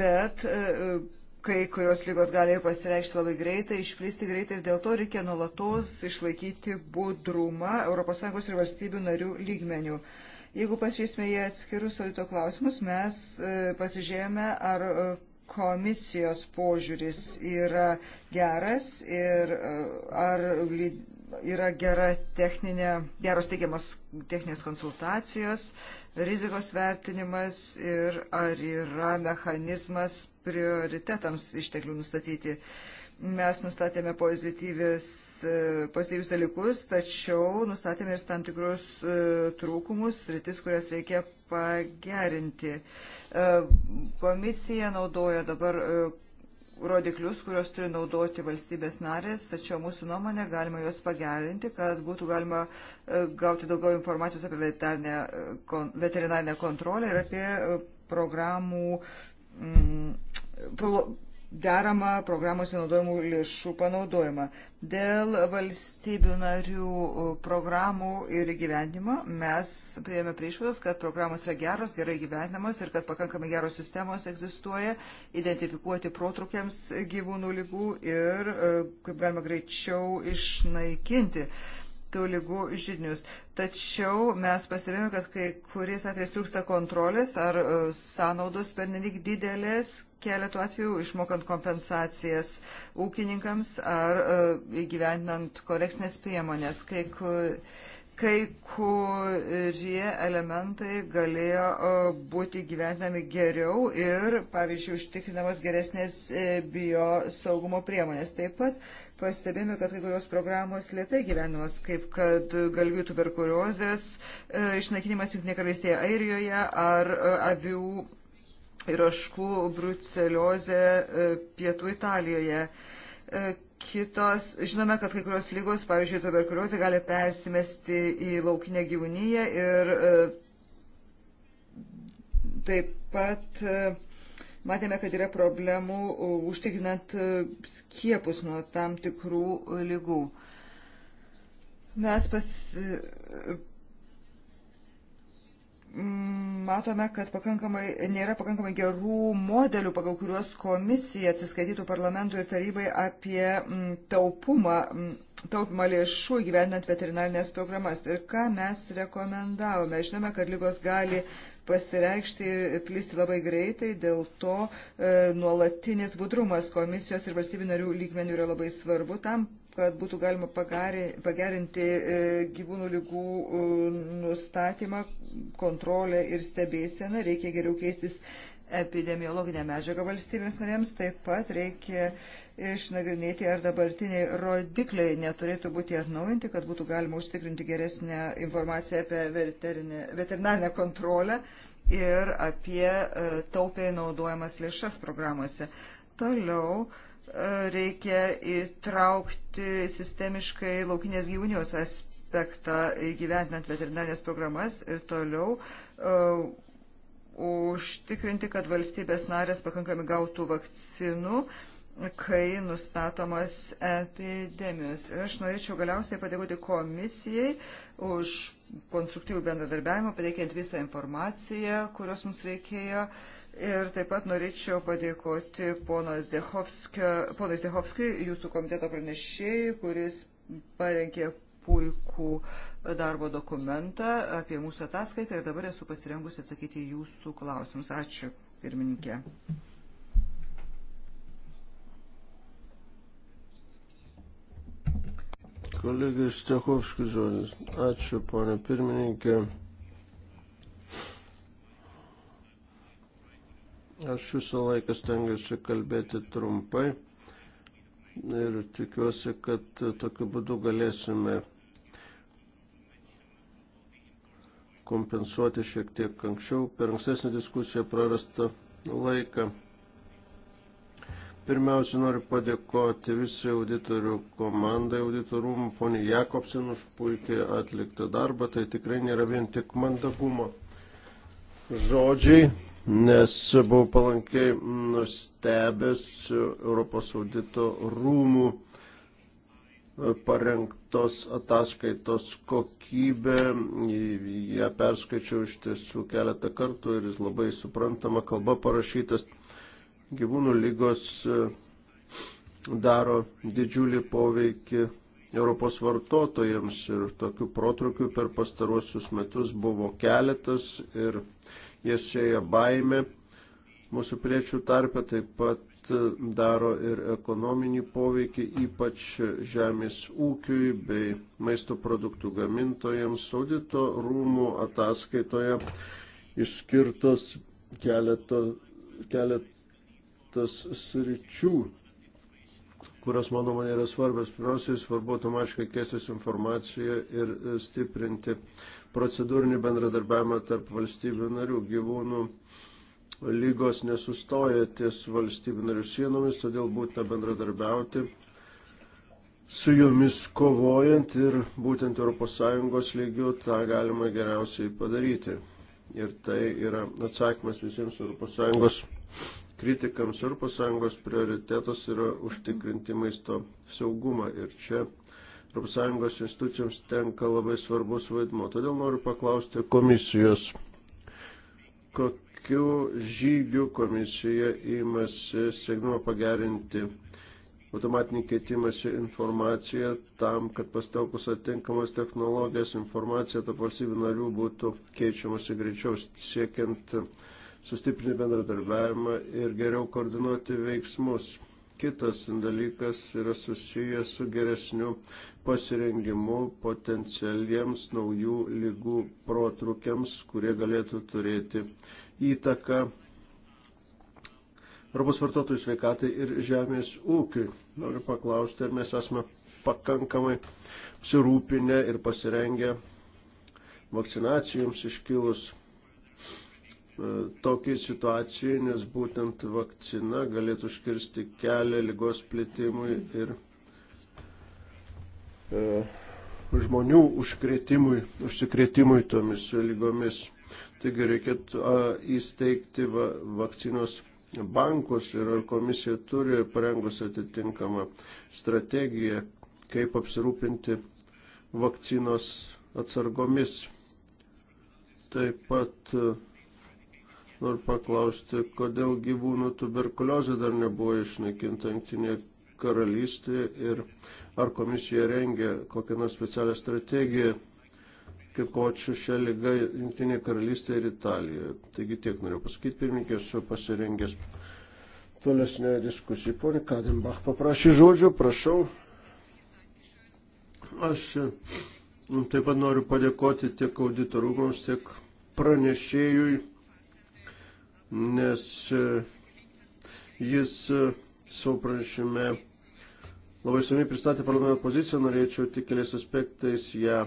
bet kai kurios lygos gali pasireikšti labai greitai, išplisti greitai ir dėl to reikia nuolatos išlaikyti budrumą ES ir valstybių narių lygmenių. Uh, Jeigu pasižiūrėsime į atskirus audito klausimus, mes e, pasižiūrėjome, ar e, komisijos požiūris yra geras ir e, ar yra gera techninė, geros teigiamos techninės konsultacijos, rizikos vertinimas ir ar yra mechanizmas prioritetams išteklių nustatyti. Uh, Mes nustatėme e, pozityvius dalykus, tačiau nustatėme ir tam tikrus e, trūkumus, rytis, kurias reikia pagerinti. E, komisija naudoja dabar rodiklius, kuriuos turi naudoti valstybės narės, tačiau mūsų nuomonė galima juos pagerinti, kad būtų galima gauti daugiau informacijos apie veterinarinę kontrolę ir apie programų mm, deramą programos naudojimų lėšų panaudojimą. Dėl valstybių narių programų ir gyvenimo mes prieėmė prie išvados, kad programos yra geros, gerai gyvenamos ir kad pakankamai geros sistemos egzistuoja, identifikuoti protrukiams gyvūnų lygų ir kaip galima greičiau išnaikinti tų lygų žydinius. Tačiau mes pastebėjome, kad kai kuriais atvejais trūksta kontrolės ar sąnaudos pernelyg didelės, keletų atvejų, išmokant kompensacijas ūkininkams ar e, įgyvendinant korekcinės priemonės. Kai, kai kurie elementai galėjo e, būti gyvenami geriau ir, pavyzdžiui, užtikrinamos geresnės e, biosaugumo priemonės. Taip pat pastebėjome, kad kai kurios programos lietai gyvenimas, kaip kad galvijų tuberkuliozės išnakinimas Junktinė karalystėje Airijoje ar avių ir aškų bruceliozė e, pietų Italijoje. E, kitos, žinome, kad kai kurios lygos, pavyzdžiui, tuberkuliozė gali persimesti į laukinę gyvūnyje ir e, taip pat matėme, kad yra problemų užtikrinant skiepus nuo tam tikrų lygų. Mes pas, matome, kad pakankamai, nėra pakankamai gerų modelių, pagal kuriuos komisija atsiskaitytų parlamentui ir tarybai apie mm, taupumą, mm, taupimą lėšų įgyvendinant veterinarinės programas. Ir ką mes rekomendavome? Žinome, kad lygos gali pasireikšti ir plisti labai greitai, dėl to e, nuolatinis budrumas komisijos ir valstybių narių lygmenių yra labai svarbu tam, kad būtų galima pagerinti e, gyvūnų lygų e, nustatymą, kontrolę ir stebėseną. Reikia geriau keistis epidemiologinę medžiagą valstybės narėms, taip pat reikia išnagrinėti, ar dabartiniai rodikliai neturėtų būti atnaujinti, kad būtų galima užtikrinti geresnę informaciją apie veterinarinę kontrolę ir apie e, taupiai naudojamas lėšas programuose. Toliau e, reikia įtraukti sistemiškai laukinės gyvūnijos aspektą įgyventinant veterinarinės programas ir toliau e, užtikrinti, kad valstybės narės pakankamai gautų vakcinų kai nustatomas epidemijos. Ir aš norėčiau galiausiai padėkoti komisijai už konstruktyvų bendradarbiavimą, pateikiant visą informaciją, kurios mums reikėjo. Ir taip pat norėčiau padėkoti ponas Dehovskiui, jūsų komiteto pranešėjui, kuris parengė puikų darbo dokumentą apie mūsų ataskaitą ir dabar esu pasirengusi atsakyti jūsų klausimus. Ačiū, pirmininkė. Kolegai Stechovskis žodis. Ačiū, ponė pirmininkė. Aš visą laiką stengiuosi kalbėti trumpai ir tikiuosi, kad tokiu būdu galėsime kompensuoti šiek tiek anksčiau per ankstesnį diskusiją prarastą laiką. Pirmiausia, noriu padėkoti visai auditorių komandai, auditorumų, poniai Jakobsen už puikiai atliktą darbą. Tai tikrai nėra vien tik mandagumo žodžiai, nes buvau palankiai nustebęs Europos audito rūmų parengtos ataskaitos kokybė. Ja perskaičiau iš tiesų keletą kartų ir labai suprantama kalba parašytas gyvūnų lygos e, daro didžiulį poveikį Europos vartotojams ir tokių protrukių per pastaruosius metus buvo keletas ir jie sėja baimę mūsų piliečių tarpe, taip pat e, daro ir ekonominį poveikį, ypač žemės ūkiui bei maisto produktų gamintojams. Audito rūmų ataskaitoje išskirtos keletos kelet, keletas sričių, kurios, mano man, yra svarbios. Pirmiausiai, svarbu automatiškai keistis informaciją ir stiprinti procedūrinį bendradarbiavimą tarp valstybių narių gyvūnų lygos nesustoja ties valstybių narių sienomis, todėl būtina bendradarbiauti su jomis kovojant ir būtent ES lygių tą galima geriausiai padaryti. Ir tai yra atsakymas visiems ES kritikams ES prioritetas yra užtikrinti maisto saugumą ir čia ES institucijoms tenka labai svarbus vaidmo. Todėl noriu paklausti komisijos, kokiu žygiu komisija įmasi siekdama pagerinti automatinį keitimąsi informaciją tam, kad pastelkus atinkamas technologijas informacija tarp valstybių narių būtų keičiamasi greičiau siekiant uh, sustiprinti bendradarbiavimą ir geriau koordinuoti veiksmus. Kitas dalykas yra susijęs su geresniu pasirengimu potencialiems naujų lygų protrukiams, kurie galėtų turėti įtaką Europos vartotojų sveikatai ir žemės ūkiui. Noriu paklausti, ar mes esame pakankamai apsirūpinę ir pasirengę vakcinacijoms iškilus E, tokiai situacijai, nes būtent vakcina galėtų užkirsti kelią lygos plėtimui ir e, žmonių užkretimui, užsikrėtimui tomis lygomis. Taigi reikėtų a, įsteigti va, vakcinos bankus ir ar komisija turi parengus atitinkamą strategiją, kaip apsirūpinti vakcinos atsargomis. Taip pat a, e, Noriu paklausti, kodėl gyvūnų tuberkuliozė dar nebuvo išnaikinta Anktinėje karalystėje ir ar komisija rengia kokią nors specialią strategiją, kaip kočių šią lygą Anktinėje karalystėje ir Italijoje. Taigi tiek noriu pasakyti, pirmininkė, esu pasirengęs tolesnėje diskusijai. Pone Kadimbach, paprašy žodžio, prašau. Aš e, taip pat noriu padėkoti tiek auditorumams, tiek pranešėjui nes e, jis e, savo pranešime labai sumiai pristatė parlamento poziciją, norėčiau tik keliais aspektais ją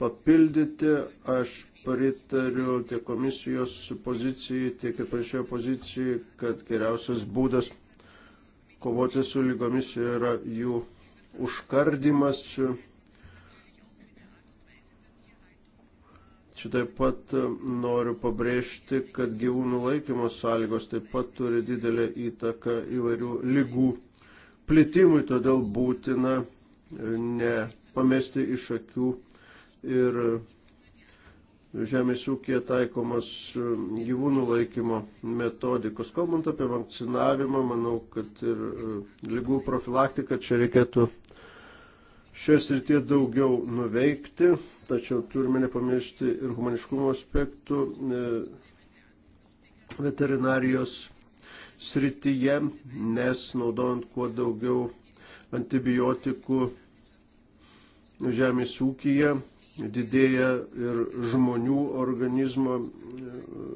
papildyti. Aš pritariu tiek komisijos pozicijai, tiek ir pranešėjo pozicijai, kad geriausias būdas kovoti su lygomis yra jų užkardimas Čia taip pat e, noriu pabrėžti, kad gyvūnų laikymo sąlygos taip pat turi didelę įtaką įvairių lygų plitimui, todėl būtina e, nepamesti iš akių ir e, žemės ūkija taikomas gyvūnų laikymo metodikos. Kalbant apie vakcinavimą, manau, kad ir lygų profilaktiką čia reikėtų šios ir tie daugiau nuveikti, tačiau turime nepamiršti ir humaniškumo aspektų e, veterinarijos srityje, nes naudojant kuo daugiau antibiotikų žemės ūkyje didėja ir žmonių organizmo e,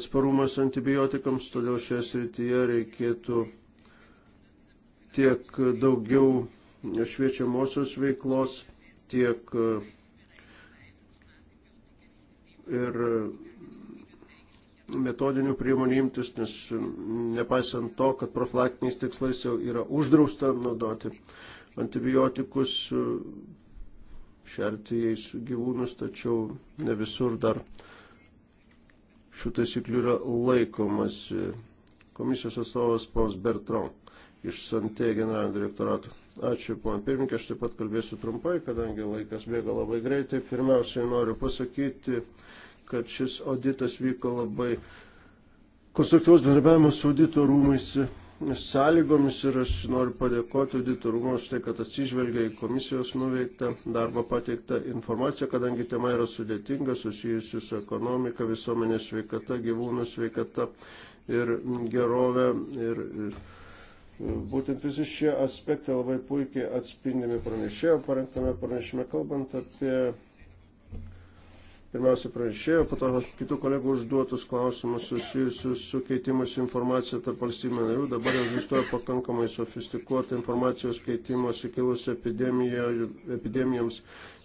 atsparumas antibiotikams, todėl šioje srityje reikėtų tiek daugiau šviečiamosios veiklos, tiek e, ir metodinių priemonių imtis, nes nepaisant to, kad profilaktiniais tikslais jau yra uždrausta naudoti antibiotikus, šerti jais gyvūnus, tačiau ne visur dar šių taisyklių yra laikomas komisijos atstovas Pons Bertrand iš Santė generalinio direktorato. Ačiū, ponė pirmininkė, aš taip pat kalbėsiu trumpai, kadangi laikas bėga labai greitai. Pirmiausiai noriu pasakyti, kad šis auditas vyko labai konstruktyvus bendrabiavimas su audito rūmais sąlygomis ir aš noriu padėkoti auditorumams už tai, kad atsižvelgia į komisijos nuveiktą darbą pateiktą informaciją, kadangi tema yra sudėtinga, susijusi su ekonomika, visuomenės sveikata, gyvūnų sveikata ir gerovė. Ir, ir Būtent visi šie aspektai labai puikiai atspindimi pranešėjo, parengtame pranešime kalbant apie pirmiausia pranešėjo, po to kitų kolegų užduotus klausimus susijusius su keitimus informacija tarp valstybių narių. Dabar egzistuoja pakankamai sofistikuota informacijos keitimosi kilus epidemijoms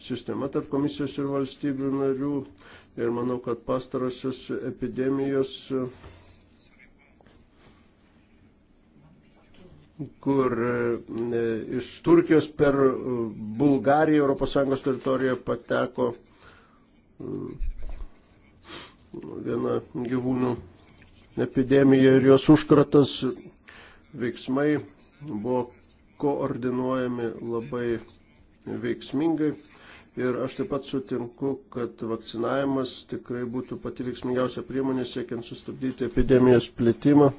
sistema tarp komisijos ir valstybių narių. Ir manau, kad pastarosios epidemijos kur e, e, iš Turkijos per e, Bulgariją ES teritoriją pateko viena gyvūnų epidemija ir jos užkratas veiksmai buvo koordinuojami labai veiksmingai. Ir aš taip pat sutinku, kad vakcinavimas tikrai būtų pati veiksmingiausia priemonė siekiant sustabdyti epidemijos plitimą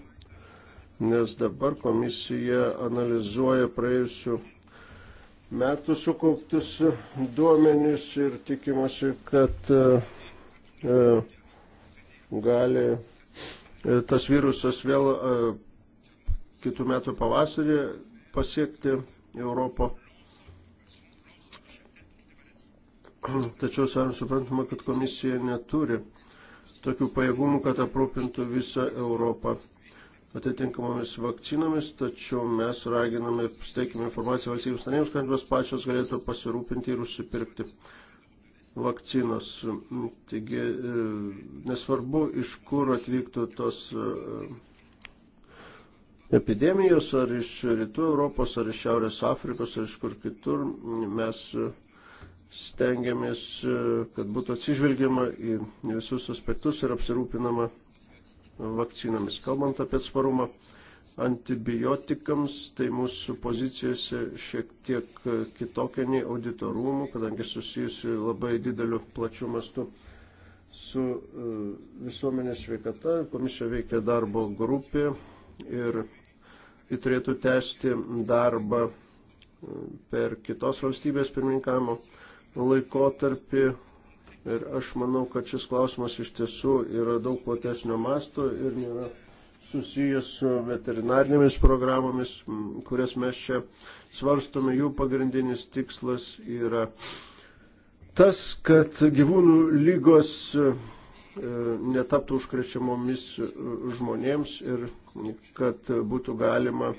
nes dabar komisija analizuoja praėjusių metų sukauptus duomenis ir tikimasi, kad e, e, gali e, tas virusas vėl e, kitų metų pavasarį pasiekti Europą. Tačiau savim suprantama, kad komisija neturi tokių pajėgumų, kad aprūpintų visą Europą atitinkamomis vakcinomis, tačiau mes raginame ir steikime informaciją valstybės narėms, kad jos pačios galėtų pasirūpinti ir užsipirkti vakcinos. Taigi e, nesvarbu, iš kur atvyktų tos e, epidemijos, ar iš rytų Europos, ar iš Šiaurės Afrikos, ar iš kur kitur, mes e, stengiamės, kad būtų atsižvelgiama į visus aspektus ir apsirūpinama vakcinomis. Kalbant apie svarumą antibiotikams, tai mūsų pozicijose šiek tiek kitokia nei auditorumų, kadangi susijusi labai dideliu plačiu mastu su e, visuomenės sveikata. Komisija veikia darbo grupė ir ji turėtų tęsti darbą e, per kitos valstybės pirmininkavimo laikotarpį Ir aš manau, kad šis klausimas iš tiesų yra daug platesnio masto ir nėra susijęs su veterinarinėmis programomis, kurias mes čia svarstome. Jų pagrindinis tikslas yra tas, kad gyvūnų lygos e, netaptų užkrečiamomis e, žmonėms ir kad būtų galima e,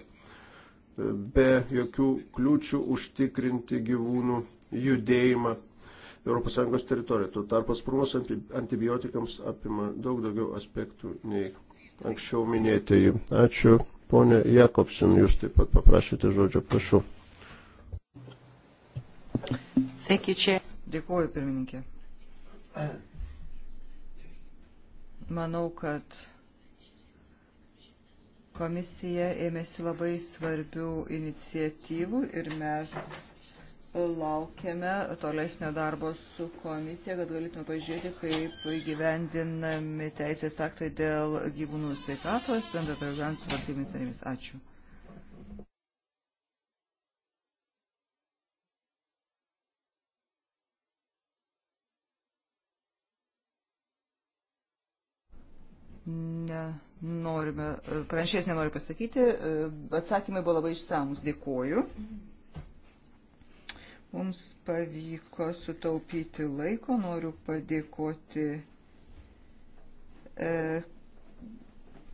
be jokių kliūčių užtikrinti gyvūnų judėjimą ES teritoriją. Tuo tarpu atsparumas antibiotikams apima daug daugiau aspektų nei anksčiau minėtieji. Ačiū, ponė Jakobsin, jūs taip pat paprašėte žodžio, prašau. Sveiki čia. Dėkuoju, pirmininkė. Manau, kad komisija ėmėsi labai svarbių iniciatyvų ir mes laukiame tolesnio darbo su komisija, kad galėtume pažiūrėti, kaip įgyvendinami teisės aktai dėl gyvūnų sveikatos, bendradarbiaujant su valstybėmis narėmis. Ačiū. Ne, norime, pranešės nenori pasakyti, atsakymai buvo labai išsamus, dėkuoju. Mhm. Mums pavyko sutaupyti laiko, noriu padėkoti e,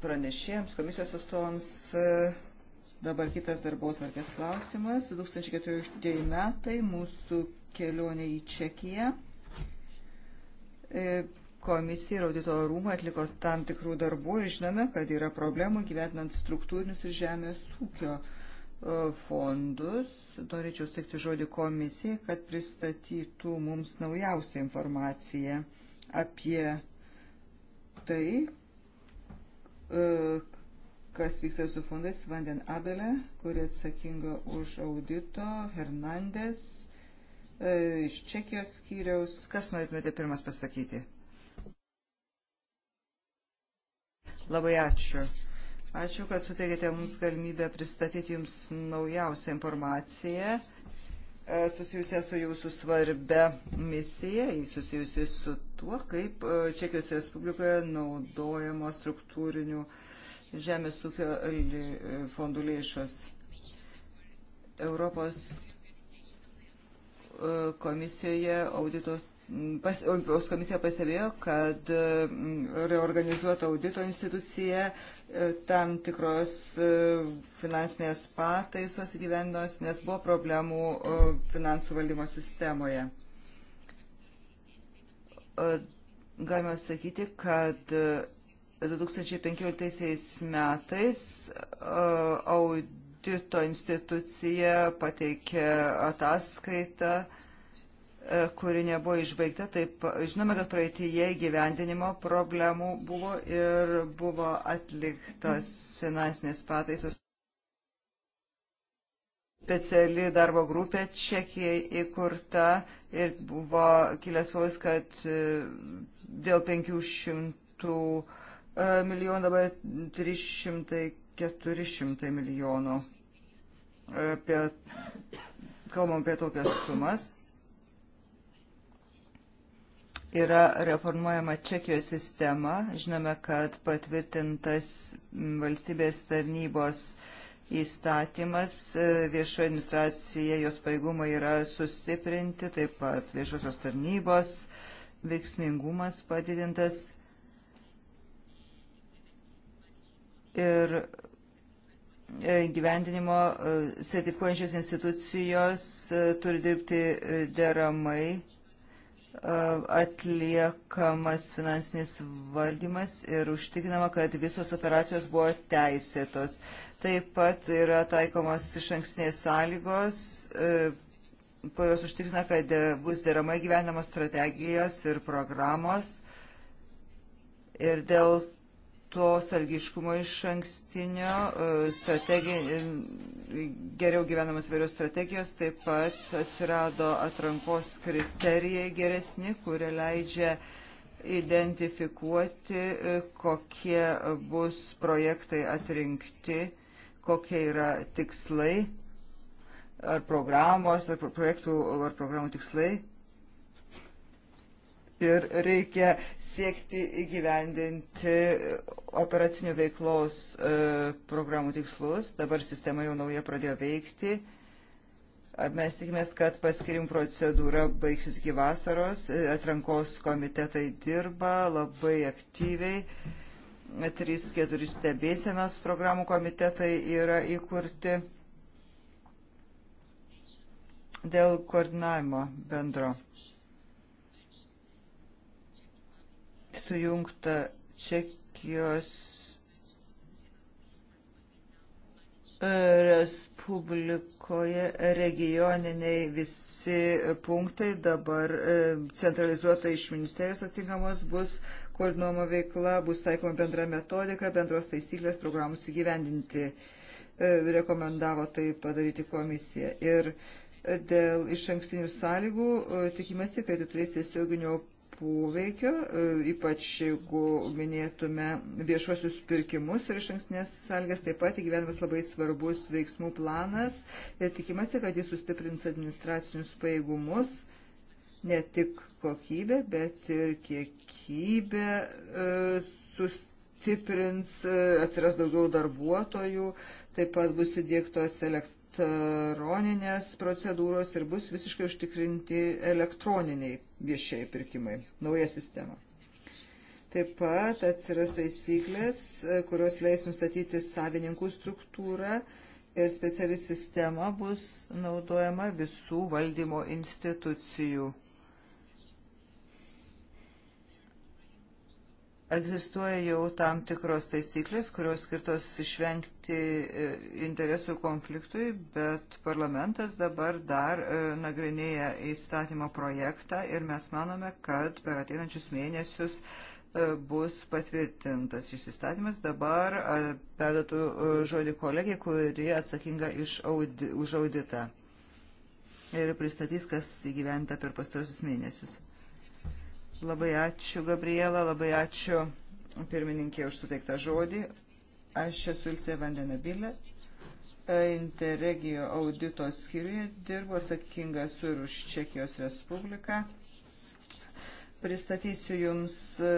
pranešėjams, komisijos atstovams. E, dabar kitas darbo tvarkės klausimas. 2014 metai mūsų kelionė į Čekiją. E, komisija ir audito rūmai atliko tam tikrų darbų ir žinome, kad yra problemų gyvenant struktūrinius ir žemės ūkio. E, E, fondus. Norėčiau steikti žodį komisijai, kad pristatytų mums naujausią informaciją apie tai, e, kas vyksta su fondais Vanden Abelė, kuri atsakinga už audito, Hernandez e, iš Čekijos skyriaus. Kas norėtumėte pirmas pasakyti? Labai ačiū. Ačiū, kad suteikėte mums galimybę pristatyti Jums naujausią informaciją e, susijusią su Jūsų svarbia misija, susijusią su tuo, kaip e, Čekijos Respublikoje naudojamos struktūrinių žemės ūkio e, fondų lėšos. Europos komisijoje audito Pas, Europos komisija pastebėjo, kad reorganizuota audito institucija tam tikros e, finansinės pataisos įgyvendinos, nes buvo problemų e, finansų valdymo sistemoje. E, galima sakyti, kad 2015 metais audito institucija pateikė ataskaitą E, kuri nebuvo išbaigta. Taip, žinome, kad praeitėje gyvendinimo problemų buvo ir buvo atliktos finansinės pataisos. Speciali darbo grupė Čekijai įkurta ir buvo kilęs pavojus, kad e, dėl 500 e, milijonų dabar 300-400 milijonų. Apie, kalbam apie tokias sumas yra reformuojama Čekijos sistema. Žinome, kad patvirtintas valstybės tarnybos įstatymas, e, viešoji administracija, jos paėgumai yra sustiprinti, taip pat viešosios tarnybos veiksmingumas padidintas. Ir e, gyvendinimo e, sertifikuojančios institucijos turi dirbti deramai atliekamas finansinis valdymas ir užtikrinama, kad visos operacijos buvo teisėtos. Taip pat yra taikomas iš ankstinės sąlygos, e, kurios užtikrina, kad bus deramai gyvenamos strategijos ir programos. Ir dėl to salgiškumo iš ankstinio, e, e, geriau gyvenamos vėlios strategijos, taip pat atsirado atrankos kriterijai geresni, kurie leidžia identifikuoti, e, kokie bus projektai atrinkti, kokie yra tikslai ar programos, ar projektų, ar programų tikslai ir reikia siekti įgyvendinti operacinių veiklos e, programų tikslus. Dabar sistema jau nauja pradėjo veikti. Mes tikimės, kad paskirim procedūra baigsis iki vasaros. E, atrankos komitetai dirba labai aktyviai. 3-4 e, stebėsienos programų komitetai yra įkurti dėl koordinavimo bendro. sujungta Čekijos e, Respublikoje regioniniai visi punktai dabar e, centralizuota iš ministerijos atitinkamos bus koordinuojama veikla, bus taikoma bendra metodika, bendros taisyklės programus įgyvendinti e, rekomendavo tai padaryti komisija. Ir dėl iš ankstinių sąlygų tikimasi, kad tai turės tiesioginio poveikio, e, ypač jeigu minėtume viešuosius pirkimus ir iš ankstinės sąlygas, taip pat įgyvenimas labai svarbus veiksmų planas ir tikimasi, kad jis sustiprins administracinius paėgumus, ne tik kokybę, bet ir kiekybę e, sustiprins, e, atsiras daugiau darbuotojų, taip pat bus įdėktos elektronikos elektroninės procedūros ir bus visiškai užtikrinti elektroniniai viešieji pirkimai, nauja sistema. Taip pat atsiras taisyklės, kurios leis nustatyti savininkų struktūrą ir speciali sistema bus naudojama visų valdymo institucijų. Egzistuoja jau tam tikros taisyklės, kurios skirtos išvengti e, interesų konfliktui, bet parlamentas dabar dar e, nagrinėja įstatymo projektą ir mes manome, kad per ateinančius mėnesius e, bus patvirtintas šis įstatymas. Dabar perdotų žodį kolegiai, kuri atsakinga audi, už auditą ir pristatys, kas įgyventa per pastarusius mėnesius. Labai ačiū, Gabriela, labai ačiū pirmininkė už suteiktą žodį. Aš esu Ilse Vandenabilė. Interregijo audito skyriuje dirbu atsakingas ir už Čekijos Respubliką. Pristatysiu Jums e,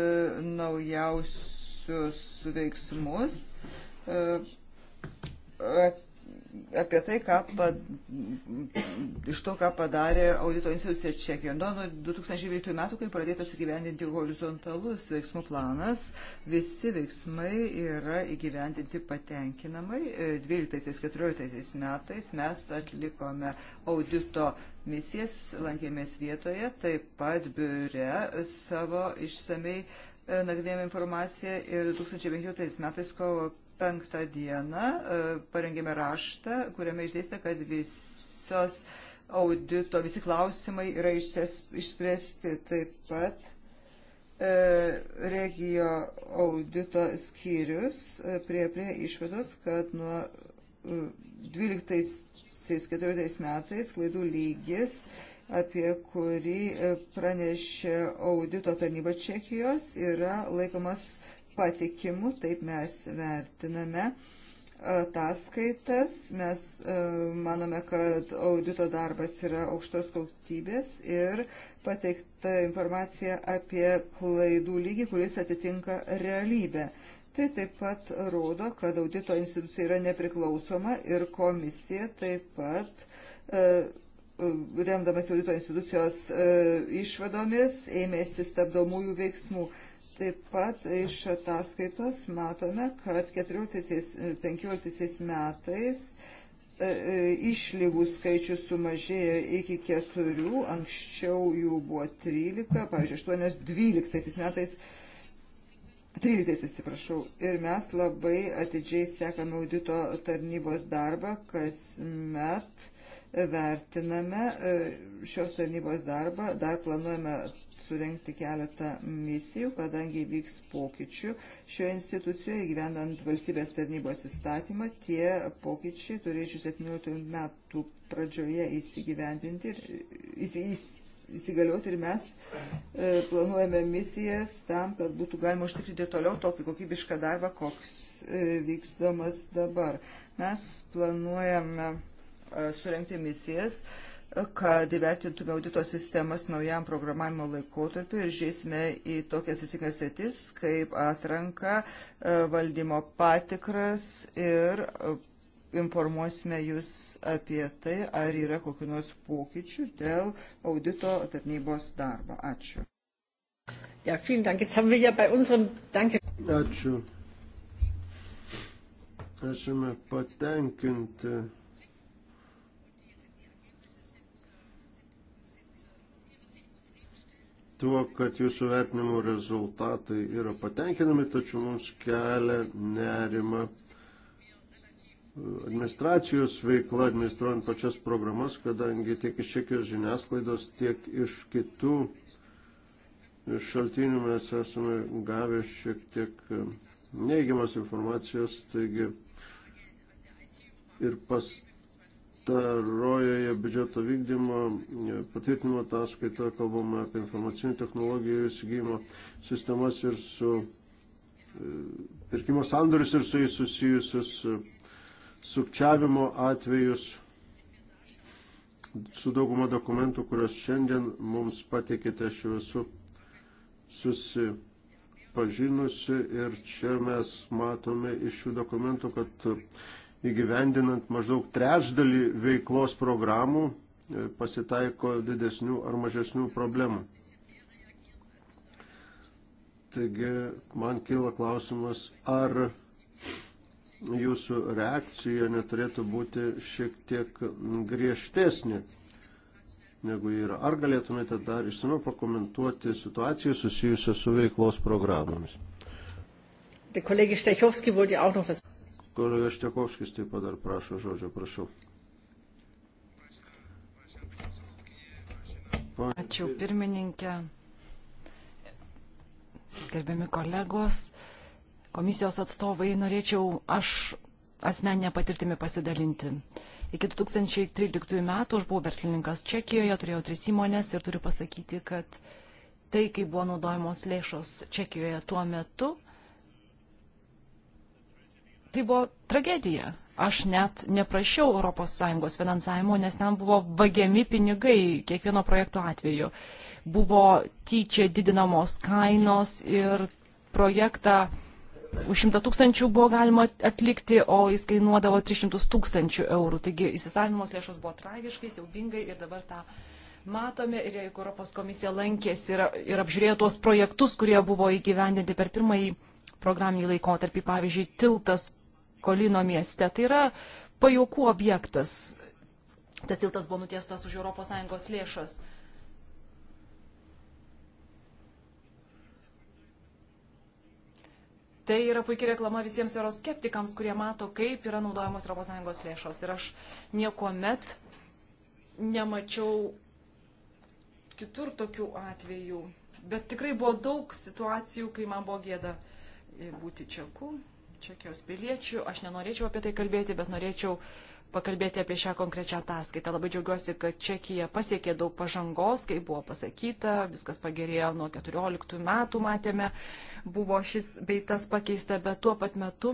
naujausius veiksmus e, apie tai, ką pad, iš to, ką padarė audito institucija Čekijoje. Nuo 2012 metų, kai pradėtas įgyvendinti horizontalus veiksmų planas, visi veiksmai yra įgyvendinti patenkinamai. 12-14 metais mes atlikome audito misijas, lankėmės vietoje, taip pat biure savo išsamei e, nagrinėjome informaciją ir 2015 metais kovo 5 dieną e, parengėme raštą, kuriame išdėstė, kad visos audito, visi klausimai yra išspręsti taip pat. E, regio audito skyrius e, prie, prie išvados, kad nuo 12-14 metais klaidų lygis apie kurį pranešė audito tarnyba Čekijos, yra laikomas patikimu, taip mes vertiname ataskaitas, e, mes e, manome, kad audito darbas yra aukštos kokybės ir pateikta informacija apie klaidų lygį, kuris atitinka realybę. Tai taip pat rodo, kad audito institucija yra nepriklausoma ir komisija taip pat, e, remdamas audito institucijos išvadomis, ėmėsi stabdomųjų veiksmų. Taip pat iš ataskaitos matome, kad 14-15 metais e, e, išlygų skaičius sumažėjo iki keturių, anksčiau jų buvo 13, pavyzdžiui, 8-12 metais. 13, atsiprašau. Ir mes labai atidžiai sekame audito tarnybos darbą, kasmet vertiname e, šios tarnybos darbą, dar planuojame surenkti keletą misijų, kadangi vyks pokyčių šioje institucijoje gyvenant valstybės tarnybos įstatymą. Tie pokyčiai turėčiau 17 metų pradžioje įsigyvendinti ir įs, įsigalioti ir mes e, planuojame misijas tam, kad būtų galima užtikrinti toliau tokį kokybišką darbą, koks e, vykstamas dabar. Mes planuojame e, surenkti misijas kad įvertintume audito sistemas naujam programavimo laikotarpiu ir žiūrėsime į tokias įsikas sėtis kaip atranka, e, valdymo patikras ir e, informuosime jūs apie tai, ar yra kokiu nors pokyčių dėl audito tarnybos darbo. Ačiū. Ja, vielen Dank. Jetzt haben wir ja bei unseren Danke. Ačiū. Esame patenkinti tuo, kad jūsų vertinimo rezultatai yra patenkinami, tačiau mums kelia nerima administracijos veikla, administruojant pačias programas, kadangi tiek iš Čekijos žiniasklaidos, tiek iš kitų šaltinių mes esame gavę šiek tiek e, neigiamas informacijos, taigi ir pas pastarojoje biudžeto vykdymo e, patvirtinimo ataskaitoje kalbama apie informacinių technologijų įsigymo sistemas ir su e, pirkimo sandorius ir su jais susijusius e, sukčiavimo atvejus su dauguma dokumentų, kuriuos šiandien mums patikite, aš jau esu susipažinusi ir čia mes matome iš šių dokumentų, kad įgyvendinant maždaug trečdalį veiklos programų e, pasitaiko didesnių ar mažesnių problemų. Taigi man kyla klausimas, ar jūsų reakcija neturėtų būti šiek tiek griežtesnė negu yra. Ar galėtumėte dar išsamiau pakomentuoti situaciją susijusią su veiklos programomis? Der Kollege Stechowski wollte auch noch das Kolega Štekovskis taip pat dar prašo žodžio, prašau. Ačiū pirmininkė, gerbiami kolegos, komisijos atstovai, norėčiau aš asmeninę patirtimį pasidalinti. Iki 2013 metų aš buvau verslininkas Čekijoje, turėjau tris įmonės ir turiu pasakyti, kad tai, kaip buvo naudojamos lėšos Čekijoje tuo metu, tai buvo tragedija. Aš net neprašiau ES finansavimo, nes ten buvo vagiami pinigai kiekvieno projekto atveju. Buvo tyčia didinamos kainos ir projektą už 100 tūkstančių buvo galima atlikti, o jis kainuodavo 300 tūkstančių eurų. Taigi įsisavinimos lėšos buvo tragiškai, siaubingai ir dabar tą matome. Ir jeigu Europos komisija lankėsi ir, ir apžiūrėjo tuos projektus, kurie buvo įgyvendinti per pirmąjį programinį laikotarpį, pavyzdžiui, tiltas Kolino mieste. Tai yra pajokų objektas. Tas tiltas buvo nutiestas už ES lėšas. Tai yra puikia reklama visiems euroskeptikams, kurie mato, kaip yra naudojamos ES lėšos. Ir aš niekuomet nemačiau kitur tokių atvejų. Bet tikrai buvo daug situacijų, kai man buvo gėda būti čeku. Čekijos piliečių. Aš nenorėčiau apie tai kalbėti, bet norėčiau pakalbėti apie šią konkrečią ataskaitą. Labai džiaugiuosi, kad Čekija pasiekė daug pažangos, kaip buvo pasakyta, viskas pagerėjo nuo 14 metų, matėme, buvo šis beitas pakeista, bet tuo pat metu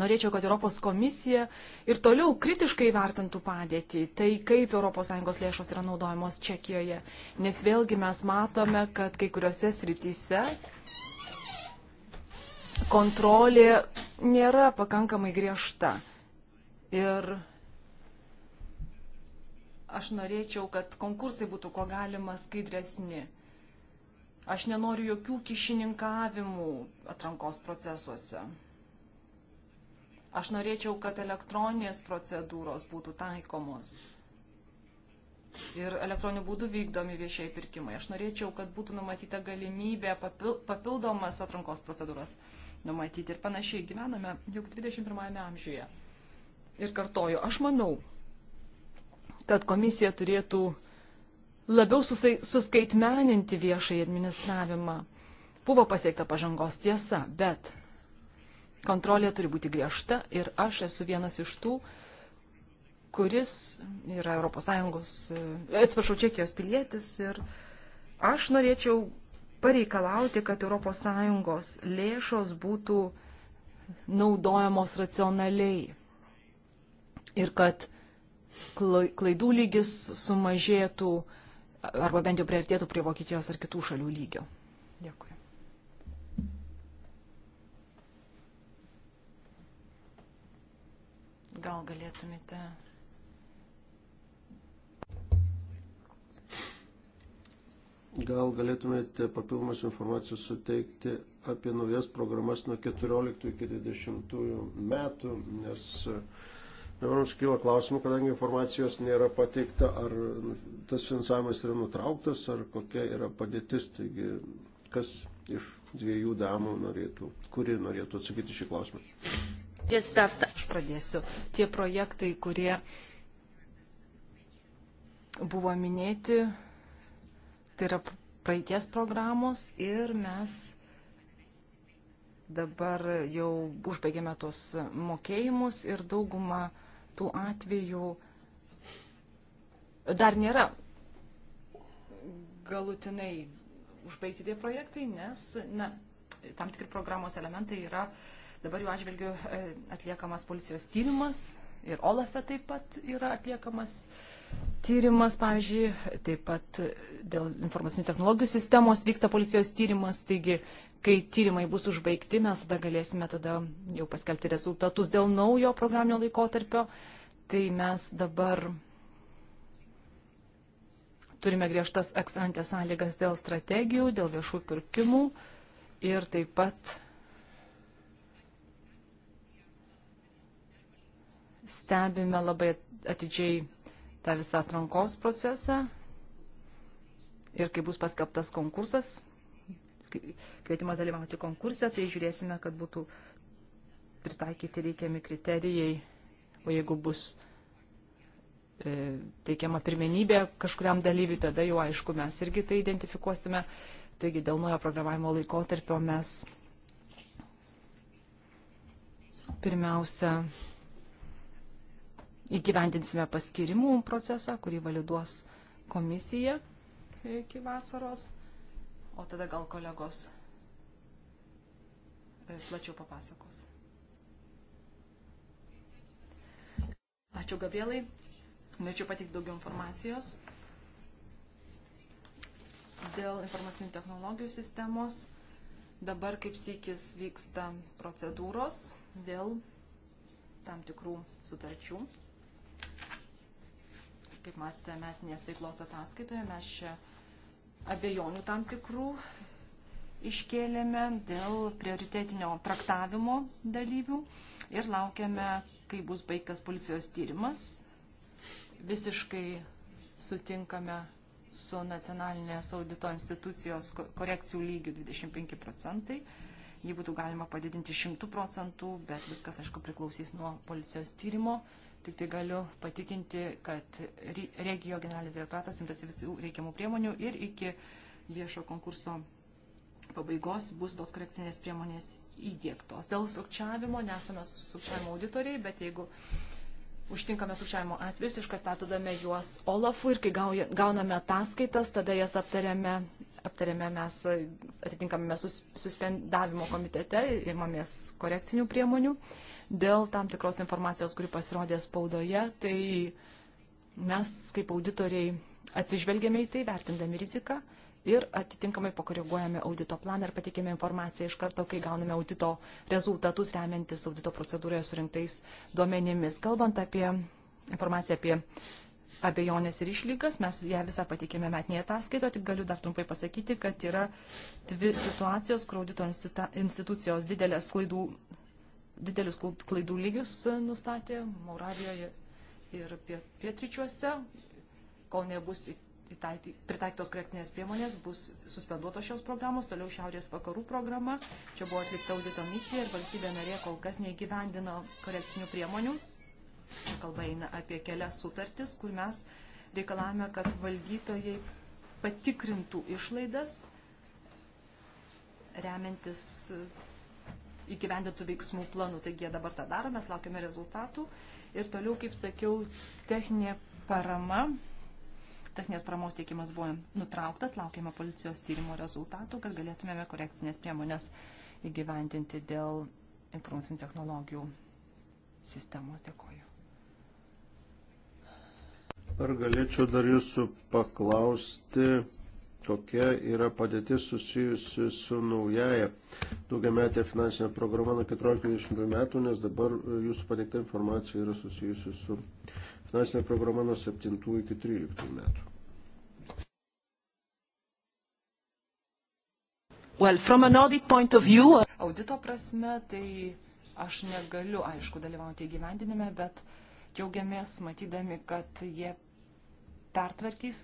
norėčiau, kad Europos komisija ir toliau kritiškai vertintų padėtį, tai kaip ES lėšos yra naudojamos Čekijoje. Nes vėlgi mes matome, kad kai kuriuose srityse kontrolė nėra pakankamai griežta. Ir aš norėčiau, kad konkursai būtų ko galima skaidresni. Aš nenoriu jokių kišininkavimų atrankos procesuose. Aš norėčiau, kad elektroninės procedūros būtų taikomos ir elektroniniu būdu vykdomi viešieji pirkimai. Aš norėčiau, kad būtų numatyta galimybė papildomas atrankos procedūras numatyti ir panašiai. Gyvename juk 21 amžiuje. Ir kartoju, aš manau, kad komisija turėtų labiau susai, suskaitmeninti viešai administravimą. Buvo pasiekta pažangos tiesa, bet kontrolė turi būti griežta ir aš esu vienas iš tų, kuris yra ES, e, atsiprašau, Čekijos pilietis ir aš norėčiau pareikalauti, kad ES lėšos būtų naudojamos racionaliai ir kad klaidų lygis sumažėtų arba bent jau priartėtų prie Vokietijos ar kitų šalių lygio. Dėkui. Gal galėtumėte Gal galėtumėte papildomas informacijos suteikti apie naujas programas nuo 14 iki 20 metų, nes e, dabar mums kyla klausimų, kadangi informacijos nėra pateikta, ar nu, tas finansavimas yra nutrauktas, ar kokia yra padėtis. Taigi, kas iš dviejų damų norėtų, kuri norėtų atsakyti šį klausimą? Aš pradėsiu. Tie projektai, kurie buvo minėti, Tai yra praeities programos ir mes dabar jau užbaigėme tuos mokėjimus ir dauguma tų atvejų dar nėra galutinai užbaigti tie projektai, nes na, tam tikri programos elementai yra, dabar jau atžvilgiu e, atliekamas policijos tyrimas ir Olafe taip pat yra atliekamas tyrimas, pavyzdžiui, taip pat dėl informacinių technologijų sistemos vyksta policijos tyrimas, taigi kai tyrimai bus užbaigti, mes tada galėsime tada jau paskelbti rezultatus dėl naujo programinio laikotarpio. Tai mes dabar turime griežtas eksantės sąlygas dėl strategijų, dėl viešų pirkimų ir taip pat stebime labai atidžiai tą visą atrankos procesą ir kai bus paskelbtas konkursas, kvietimas dalyvauti konkurse, tai žiūrėsime, kad būtų pritaikyti reikiami kriterijai, o jeigu bus e, teikiama pirmenybė kažkuriam dalyviui, tada jau aišku, mes irgi tai identifikuosime. Taigi dėl nuojo programavimo laikotarpio mes pirmiausia įgyvendinsime paskirimų procesą, kurį validuos komisija iki vasaros, o tada gal kolegos e, plačiau papasakos. Ačiū Gabrielai. Norėčiau pateikti daugiau informacijos dėl informacinių technologijų sistemos. Dabar kaip sykis vyksta procedūros dėl tam tikrų sutarčių Kaip matėte, metinės veiklos ataskaitoje mes čia abejonių tam tikrų iškėlėme dėl prioritetinio traktavimo dalyvių ir laukiame, kai bus baigtas policijos tyrimas. Visiškai sutinkame su nacionalinės audito institucijos korekcijų lygiu 25 procentai. Jį būtų galima padidinti 100 procentų, bet viskas, aišku, priklausys nuo policijos tyrimo Tik tai galiu patikinti, kad regio generalinis direktoratas imtasi visų reikiamų priemonių ir iki viešo konkurso pabaigos bus tos korekcinės priemonės įdėktos. Dėl sukčiavimo nesame sukčiavimo auditoriai, bet jeigu užtinkame sukčiavimo atvejus, iškart perdodame juos Olafui ir kai gauname ataskaitas, tada jas aptariame, aptariame mes atitinkamame sus, suspendavimo komitete ir imamės korekcinių priemonių. Uh, dėl tam tikros informacijos, kuri pasirodė spaudoje, tai mes kaip auditoriai atsižvelgėme į tai, vertindami riziką ir atitinkamai pakoreguojame audito planą ir patikėme informaciją iš karto, kai gauname audito rezultatus remiantis audito procedūroje surinktais duomenimis. Kalbant apie informaciją apie abejonės ir išlygas, mes ją visą patikėme metinėje ataskaitoje, tik galiu dar trumpai pasakyti, kad yra dvi situacijos, kur audito institucijos didelės klaidų didelius klaidų lygius e, nustatė Mauravijoje ir pietryčiuose. Kol nebus pritaiktos korektinės priemonės, bus suspenduotos šios programos, toliau Šiaurės vakarų programa. Čia buvo atlikta audito misija ir valstybė narė kol kas neįgyvendino korekcinių priemonių. Čia kalba eina apie kelias sutartis, kur mes reikalavome, kad valdytojai patikrintų išlaidas remiantis įgyvendintų veiksmų planų. Taigi dabar tą darome, mes laukiame rezultatų. Ir toliau, kaip sakiau, techninė parama. Techninės paramos teikimas buvo nutrauktas, laukiame policijos tyrimo rezultatų, kad galėtumėme korekcinės priemonės įgyvendinti dėl informacinių technologijų sistemos. Dėkoju. Ar galėčiau dar jūsų paklausti? kokia yra padėtis susijusi su naujaja daugiametė finansinė programa nuo 14-20 metų, nes dabar e, jūsų pateikta informacija yra susijusi su finansinė programa nuo 7 iki 13 metų. Well, from an audit point of view... Uh, Audito prasme, tai aš negaliu, aišku, dalyvauti įgyvendinime, bet džiaugiamės matydami, kad jie pertvarkys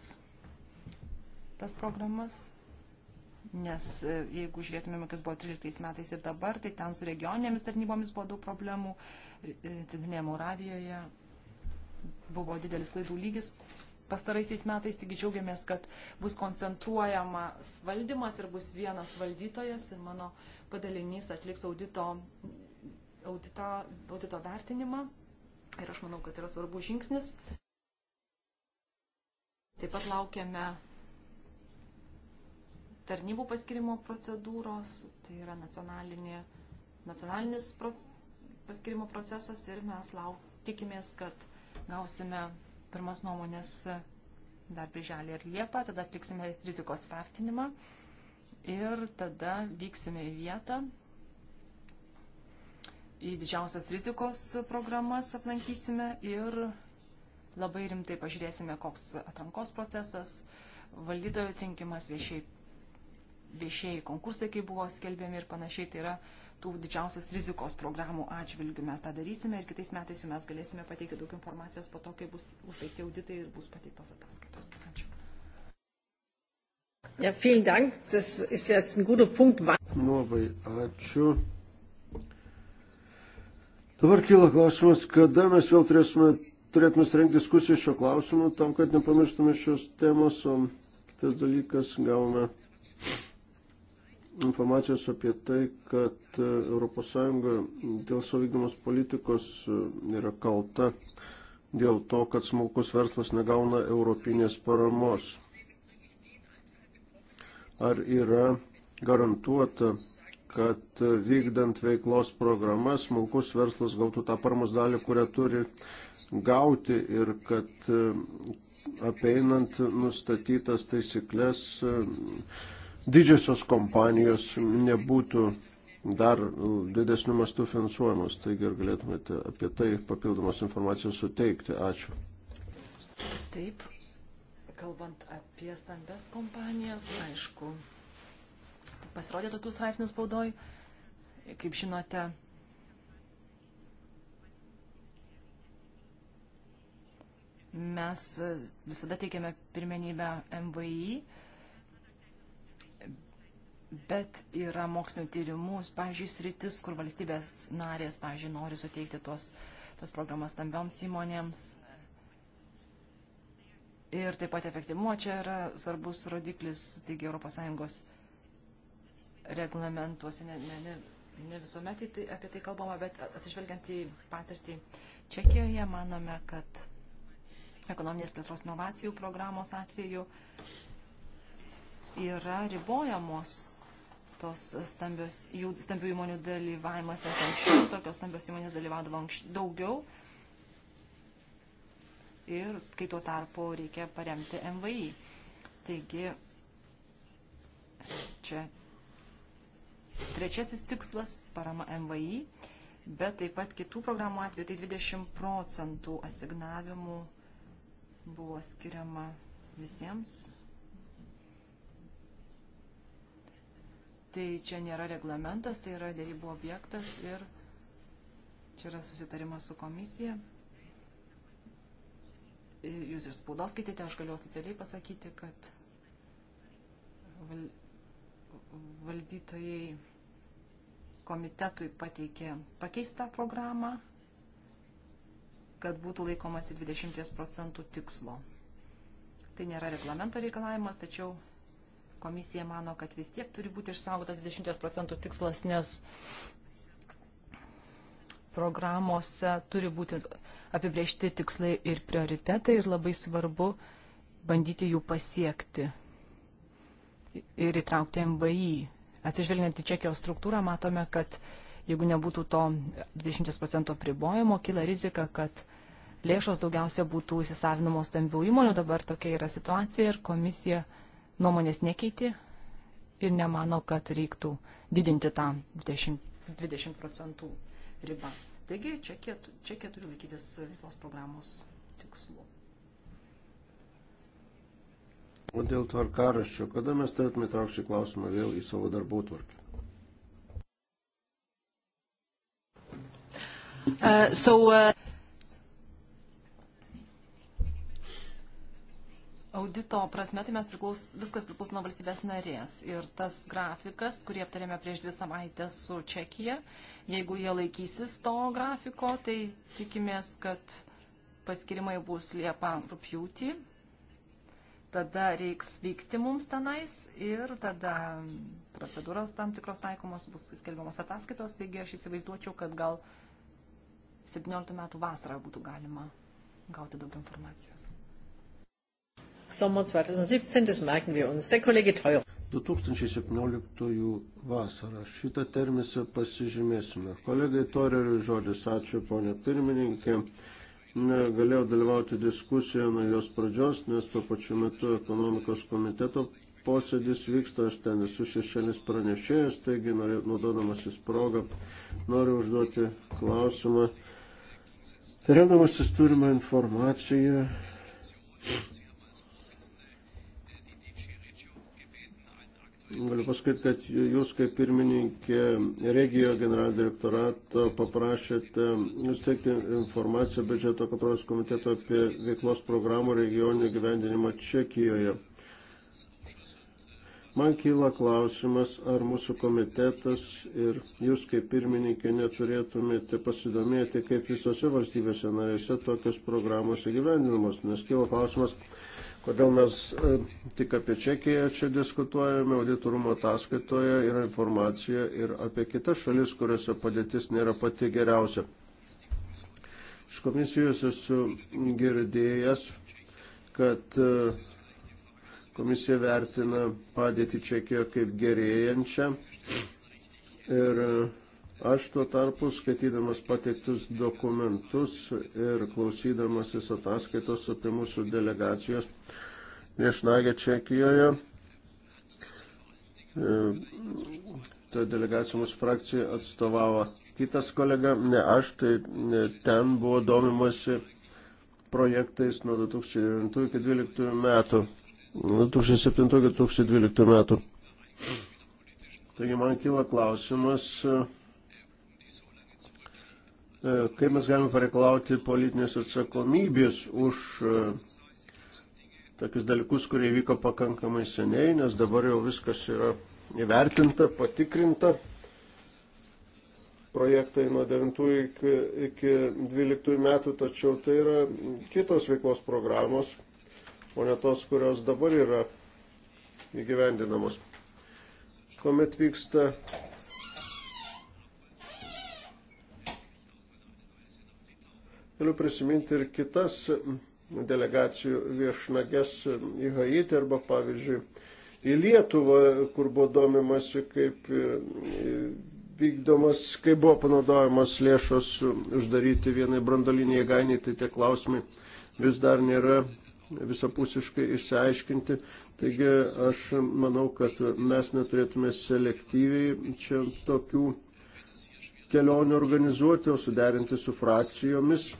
tas programas, nes e, jeigu žiūrėtumėme, kas buvo 13 metais ir dabar, tai ten su regioninėmis tarnybomis buvo daug problemų, e, e, Centrinėje Moravijoje buvo didelis klaidų lygis. Pastaraisiais metais tik džiaugiamės, kad bus koncentruojamas valdymas ir bus vienas valdytojas ir mano padalinys atliks audito, audito, audito vertinimą. Ir aš manau, kad yra svarbus žingsnis. Taip pat laukiame tarnybų paskirimo procedūros, tai yra nacionalinė, nacionalinis proc, paskirimo procesas ir mes lauk, tikimės, kad gausime pirmas nuomonės dar birželį ir liepą, tada atliksime rizikos vertinimą ir tada vyksime į vietą, į didžiausios rizikos programas aplankysime ir labai rimtai pažiūrėsime, koks atrankos procesas, valdytojų tinkimas, viešiai viešieji konkursai, kai buvo skelbiami ir panašiai, tai yra tų didžiausios rizikos programų atžvilgių mes tą darysime ir kitais metais jau mes galėsime pateikti daug informacijos po to, kai bus užbaigti auditai ir bus pateiktos ataskaitos. Ačiū. Ja, vielen Dank. Das ist jetzt ein guter Punkt. Labai ačiū. Dabar kyla klausimas, kada mes vėl turėsime, turėtume surengti diskusiją šio klausimu, tam, kad nepamirštume šios temos, o kitas dalykas gavome informacijos apie tai, kad ES dėl savykdomos politikos e, yra kalta dėl to, kad smulkus verslas negauna europinės paramos. Ar yra garantuota, kad e, vykdant veiklos programas smulkus verslas gautų tą paramos dalį, kurią turi gauti ir kad e, apeinant nustatytas taisyklės didžiosios kompanijos nebūtų dar didesnių mastų finansuojamos. Taigi ar galėtumėte apie tai papildomos informacijos suteikti? Ačiū. Taip, kalbant apie stambes kompanijas, aišku, pasirodė tokių straipsnių spaudoj. Kaip žinote, mes visada teikiame pirmenybę MVI bet yra mokslinio tyrimų, pavyzdžiui, sritis, kur valstybės narės, pavyzdžiui, nori suteikti tuos, tas programas stambioms įmonėms. Ir taip pat efektyvumo čia yra svarbus rodiklis, taigi ES reglamentuose ne, ne, ne, ne visuomet tai, apie tai kalbama, bet atsižvelgiant į patirtį Čekijoje, manome, kad ekonominės plėtros inovacijų programos atveju yra ribojamos tos stambios, jų stambių įmonių dalyvavimas, nes anksčiau tokios stambios įmonės dalyvaudavo anksčiau, daugiau. Ir kai tuo tarpu reikia paremti MVI. Taigi, čia trečiasis tikslas - parama MVI, bet taip pat kitų programų atveju tai 20 procentų asignavimų buvo skiriama visiems tai čia nėra reglamentas, tai yra dėrybų objektas ir čia yra susitarimas su komisija. Jūs iš spaudos skaitėte, aš galiu oficialiai pasakyti, kad val, valdytojai komitetui pateikė pakeistą programą, kad būtų laikomasi 20 procentų tikslo. Tai nėra reglamento reikalavimas, tačiau komisija mano, kad vis tiek turi būti išsaugotas 10 procentų tikslas, nes programuose turi būti apibriežti tikslai ir prioritetai ir labai svarbu bandyti jų pasiekti ir įtraukti MVI. Atsižvelgiant į Čekijos struktūrą, matome, kad jeigu nebūtų to 20 procentų pribojimo, kyla rizika, kad lėšos daugiausia būtų įsisavinamos stambių įmonių. Dabar tokia yra situacija ir komisija uh, nuomonės nekeiti ir nemano, kad reiktų didinti tą 20, 20 procentų ribą. Taigi čia Čekija turi laikytis veiklos programos tikslų. O dėl tvarkaraščio, kada mes turėtume traukti klausimą vėl į savo darbų tvarkę? Uh, so, uh... audito prasme, tai mes priklaus, viskas priklauso nuo valstybės narės. Ir tas grafikas, kurį aptarėme prieš dvi savaitės su Čekija, jeigu jie laikysis to grafiko, tai tikimės, kad paskirimai bus Liepa rūpjūtį. Tada reiks vykti mums tenais ir tada procedūros tam tikros taikomos bus skelbiamas ataskaitos, taigi aš įsivaizduočiau, kad gal 17 metų vasarą būtų galima gauti daug informacijos. Sommer 2017, das merken wir uns. Der Kollege Teuer. 2017 vasarą. Šitą terminą pasižymėsime. Kolegai Toreriui žodis, ačiū ponė pirmininkė. Negalėjau dalyvauti diskusijoje nuo jos pradžios, nes tuo pačiu metu ekonomikos komiteto posėdis vyksta, aš ten esu šešėlis pranešėjas, taigi naudodamasis progą noriu užduoti klausimą. Remdamasis turimą informaciją, Galiu pasakyti, kad jūs kaip pirmininkė regijo generalinio direktorato paprašėte nusteikti informaciją biudžeto kontrolės komiteto apie veiklos programų regioninio gyvendinimą Čekijoje. Man kyla klausimas, ar mūsų komitetas ir jūs kaip pirmininkė neturėtumėte pasidomėti, kaip visose valstybėse narėse tokios programos įgyvendinamos, nes kyla klausimas, Kodėl mes e, tik apie Čekiją čia diskutuojame, auditorumo ataskaitoje yra informacija ir apie kitas šalis, kuriuose padėtis nėra pati geriausia. Iš komisijos esu girdėjęs, kad e, komisija vertina padėtį Čekijoje kaip gerėjančią ir Aš tuo tarpu, skaitydamas pateiktus dokumentus ir klausydamasis ataskaitos apie mūsų delegacijos viešnagę Čekijoje, e, ta delegacija mūsų frakcija atstovavo kitas kolega, ne aš, tai ne, ten buvo domimasi projektais nuo 2009 iki 2012 metų. 2007 iki 2012 metų. Taigi man kyla klausimas, E, kaip mes galime pareikalauti politinės atsakomybės už e, tokius dalykus, kurie vyko pakankamai seniai, nes dabar jau viskas yra įvertinta, patikrinta. Projektai nuo 9 iki, iki 12 metų, tačiau tai yra kitos veiklos programos, o ne tos, kurios dabar yra įgyvendinamos. Komet vyksta Galiu prisiminti ir kitas delegacijų viešnages į Haitį arba, pavyzdžiui, į Lietuvą, kur buvo domimasi, kaip e, vykdomas, kaip buvo panaudojamas lėšos uždaryti vienai brandoliniai jėgainiai, tai tie klausimai vis dar nėra visapusiškai išsiaiškinti. Taigi aš manau, kad mes neturėtume selektyviai čia tokių kelionių organizuoti, o suderinti su frakcijomis.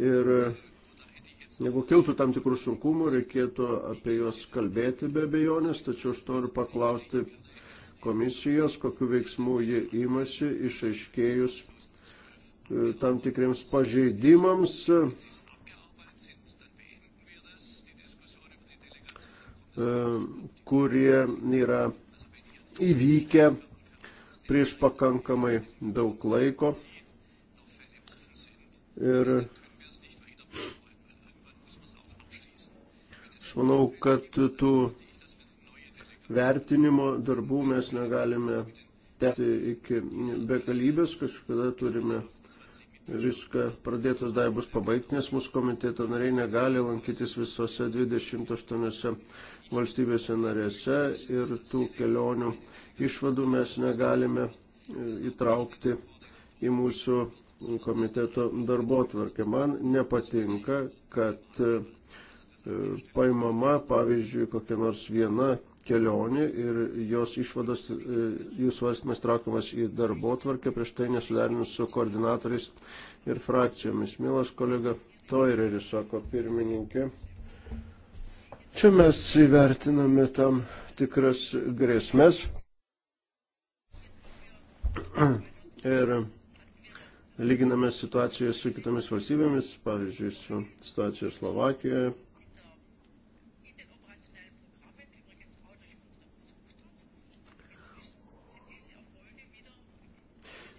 Ir e, jeigu kiltų tam tikrų sunkumų, reikėtų apie juos kalbėti be abejonės, tačiau aš noriu paklausti komisijos, kokiu veiksmu jie imasi išaiškėjus e, tam tikriems pažeidimams. E, kurie yra įvykę prieš pakankamai daug laiko. Ir aš manau, kad tų vertinimo darbų mes negalime tęsti iki begalybės, kažkada turime viską pradėtus darbus pabaigti, nes mūsų komiteto nariai negali lankytis visose 28 valstybėse narėse ir tų kelionių išvadų mes negalime e, įtraukti į mūsų komiteto darbo tvarkę. Man nepatinka, kad e, paimama, pavyzdžiui, kokia nors viena kelionė ir jos išvadas, e, jų svarstymas traukiamas į darbo tvarkę, prieš tai nesudarinus su koordinatoriais ir frakcijomis. Mielas kolega Toireris, sako pirmininkė, čia mes įvertiname tam tikras grėsmės ir lyginame situaciją su kitomis valstybėmis, pavyzdžiui, su situacija Slovakijoje.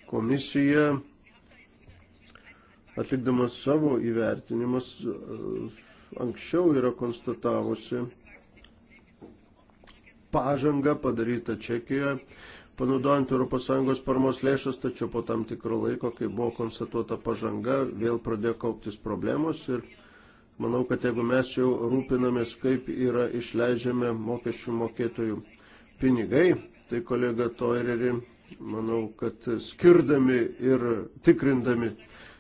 Komisija atlikdamas savo įvertinimas anksčiau yra konstatavusi pažanga padaryta Čekijoje panaudojant ES paramos lėšas, tačiau po tam tikro laiko, kai buvo konstatuota pažanga, vėl pradėjo kauptis problemos ir manau, kad jeigu mes jau rūpinamės, kaip yra išleidžiami mokesčių mokėtojų pinigai, tai kolega Toireri, manau, kad skirdami ir tikrindami,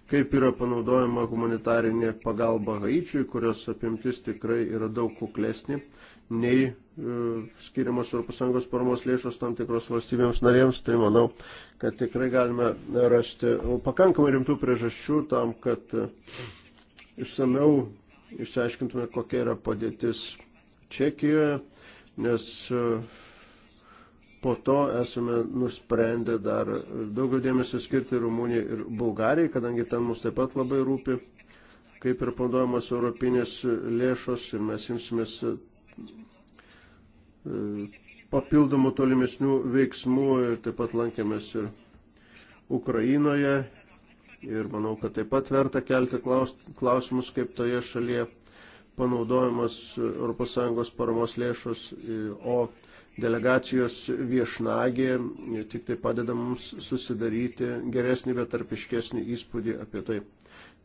kaip yra panaudojama humanitarinė pagalba Haičiui, kurios apimtis tikrai yra daug kuklesnė nei e, skiriamos ES paramos lėšos tam tikros valstybėms narėms, tai manau, kad tikrai galime rasti pakankamai rimtų priežasčių tam, kad e, išsameu išsiaiškintume, kokia yra padėtis Čekijoje, nes e, po to esame nusprendę dar daugiau dėmesio skirti Rumunijai ir Bulgarijai, kadangi ten mums taip pat labai rūpi, kaip ir panaudojamos europinės lėšos ir mes imsimės papildomų tolimesnių veiksmų ir taip pat lankėmės ir Ukrainoje ir manau, kad taip pat verta kelti klaus, klausimus, kaip toje šalyje panaudojamos ES paramos lėšos, o delegacijos viešnagė tik tai padeda mums susidaryti geresnį, bet tarpiškesnį įspūdį apie tai,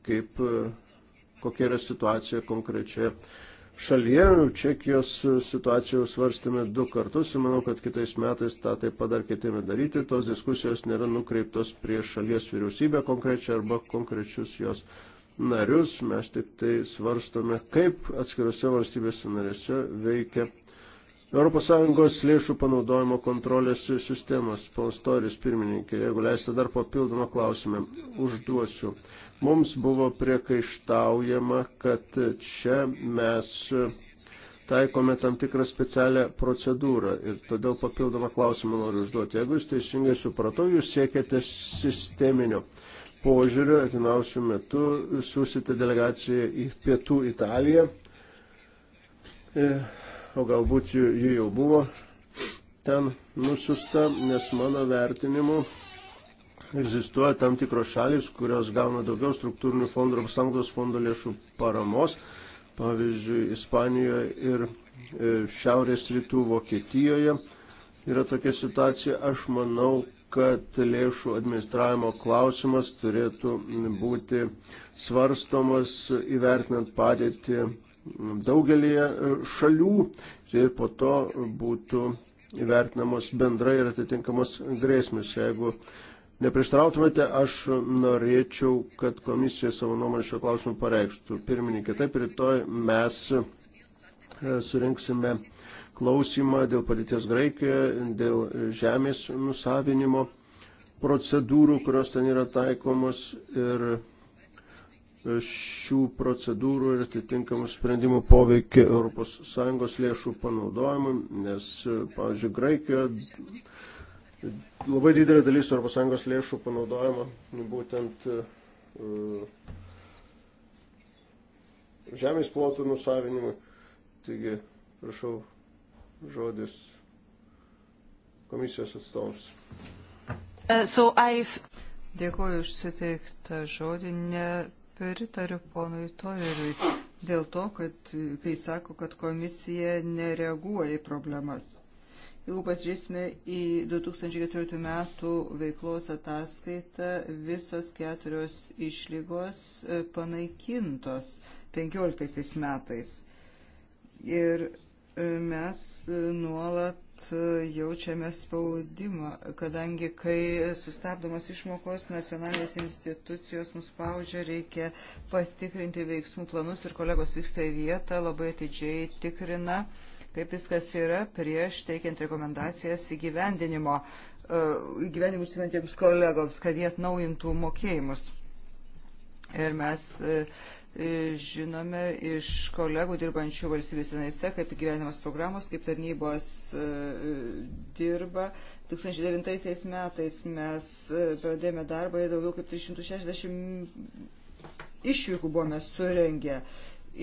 kaip, kokia yra situacija konkrečioje šalyje. Čekijos situaciją svarstėme du kartus ir manau, kad kitais metais tą taip pat dar ketime daryti. Tos diskusijos nėra nukreiptos prieš šalies vyriausybę konkrečiai arba konkrečius jos narius. Mes tik tai svarstome, kaip atskirose valstybėse narėse veikia. ES lėšų panaudojimo kontrolės sistemos, ponstoris pirmininkė, jeigu leisite dar papildomą klausimą, užduosiu. Mums buvo priekaištaujama, kad čia mes taikome tam tikrą specialią procedūrą ir todėl papildomą klausimą noriu užduoti. Jeigu jūs teisingai supratau, jūs siekiate sisteminio požiūrio, artimiausių metų siūsite delegaciją į pietų Italiją, e, o galbūt ji jau buvo ten nusiusta, nes mano vertinimu egzistuoja tam tikros šalis, kurios gauna daugiau struktūrinių fondų ir sanglos fondo lėšų paramos, pavyzdžiui, Ispanijoje ir e, Šiaurės rytų Vokietijoje yra tokia situacija. Aš manau, kad lėšų administravimo klausimas turėtų būti svarstomas įvertinant padėtį daugelį e, šalių ir po to būtų įvertinamos bendrai ir atitinkamos grėsmės. Jeigu neprieštrautumėte, aš norėčiau, kad komisija savo nuomonę šio klausimu pareikštų. Pirmininkė, taip rytoj mes e, surinksime klausimą dėl padėties Graikijoje, dėl žemės nusavinimo procedūrų, kurios ten yra taikomos ir e, šių procedūrų ir atitinkamų sprendimų poveikį ES lėšų panaudojimui, nes, e, pavyzdžiui, Graikijoje Labai didelė dalis ES lėšų panaudojama būtent e, žemės plotų nusavinimui. Taigi, prašau, žodis komisijos atstovams. Uh, so I've... Dėkuoju už suteiktą žodį. Nepritariu ponui Toreriui dėl to, kad kai sako, kad komisija nereaguoja į problemas. Jeigu pasižiūrėsime į 2014 metų veiklos ataskaitą, visos keturios išlygos e, panaikintos 15 metais. Ir e, mes e, nuolat E, jaučiame spaudimą, kadangi kai sustabdomos išmokos nacionalinės institucijos nuspaudžia, reikia patikrinti veiksmų planus ir kolegos vyksta į vietą, labai atidžiai tikrina, kaip viskas yra prieš teikiant rekomendacijas įgyvendinimo, e, įgyvendinimų užsimantiems kolegoms, kad jie atnaujintų mokėjimus. Ir mes e, E, žinome iš kolegų dirbančių valstybės senaise, kaip įgyvenimas programos, kaip tarnybos e, dirba. 2009 metais mes e, pradėjome darbą ir daugiau kaip 360 išvykų buvome surengę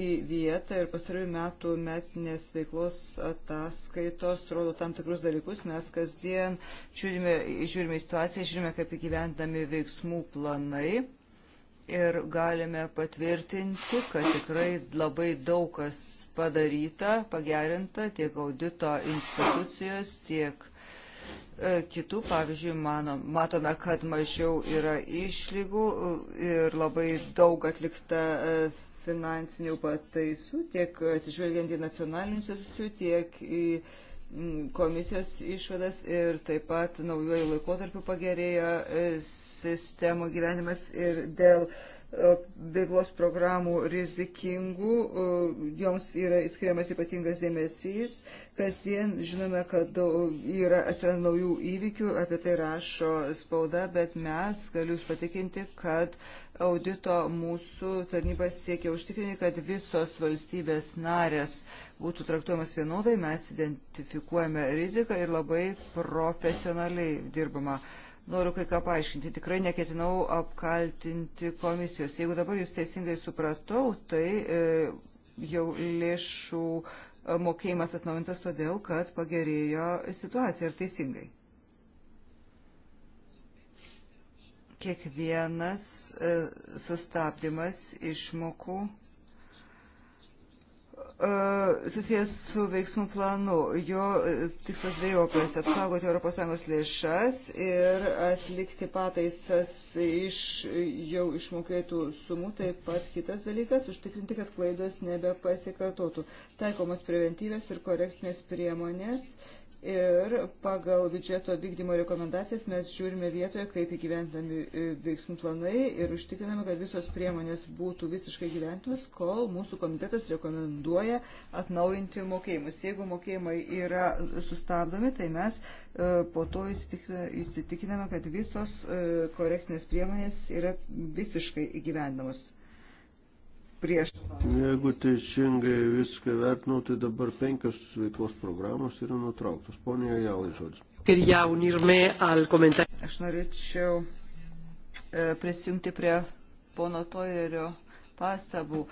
į vietą ir pastarųjų metų metinės veiklos ataskaitos rodo tam tikrus dalykus. Mes kasdien žiūrime, žiūrime į situaciją, žiūrime, kaip įgyvendami veiksmų planai ir galime patvirtinti, kad tikrai labai daug kas padaryta, pagerinta tiek audito institucijos, tiek e, kitų. Pavyzdžiui, mano, matome, kad mažiau yra išlygų e, ir labai daug atlikta e, finansinių pataisų, tiek atsižvelgiant į nacionalinių institucijų, tiek į komisijos išvadas ir taip pat naujojų laikotarpių pagerėjo e, sistemų gyvenimas ir dėl e, veiklos programų rizikingų, e, joms yra skiriamas ypatingas dėmesys. Kasdien žinome, kad yra atsiranda naujų įvykių, apie tai rašo spauda, bet mes galiu jūs patikinti, kad audito mūsų tarnybas siekia užtikrinti, kad visos valstybės narės būtų traktuojamas vienodai, mes identifikuojame riziką ir labai profesionaliai dirbama. Noriu kai ką paaiškinti. Tikrai neketinau apkaltinti komisijos. Jeigu dabar jūs teisingai supratau, tai e, jau lėšų e, mokėjimas atnaujintas todėl, kad pagerėjo situacija. Ar teisingai? Kiekvienas e, sustabdymas išmokų E, susijęs su veiksmų planu. Jo e, tikslas dviejopas - apsaugoti ES lėšas ir atlikti pataisas iš jau išmokėtų sumų. Taip pat kitas dalykas - užtikrinti, kad klaidos nebepasikartotų. Taikomos preventyvės ir korekcinės priemonės. Uh, Ir pagal biudžeto vykdymo rekomendacijas mes žiūrime vietoje, kaip įgyventami e, veiksmų planai ir užtikriname, kad visos priemonės būtų visiškai gyventimas, kol mūsų komitetas rekomenduoja atnaujinti mokėjimus. Jeigu mokėjimai yra sustabdomi, tai mes e, po to įsitikiname, kad visos e, korektinės priemonės yra visiškai įgyvendamos prieš. Jeigu teisingai viską vertinau, tai dabar penkios veiklos programos yra nutrauktos. Pone Jalai žodis. Aš norėčiau e, prisijungti prie pono Toirerio pastabų.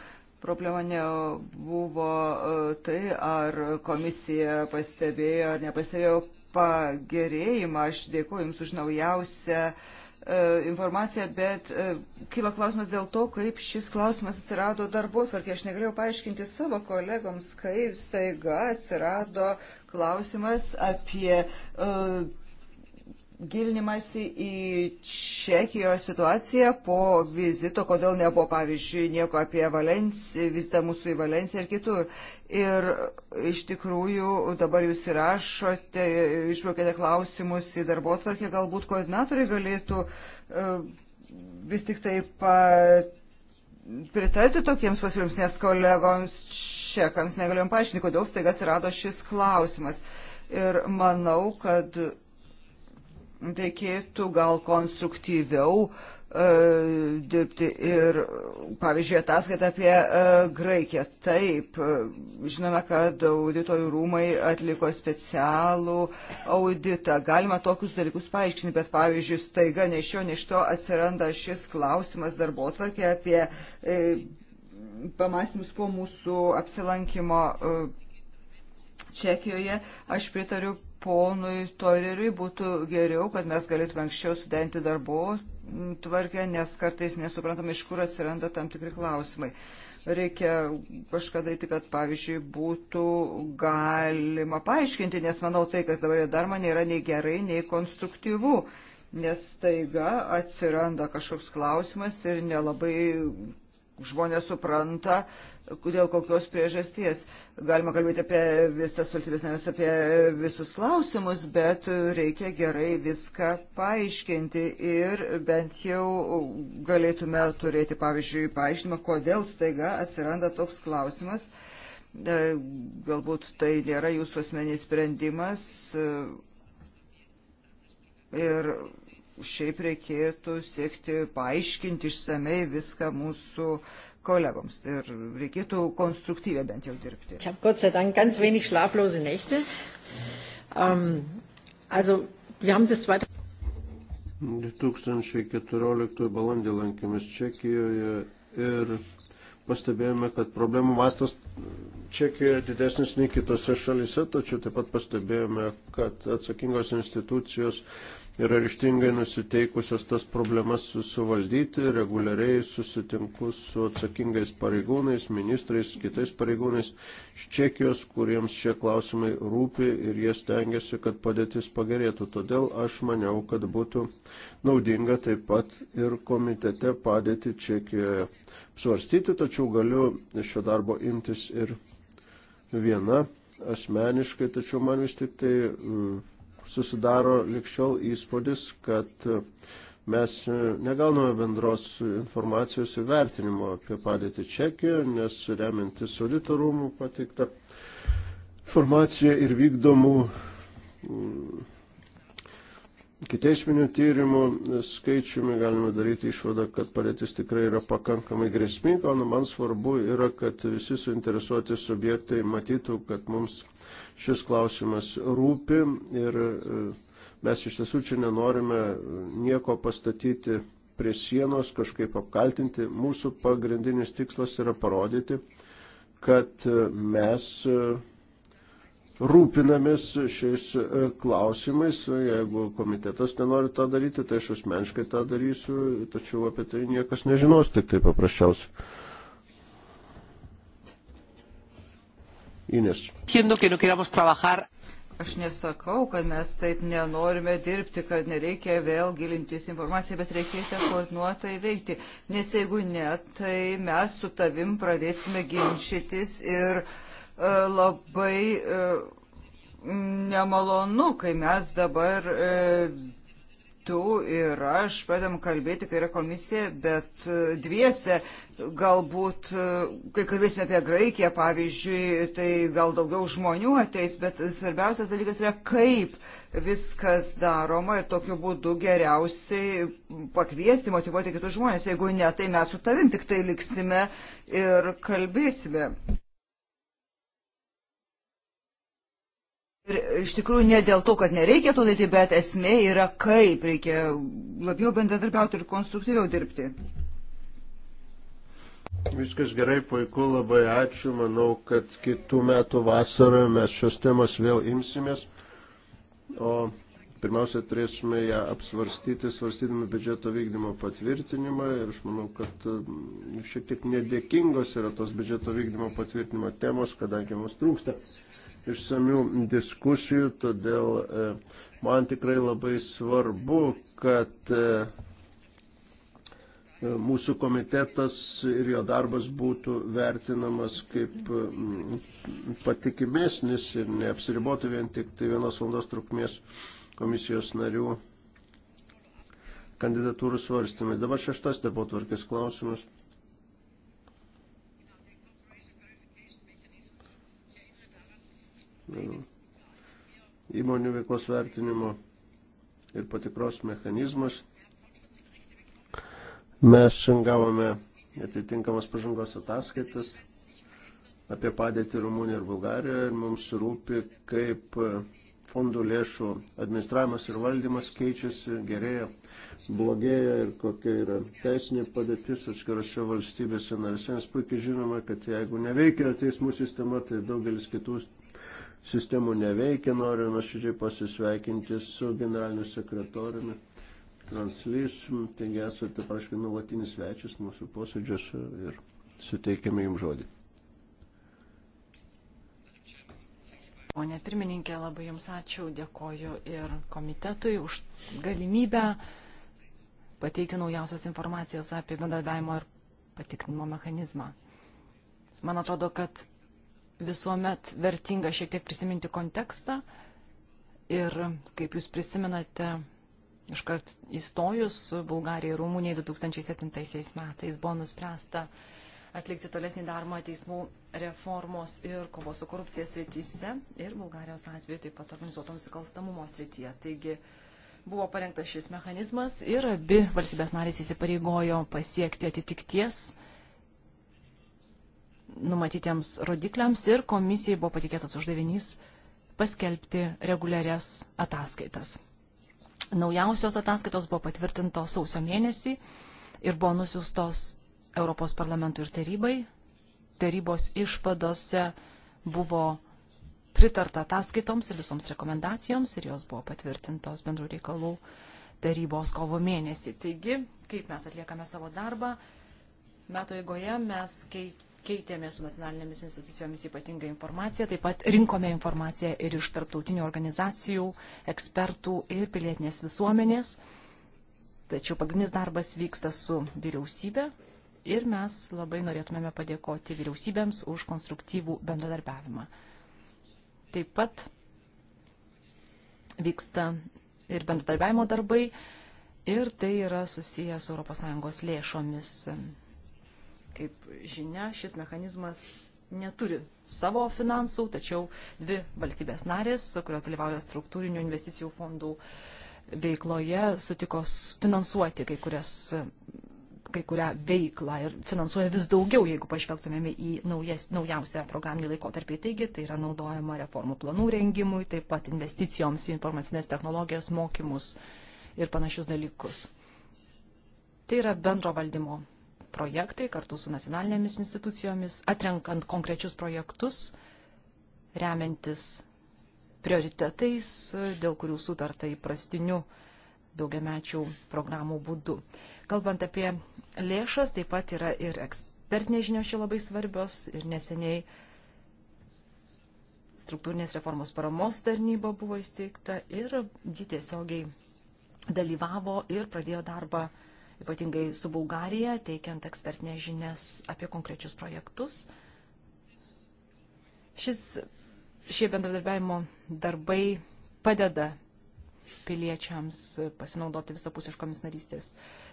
Problema nebuvo e, tai, ar komisija pastebėjo ar nepastebėjo pagerėjimą. Aš dėkuoju Jums už naujausią uh, E, informaciją, bet e, kyla klausimas dėl to, kaip šis klausimas atsirado darbo tvarkė. Aš negalėjau paaiškinti savo kolegoms, kaip staiga atsirado klausimas apie uh, gilinimasi į Čekijos situaciją po vizito, kodėl nebuvo, pavyzdžiui, nieko apie Valenciją, vizitą mūsų į Valenciją ir kitur. Ir iš tikrųjų dabar jūs įrašote, išbraukėte klausimus į darbo tvarkę, galbūt koordinatoriai galėtų e, vis tik tai pat pritarti tokiems pasiūlymams, nes kolegoms čekams negalėjom paaiškinti, kodėl staiga atsirado šis klausimas. Ir manau, kad reikėtų gal konstruktyviau e, dirbti ir, pavyzdžiui, ataskaita apie e, Graikiją. Taip, e, žinome, kad auditorių rūmai atliko specialų auditą. Galima tokius dalykus paaiškinti, bet, pavyzdžiui, staiga ne šio, ne šito atsiranda šis klausimas darbo atvarkė apie e, pamastymus po mūsų apsilankimo e, Čekijoje. Aš pritariu ponui Toreriui būtų geriau, kad mes galėtume anksčiau sudenti darbo tvarkę, nes kartais nesuprantam, iš kur atsiranda tam tikri klausimai. Reikia kažką daryti, kad pavyzdžiui būtų galima paaiškinti, nes manau tai, kas dabar yra daroma, nėra nei gerai, nei konstruktyvu, nes taiga atsiranda kažkoks klausimas ir nelabai žmonės supranta, dėl kokios priežasties. Galima kalbėti apie visas valstybės narės, apie visus klausimus, bet reikia gerai viską paaiškinti ir bent jau galėtume turėti, pavyzdžiui, paaiškinimą, kodėl staiga atsiranda toks klausimas. E, galbūt tai nėra jūsų asmeninis sprendimas. E, ir šiaip reikėtų siekti paaiškinti išsamei viską mūsų kolegoms ir reikėtų konstruktyvę bent jau dirbti. Ich habe Gott sei Dank ganz wenig schlaflose Nächte. Um, also, wir haben es 2014 balandį lankėmės Čekijoje ir pastebėjome, kad problemų mastas Čekijoje didesnis nei kitose šalyse, tačiau taip pat pastebėjome, kad atsakingos institucijos yra ryštingai nusiteikusios tas problemas suvaldyti, reguliariai susitinku su atsakingais pareigūnais, ministrais, kitais pareigūnais iš Čekijos, kuriems šie klausimai rūpi ir jie stengiasi, kad padėtis pagerėtų. Todėl aš maniau, kad būtų naudinga taip pat ir komitete padėti Čekijoje svarstyti, tačiau galiu šio darbo imtis ir viena asmeniškai, tačiau man vis tik tai. Mm, susidaro likščiol įspūdis, kad mes negauname bendros informacijos įvertinimo apie padėtį Čekijoje, nes remiantis audito rūmų pateikta informacija ir vykdomų mm, kiteisminių tyrimų skaičiumi galime daryti išvadą, kad padėtis tikrai yra pakankamai grėsminga, o nu, man svarbu yra, kad visi suinteresuoti subjektai matytų, kad mums šis klausimas rūpi ir e, mes iš tiesų čia nenorime nieko pastatyti prie sienos, kažkaip apkaltinti. Mūsų pagrindinis tikslas yra parodyti, kad e, mes e, rūpinamės šiais klausimais. Jeigu komitetas nenori tą daryti, tai aš asmeniškai tą darysiu, tačiau apie tai niekas nežinos, tik tai paprasčiausiai. Ines. Aš nesakau, kad mes taip nenorime dirbti, kad nereikia vėl gilintis informaciją, bet reikėtų koordinuotai veikti. Nes jeigu ne, tai mes su tavim pradėsime ginčytis ir uh, labai uh, nemalonu, kai mes dabar uh, tu ir aš pradėm kalbėti, kai yra komisija, bet e, dviese galbūt, e, kai kalbėsime apie Graikiją, pavyzdžiui, tai gal daugiau žmonių ateis, bet svarbiausias dalykas yra, kaip viskas daroma ir tokiu būdu geriausiai pakviesti, motivuoti kitus žmonės. Jeigu ne, tai mes su tavim tik tai liksime ir kalbėsime. Ir iš tikrųjų ne dėl to, kad nereikia to daryti, bet esmė yra, kaip reikia labiau bendradarbiauti ir konstruktyviau dirbti. Viskas gerai, puiku, labai ačiū. Manau, kad kitų metų vasarą mes šios temos vėl imsimės. O pirmiausia, turėsime ją apsvarstyti, svarstydami biudžeto vykdymo patvirtinimą. Ir aš manau, kad mm, šiek tiek nedėkingos yra tos biudžeto vykdymo patvirtinimo temos, kadangi mums trūksta išsamių diskusijų, todėl e, man tikrai labai svarbu, kad e, e, mūsų komitetas ir jo darbas būtų vertinamas kaip patikimesnis ir neapsiribotų vien tik tai vienos valandos trukmės komisijos narių kandidatūrų svarstymai. Dabar šeštas debotvarkės klausimas. įmonių veiklos vertinimo ir patikros mechanizmas. Mes šiandien gavome atitinkamas pažangos ataskaitas apie padėtį Rumunijoje ir Bulgarijoje ir mums rūpi, kaip fondų lėšų administravimas ir valdymas keičiasi, gerėja, blogėja ir kokia yra teisinė padėtis atskirose valstybėse narėse. Mes puikiai žinome, kad jeigu neveikia teismų sistema, tai daugelis kitus sistemų neveikia. Noriu nuoširdžiai pasisveikinti su generaliniu sekretoriumi Translys. Taigi esate, prašau, nuolatinis svečias mūsų posėdžiuose ir suteikiame jums žodį. Pone pirmininkė, labai Jums ačiū, dėkoju ir komitetui už galimybę pateikti naujausios informacijos apie bendradarbiavimo ir patikrinimo mechanizmą. Man atrodo, kad visuomet vertinga šiek tiek prisiminti kontekstą. Ir kaip jūs prisimenate, iškart įstojus Bulgarijai ir Rumunijai 2007 metais buvo nuspręsta atlikti tolesnį darbą teismų reformos ir kovos su korupcija srityse ir Bulgarijos atveju taip pat organizuoto nusikalstamumo srityje. Taigi buvo parengtas šis mechanizmas ir abi valstybės narės įsipareigojo pasiekti atitikties numatytiems rodikliams ir komisijai buvo patikėtas uždavinys paskelbti reguliarias ataskaitas. Naujausios ataskaitos buvo patvirtintos sausio mėnesį ir buvo nusiųstos Europos parlamentui ir tarybai. Tarybos išvadose buvo pritarta ataskaitoms ir visoms rekomendacijoms ir jos buvo patvirtintos bendrų reikalų tarybos kovo mėnesį. Taigi, kaip mes atliekame savo darbą, metų eigoje mes keit, keitėmės su nacionalinėmis institucijomis ypatingą informaciją, taip pat rinkome informaciją ir iš tarptautinių organizacijų, ekspertų ir pilietinės visuomenės. Tačiau pagrindinis darbas vyksta su vyriausybė ir mes labai norėtumėme padėkoti vyriausybėms už konstruktyvų bendradarbiavimą. Taip pat vyksta ir bendradarbiavimo darbai ir tai yra susijęs su ES lėšomis Kaip žinia, šis mechanizmas neturi savo finansų, tačiau dvi valstybės narės, kurios dalyvauja struktūrinių investicijų fondų veikloje, sutiko finansuoti kai, kurias, kai kurią veiklą ir finansuoja vis daugiau, jeigu pažvelgtumėme į naujas, naujausią programinį laikotarpį. Taigi tai yra naudojama reformų planų rengimui, taip pat investicijoms į informacinės technologijas, mokymus ir panašius dalykus. Tai yra bendro valdymo projektai kartu su nacionalinėmis institucijomis, atrenkant konkrečius projektus, remiantis prioritetais, dėl kurių sutarta įprastiniu daugiamečių programų būdu. Kalbant apie lėšas, taip pat yra ir ekspertinės žinios čia labai svarbios ir neseniai struktūrinės reformos paramos tarnyba buvo įsteigta ir ji tiesiogiai dalyvavo ir pradėjo darbą ypatingai su Bulgarija, teikiant ekspertinės žinias apie konkrečius projektus. Šis, šie bendradarbiavimo darbai padeda piliečiams pasinaudoti visapusiškomis narystės,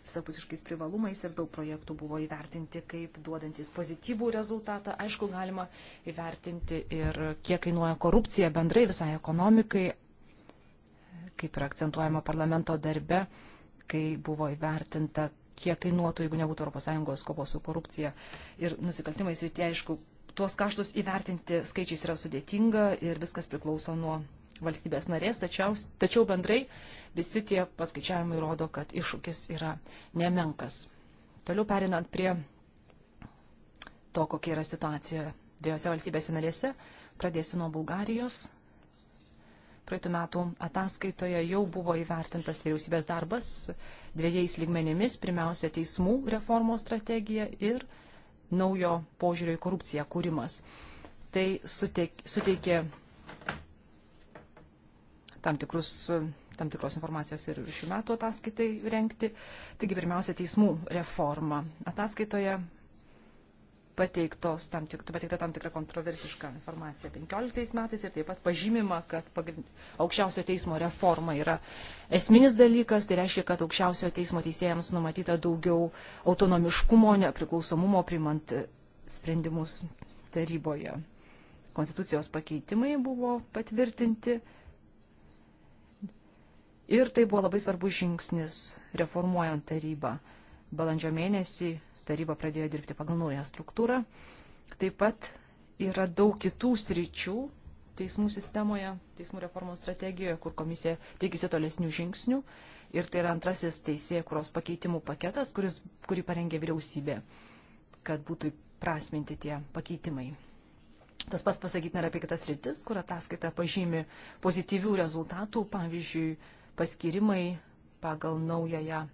visapusiškais privalumais ir daug projektų buvo įvertinti kaip duodantis pozityvų rezultatą. Aišku, galima įvertinti ir kiek kainuoja korupcija bendrai visai ekonomikai, kaip yra akcentuojama parlamento darbe kai buvo įvertinta, kiek kainuotų, jeigu nebūtų ES kovos su korupcija ir nusikaltimais. Ir tie, aišku, tuos kaštus įvertinti skaičiais yra sudėtinga ir viskas priklauso nuo valstybės narės, tačiau, tačiau bendrai visi tie paskaičiavimai rodo, kad iššūkis yra nemenkas. Toliau perinant prie to, kokia yra situacija dviejose valstybėse narėse, pradėsiu nuo Bulgarijos. Praeitų metų ataskaitoje jau buvo įvertintas vyriausybės darbas dviejais lygmenimis. Pirmiausia, teismų reformos strategija ir naujo požiūrio į korupciją kūrimas. Tai suteikė tam, tikrus, tam tikros informacijos ir šių metų ataskaitai renkti. Taigi, pirmiausia, teismų reforma. Ataskaitoje pateiktos tam, tik, pateikta tam tikra kontroversiška informacija 15 metais ir taip pat pažymima, kad pagrind, aukščiausio teismo reforma yra esminis dalykas, tai reiškia, kad aukščiausio teismo teisėjams numatyta daugiau autonomiškumo, nepriklausomumo primant sprendimus taryboje. Konstitucijos pakeitimai buvo patvirtinti ir tai buvo labai svarbus žingsnis reformuojant tarybą. Balandžio mėnesį taryba pradėjo dirbti pagal naują struktūrą. Taip pat yra daug kitų sričių teismų sistemoje, teismų reformos strategijoje, kur komisija teikisi tolesnių žingsnių. Ir tai yra antrasis teisėjų kuros pakeitimų paketas, kuris, kurį parengė vyriausybė, kad būtų prasminti tie pakeitimai. Tas pats pasakyti nėra apie kitas rytis, kur ataskaita pažymi pozityvių rezultatų, pavyzdžiui, paskirimai pagal naująją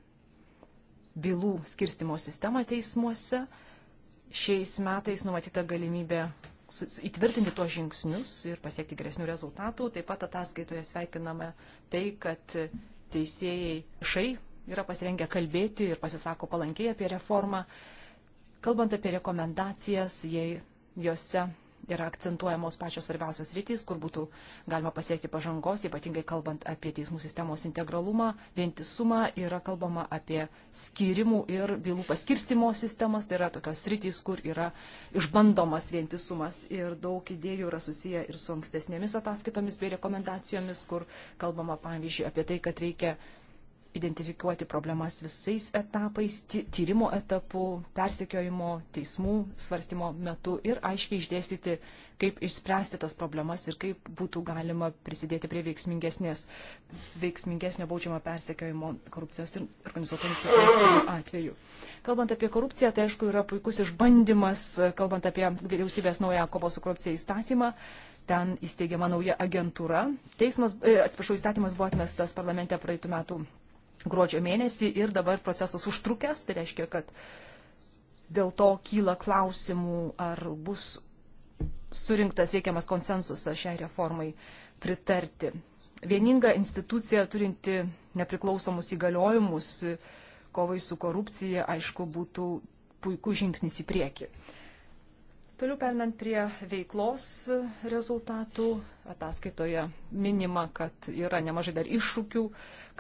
bylų skirstimo sistemą teismuose. Šiais metais numatyta galimybė įtvirtinti tuos žingsnius ir pasiekti geresnių rezultatų. Taip pat ataskaitoje sveikiname tai, kad teisėjai šai yra pasirengę kalbėti ir pasisako palankiai apie reformą. Kalbant apie rekomendacijas, jei jose yra akcentuojamos pačios svarbiausios rytis, kur būtų galima pasiekti pažangos, ypatingai kalbant apie teismų sistemos integralumą, vientisumą, yra kalbama apie skirimų ir bylų paskirstimo sistemas, tai yra tokios rytis, kur yra išbandomas vientisumas ir daug idėjų yra susiję ir su ankstesnėmis ataskaitomis bei rekomendacijomis, kur kalbama, pavyzdžiui, apie tai, kad reikia identifikuoti problemas visais etapais, tyrimo etapu, persekiojimo, teismų svarstymo metu ir aiškiai išdėstyti, kaip išspręsti tas problemas ir kaip būtų galima prisidėti prie veiksmingesnio baudžiamo persekiojimo korupcijos ir organizuotų nusikaltimų atveju. Kalbant apie korupciją, tai aišku yra puikus išbandymas, kalbant apie vyriausybės naują kovos su korupcija įstatymą ten įsteigiama nauja agentūra. Teismas, e, atsiprašau, įstatymas buvo atmestas parlamente praeitų metų gruodžio mėnesį ir dabar procesas užtrukęs, tai reiškia, kad dėl to kyla klausimų, ar bus surinktas reikiamas konsensusas šiai reformai pritarti. Vieninga institucija turinti nepriklausomus įgaliojimus kovai su korupcija, aišku, būtų puikus žingsnis į priekį. Toliau pernant prie veiklos rezultatų, ataskaitoje minima, kad yra nemažai dar iššūkių,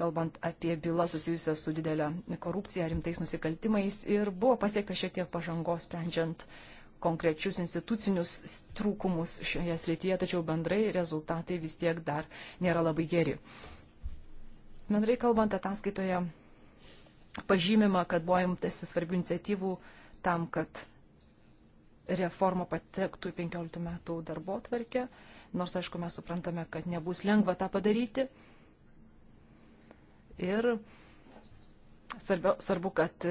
kalbant apie bylą susijusią su didelė korupcija, rimtais nusikaltimais ir buvo pasiekta šiek tiek pažangos sprendžiant konkrečius institucinius trūkumus šioje srityje, tačiau bendrai rezultatai vis tiek dar nėra labai geri. Bendrai kalbant, ataskaitoje pažymima, kad buvo imtasi svarbių iniciatyvų tam, kad reforma patektų į 15 metų darbo tvarkę, nors aišku mes suprantame, kad nebus lengva tą padaryti. Ir svarbu, svarbu kad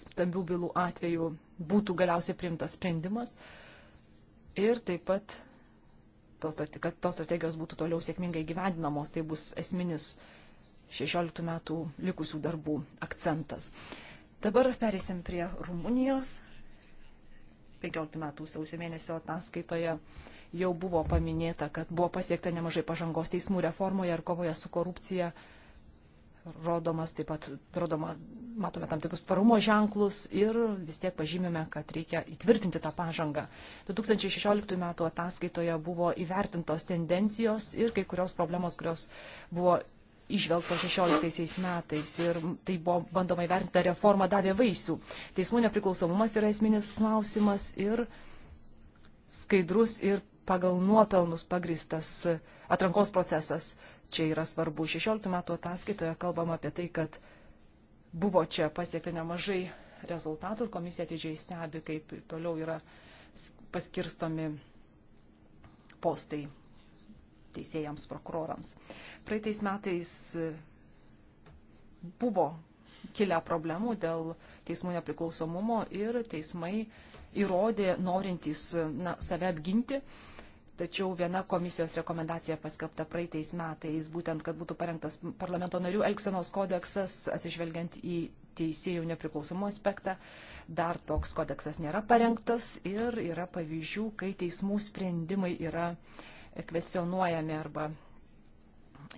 stambių bylų atveju būtų galiausiai priimtas sprendimas ir taip pat tos, kad tos strategijos būtų toliau sėkmingai gyvendinamos, tai bus esminis 16 metų likusių darbų akcentas. Dabar perėsim prie Rumunijos. 15 metų sausio mėnesio ataskaitoje jau buvo paminėta, kad buvo pasiekta nemažai pažangos teismų reformoje ir kovoje su korupcija. Rodomas taip pat, rodoma, matome tam tikrus tvarumo ženklus ir vis tiek pažymime, kad reikia įtvirtinti tą pažangą. 2016 metų ataskaitoje buvo įvertintos tendencijos ir kai kurios problemos, kurios buvo išvelgto 16 metais ir tai buvo bandoma įvertinti, ar reforma davė vaisių. Teismų nepriklausomumas yra esminis klausimas ir skaidrus ir pagal nuopelnus pagristas atrankos procesas. Čia yra svarbu. 16 metų ataskaitoje kalbama apie tai, kad buvo čia pasiekta nemažai rezultatų ir komisija atidžiai stebi, kaip toliau yra paskirstomi postai teisėjams, prokurorams. Praeitais metais e, buvo kilę problemų dėl teismų nepriklausomumo ir teismai įrodė norintys e, na, save apginti. Tačiau viena komisijos rekomendacija paskelbta praeitais metais, būtent, kad būtų parengtas parlamento narių elgsenos kodeksas, atsižvelgiant į teisėjų nepriklausomumo aspektą, dar toks kodeksas nėra parengtas ir yra pavyzdžių, kai teismų sprendimai yra uh, kvesionuojami arba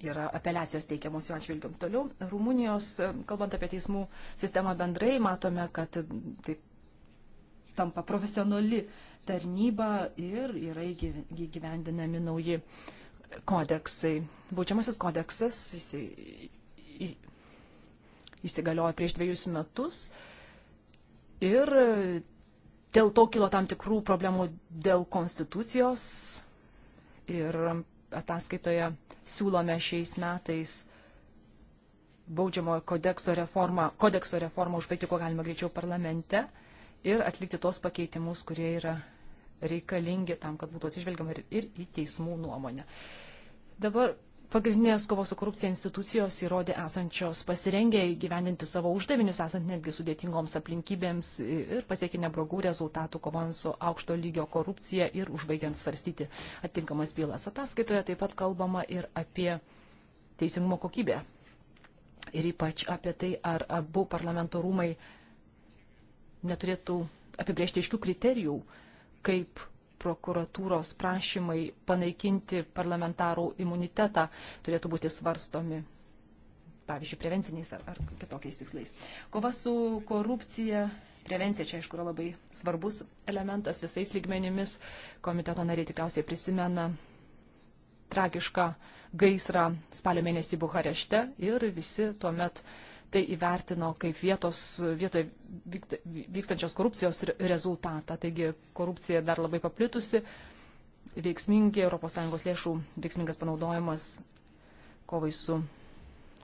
yra apeliacijos teikiamos jų atžvilgiam. Toliau, Rumunijos, kalbant apie teismų sistemą bendrai, matome, kad tai tampa profesionali tarnyba ir yra įgyvendinami nauji kodeksai. Baudžiamasis kodeksas įsigaliojo prieš dviejus metus ir dėl to kilo tam tikrų problemų dėl konstitucijos ir ataskaitoje siūlome šiais metais baudžiamojo kodekso reformą, kodekso reformą užbaigti kuo galima greičiau parlamente ir atlikti tos pakeitimus, kurie yra reikalingi tam, kad būtų atsižvelgiama ir, ir į teismų nuomonę. Dabar Pagrindinės kovos su korupcija institucijos įrodė esančios pasirengę įgyvendinti savo uždavinius, esant netgi sudėtingoms aplinkybėms ir pasiekė neblogų rezultatų kovojant su aukšto lygio korupcija ir užbaigiant svarstyti atitinkamas bylas. Ataskaitoje taip pat kalbama ir apie teisingumo kokybę. Ir ypač apie tai, ar abu parlamento rūmai neturėtų apibriežti iškių kriterijų, kaip prokuratūros prašymai panaikinti parlamentarų imunitetą turėtų būti svarstomi, pavyzdžiui, prevenciniais ar, ar kitokiais tikslais. Kova su korupcija, prevencija čia, aišku, yra labai svarbus elementas visais lygmenimis. Komiteto nariai tikriausiai prisimena tragišką gaisrą spalio mėnesį Bukarešte ir visi tuomet met tai įvertino kaip vietos, vietoje vykstančios korupcijos rezultatą. Taigi korupcija dar labai paplitusi, veiksmingi ES lėšų veiksmingas panaudojimas kovai su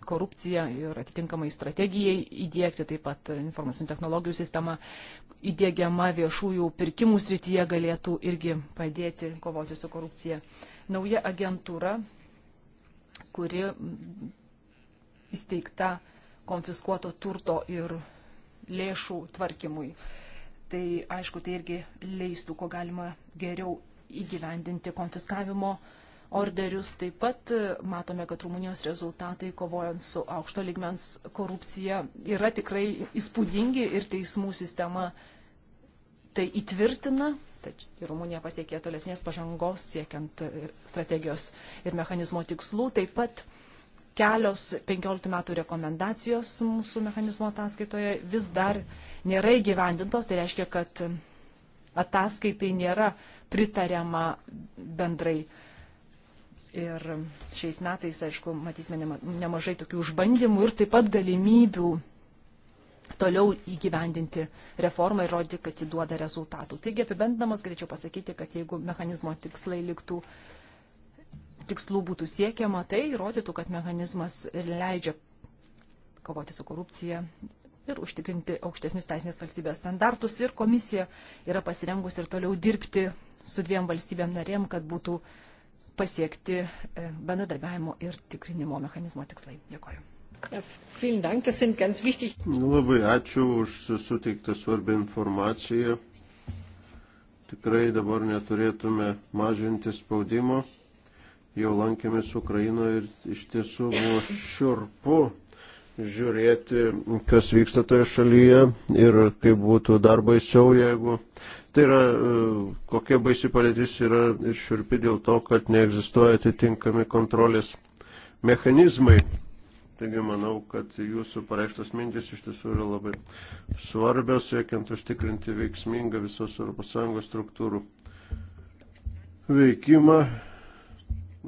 korupcija ir atitinkamai strategijai įdėkti, taip pat informacinių technologijų sistema įdėgiama viešųjų pirkimų srityje galėtų irgi padėti kovoti su korupcija. Nauja agentūra, kuri įsteigta konfiskuoto turto ir lėšų tvarkymui. Tai aišku, tai irgi leistų, ko galima geriau įgyvendinti konfiskavimo orderius. Taip pat e, matome, kad Rumunijos rezultatai kovojant su aukšto ligmens korupcija yra tikrai įspūdingi ir teismų sistema tai įtvirtina. Tačiau Rumunija pasiekė tolesnės pažangos siekiant e, strategijos ir mechanizmo tikslų. Taip pat kelios 15 metų rekomendacijos mūsų mechanizmo ataskaitoje vis dar nėra įgyvendintos, tai reiškia, kad ataskaitai nėra pritariama bendrai. Ir šiais metais, aišku, matysime nemažai tokių užbandymų ir taip pat galimybių toliau įgyvendinti reformą ir rodyti, kad ji duoda rezultatų. Taigi apibendinamas galėčiau pasakyti, kad jeigu mechanizmo tikslai liktų tikslų būtų siekiama, tai įrodytų, kad mechanizmas leidžia kovoti su korupcija ir užtikrinti aukštesnius teisinės valstybės standartus. Ir komisija yra pasirengusi ir toliau dirbti su dviem valstybėm narėm, kad būtų pasiekti e, bendradarbiavimo ir tikrinimo mechanizmo tikslai. Dėkoju. Labai ačiū už suteiktą svarbią informaciją. Tikrai dabar neturėtume mažinti spaudimo jau lankėmės Ukrainoje ir iš tiesų buvo šiurpu žiūrėti, kas vyksta toje šalyje ir kaip būtų dar baisiau, jeigu tai yra, e, kokia baisi padėtis yra ir šiurpi dėl to, kad neegzistuoja atitinkami kontrolės mechanizmai. Taigi manau, kad jūsų pareikštas mintis iš tiesų yra labai svarbios, siekiant užtikrinti veiksmingą visos ES struktūrų veikimą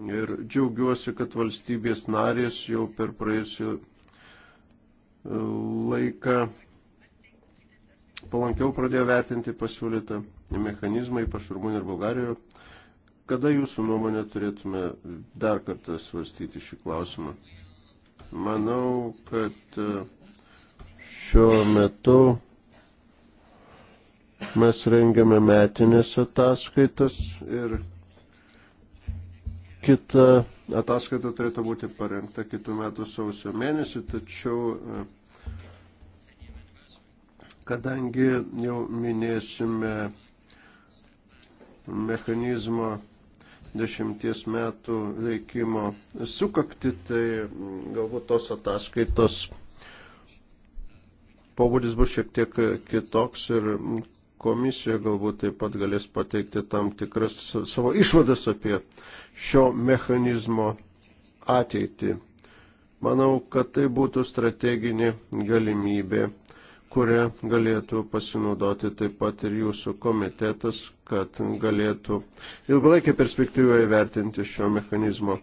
Ir džiaugiuosi, kad valstybės narės jau per praėjusiu e, laiką palankiau pradėjo vertinti pasiūlytą mechanizmą, ypač Rumunijoje ir Bulgarijoje. Kada jūsų nuomonė turėtume dar kartą svarstyti šį klausimą? Manau, kad e, šiuo metu mes rengiame metinės ataskaitas ir Kita ataskaita turėtų būti parengta kitų metų sausio mėnesį, tačiau e, kadangi jau minėsime mechanizmo dešimties metų veikimo sukakti, tai mm, galbūt tos ataskaitos pobūdis bus šiek tiek kitoks ir mm, komisija galbūt taip pat galės pateikti tam tikras savo išvadas apie šio mechanizmo ateitį. Manau, kad tai būtų strateginė galimybė, kurią galėtų pasinaudoti taip pat ir jūsų komitetas, kad galėtų ilgalaikį perspektyvą įvertinti šio mechanizmo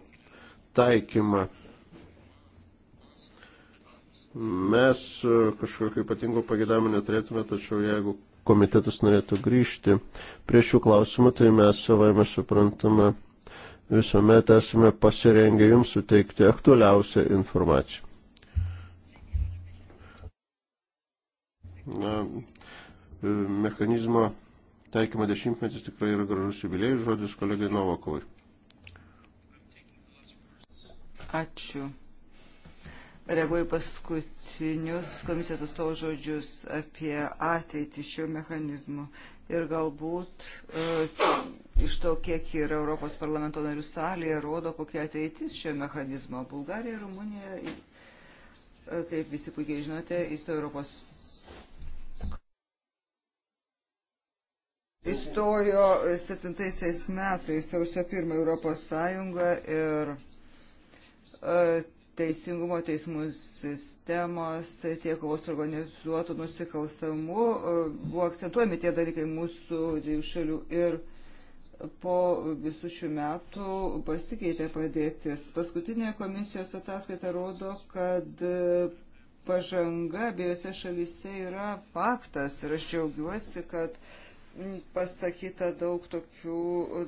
taikymą mes e, kažkokio ypatingo pagėdavimo neturėtume, tačiau jeigu komitetas norėtų grįžti prie šių klausimų, tai mes savaime suprantame visuomet esame pasirengę jums suteikti aktualiausią informaciją. Na, e, mechanizmo taikymo dešimtmetis tikrai yra gražus jubiliejus žodis kolegai Novakovai. Ačiū reaguoju paskutinius komisijos atstovų žodžius apie ateitį šio mechanizmo ir galbūt e, iš to, kiek yra Europos parlamento narių salėje, rodo, kokia ateitis šio mechanizmo. Bulgarija, Rumunija, e, kaip visi puikiai žinote, įstojo Europos. Įstojo 7 metais sausio 1 Europos Sąjunga ir e, teisingumo teismų sistemos, tiek kovos organizuotų nusikalstamų. E, buvo akcentuojami tie dalykai mūsų dviejų šalių ir po visų šių metų pasikeitė padėtis. Paskutinė komisijos ataskaita rodo, kad e, pažanga abiejose šalyse yra faktas ir aš džiaugiuosi, kad uh, pasakyta daug tokių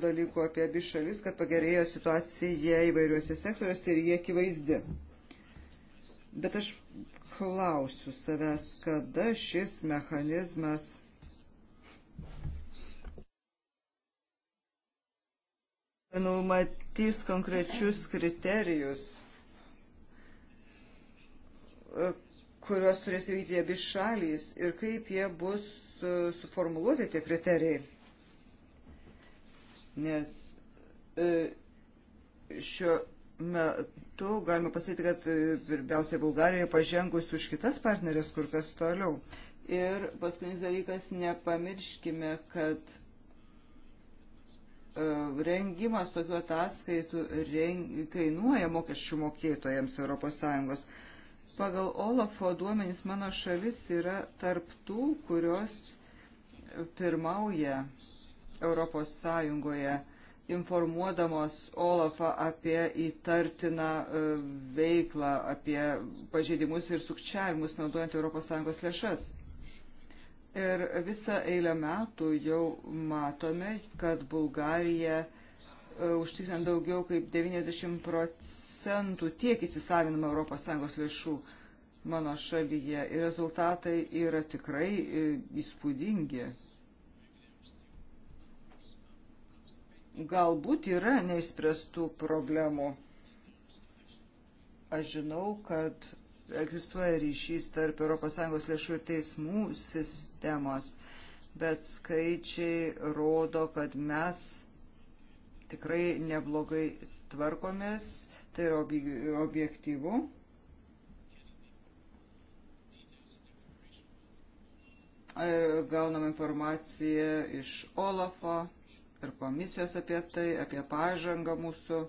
dalykų apie abi šalis, kad pagerėjo situacija įvairiuose sektoriuose ir jie akivaizdi. Bet aš klausiu savęs, kada šis mechanizmas numatys konkrečius kriterijus, kuriuos turės vykti abi šalys ir kaip jie bus su, suformuluoti tie kriterijai. Nes e, šiuo metu galima pasakyti, kad e, pirmiausia Bulgarija pažengus už kitas partnerės kur kas toliau. Ir paskutinis dalykas, nepamirškime, kad e, rengimas tokių ataskaitų reng... kainuoja mokesčių mokėtojams ES. Pagal Olafo duomenys mano šalis yra tarptų, kurios pirmauja Europos Sąjungoje informuodamos Olafą apie įtartiną e, veiklą, apie pažeidimus ir sukčiavimus naudojant ES lėšas. Ir visą eilę metų jau matome, kad Bulgarija E, užtikrinant daugiau kaip 90 procentų tiek įsisavinama ES lėšų mano šalyje ir rezultatai yra tikrai e, įspūdingi. Galbūt yra neįspręstų problemų. Aš žinau, kad egzistuoja ryšys tarp ES lėšų ir teismų sistemos, bet skaičiai rodo, kad mes tikrai neblogai tvarkomės, tai yra objektyvu. Gaunam informaciją iš Olafo ir komisijos apie tai, apie pažangą mūsų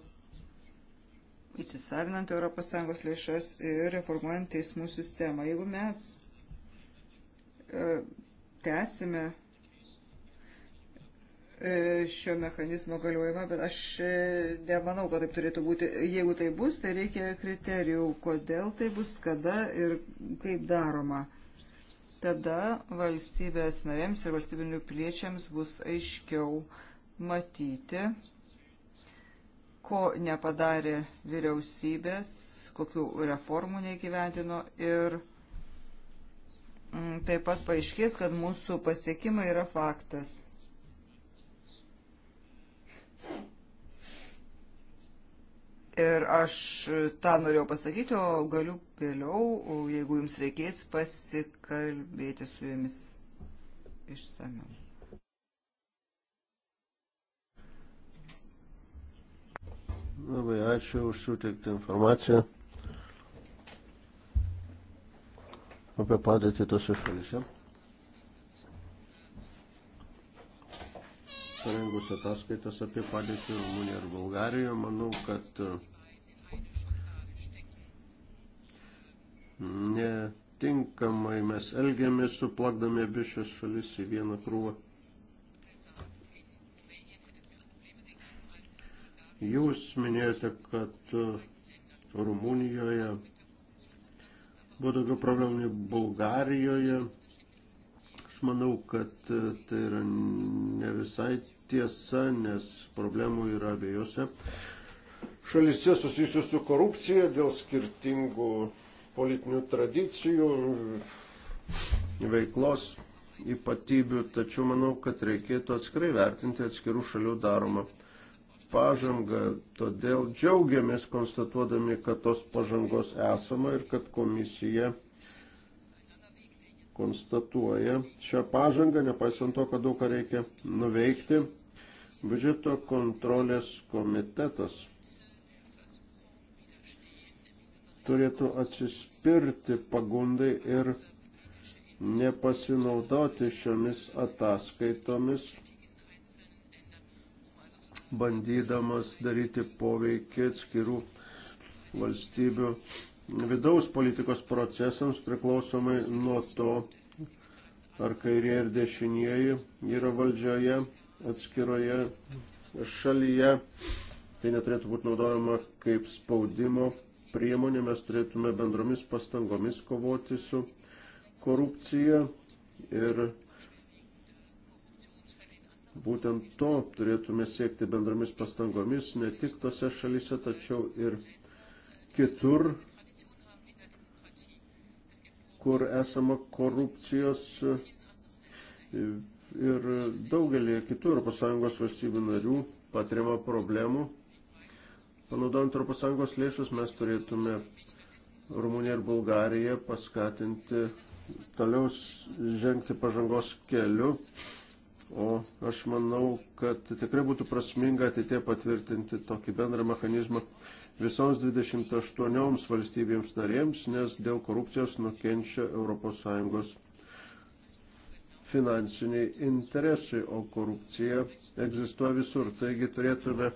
įsisavinant ES lėšas ir reformuojant teismų sistemą. Jeigu mes e, tęsime E, šio mechanizmo galiojimą, bet aš e, nemanau, kad taip turėtų būti. Jeigu tai bus, tai reikia kriterijų, kodėl tai bus, kada ir kaip daroma. Tada valstybės narėms ir valstybinių piliečiams bus aiškiau matyti, ko nepadarė vyriausybės, kokių reformų neįgyvendino ir mm, taip pat paaiškės, kad mūsų pasiekimai yra faktas Ir aš tą norėjau pasakyti, o galiu vėliau, jeigu jums reikės, pasikalbėti su jumis išsamiau. Labai ačiū už suteiktą informaciją apie padėtį tose šalyse. parengus ataskaitas apie padėtį Rumunijoje ir Bulgarijoje. Manau, kad e, netinkamai mes elgiamės, suplakdami abi šias šalis į vieną krūvą. Jūs minėjote, kad e, Rumunijoje buvo daugiau problemų nei Bulgarijoje. Aš manau, kad e, tai yra ne visai tiesa, nes problemų yra abiejose šalise susijusių su korupcija dėl skirtingų politinių tradicijų, veiklos ypatybių, tačiau manau, kad reikėtų atskirai vertinti atskirų šalių daromą pažangą. Todėl džiaugiamės konstatuodami, kad tos pažangos esama ir kad komisija konstatuoja šią pažangą, nepaisant to, kad daug ką reikia nuveikti. Biudžeto kontrolės komitetas turėtų atsispirti pagundai ir nepasinaudoti šiomis ataskaitomis, bandydamas daryti poveikį atskirų valstybių vidaus politikos procesams priklausomai nuo to, ar kairieji ir dešinieji yra valdžioje atskiroje šalyje. Tai neturėtų būti naudojama kaip spaudimo priemonė, mes turėtume bendromis pastangomis kovoti su korupcija ir būtent to turėtume siekti bendromis pastangomis ne tik tose šalyse, tačiau ir kitur kur esama korupcijos e, ir daugelį kitų ES valstybių narių patiriama problemų. Panaudojant ES lėšus mes turėtume Rumuniją ir Bulgariją paskatinti toliau žengti pažangos keliu. O aš manau, kad tikrai būtų prasminga ateitie patvirtinti tokį bendrą mechanizmą, visoms 28 valstybėms narėms, nes dėl korupcijos nukenčia ES finansiniai interesai, o korupcija egzistuoja visur. Taigi turėtume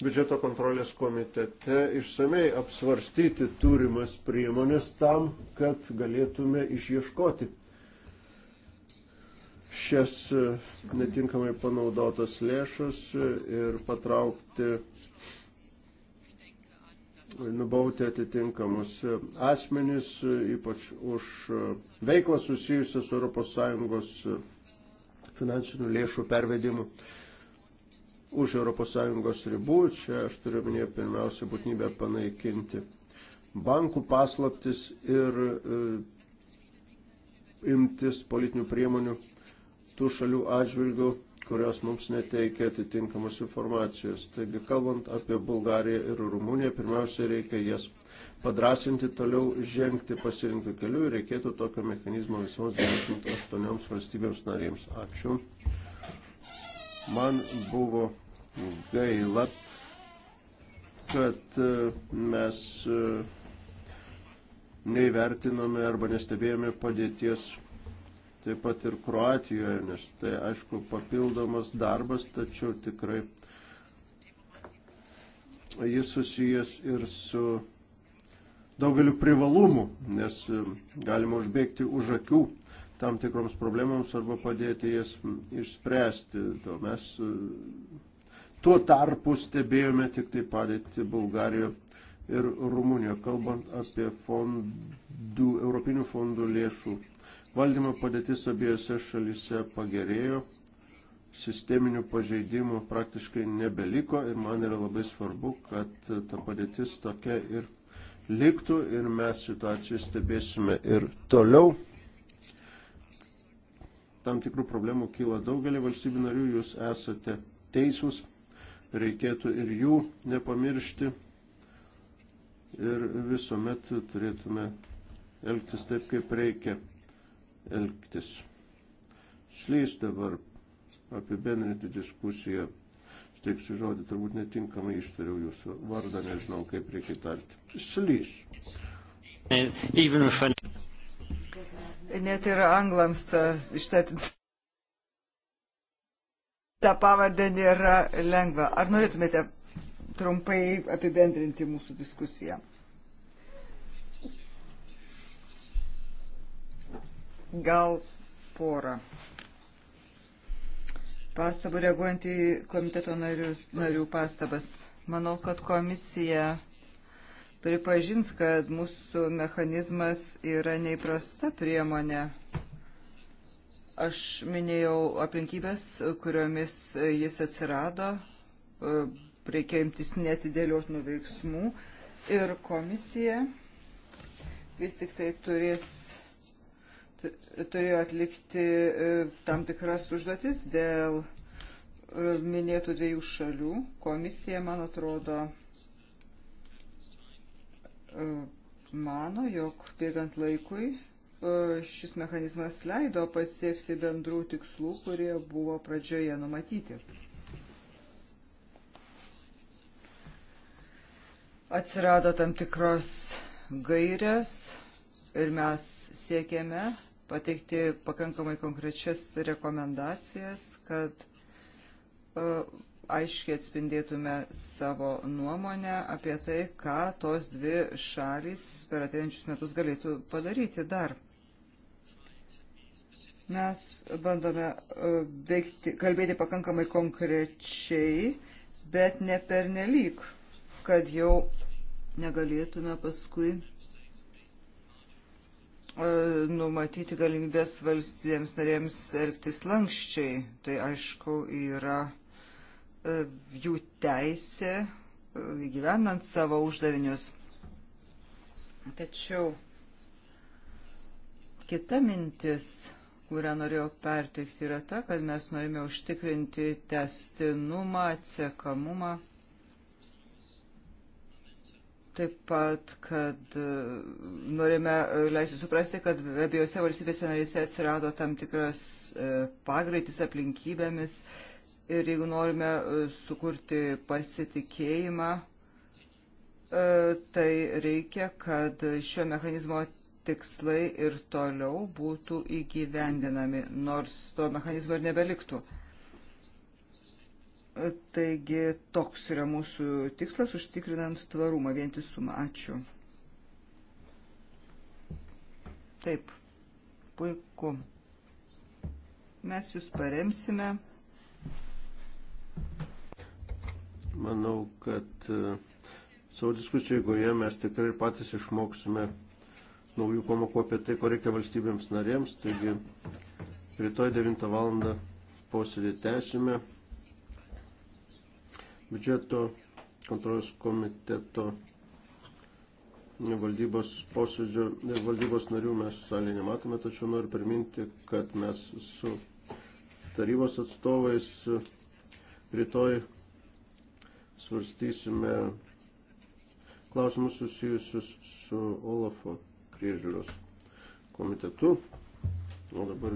biudžeto kontrolės komitete išsamei apsvarstyti turimas priemonės tam, kad galėtume išieškoti šias e, netinkamai panaudotas lėšas e, ir patraukti nubauti atitinkamus asmenys, ypač už veiklą susijusią su ES finansinių lėšų pervedimu už ES ribų. Čia aš turiu minėti pirmiausia būtinybę panaikinti bankų paslaptis ir e, imtis politinių priemonių tų šalių atžvilgių, kurios mums neteikia atitinkamos informacijos. Taigi, kalbant apie Bulgariją ir Rumuniją, pirmiausia, reikia jas padrasinti toliau žengti pasirinktų kelių ir reikėtų tokio mechanizmo visoms 28 valstybėms narėms. Ačiū. Man buvo gaila, kad e, mes e, neįvertinome arba nestebėjome padėties taip pat ir Kroatijoje, nes tai aišku papildomas darbas, tačiau tikrai jis susijęs ir su daugeliu privalumų, nes um, galima užbėgti už akių tam tikroms problemams arba padėti jas išspręsti. To mes um, tuo tarpu stebėjome tik tai padėti Bulgarijoje ir Rumunijoje, kalbant apie fondų, Europinių fondų lėšų Valdymo padėtis abiejose šalyse pagerėjo, sisteminių pažeidimų praktiškai nebeliko ir man yra labai svarbu, kad ta padėtis tokia ir liktų ir mes situaciją stebėsime ir toliau. Tam tikrų problemų kyla daugelį valstybių narių, jūs esate teisūs, reikėtų ir jų nepamiršti ir visuomet turėtume elgtis taip, kaip reikia elgtis. Slys dabar apibendrinti diskusiją. Steiksiu žodį, turbūt netinkamai ištariau jūsų vardą, nežinau kaip reikia tarti. Slys. Net ir anglams ta, ištatinti. Ta pavardė nėra lengva. Ar norėtumėte trumpai apibendrinti mūsų diskusiją? Gal porą pastabų reaguojant į komiteto narių, narių pastabas. Manau, kad komisija pripažins, kad mūsų mechanizmas yra neįprasta priemonė. Aš minėjau aplinkybės, kuriomis jis atsirado, reikia imtis netidėliotinų veiksmų ir komisija vis tik tai turės turėjo atlikti e, tam tikras užduotis dėl e, minėtų dviejų šalių. Komisija, man atrodo, e, mano, jog bėgant laikui šis mechanizmas leido pasiekti bendrų tikslų, kurie buvo pradžioje numatyti. Atsirado tam tikros gairės ir mes siekėme pateikti pakankamai konkrečias rekomendacijas, kad e, aiškiai atspindėtume savo nuomonę apie tai, ką tos dvi šalys per ateinančius metus galėtų padaryti dar mes bandome e, veikti, kalbėti pakankamai konkrečiai, bet ne pernelyg, kad jau negalėtume paskui E, numatyti galimybės valstybėms narėms elgtis lankščiai. Tai aišku yra e, jų teisė e, gyvenant savo uždavinius. Tačiau kita mintis, kurią norėjau perteikti, yra ta, kad mes norime užtikrinti testinumą, atsekamumą. Taip pat, kad e, norime e, leisti suprasti, kad abiejose valstybėse narėse atsirado tam tikras e, pagreitis aplinkybėmis ir jeigu norime sukurti pasitikėjimą, tai reikia, kad šio mechanizmo tikslai ir toliau būtų įgyvendinami, nors to mechanizmo ir nebeliktų. Taigi toks yra mūsų tikslas užtikrinant tvarumą, vientisumą. Ačiū. Taip, puiku. Mes jūs paremsime. Manau, kad e, savo diskusijų eigoje mes tikrai patys išmoksime naujų pamokų apie tai, ko reikia valstybėms narėms. Taigi, rytoj 9 val. posėdį tęsime biudžeto kontrolės komiteto valdybos posėdžio ir valdybos narių mes salėje nematome, tačiau noriu priminti, kad mes su tarybos atstovais rytoj svarstysime klausimus susijusius su Olafo priežiūros komitetu. O dabar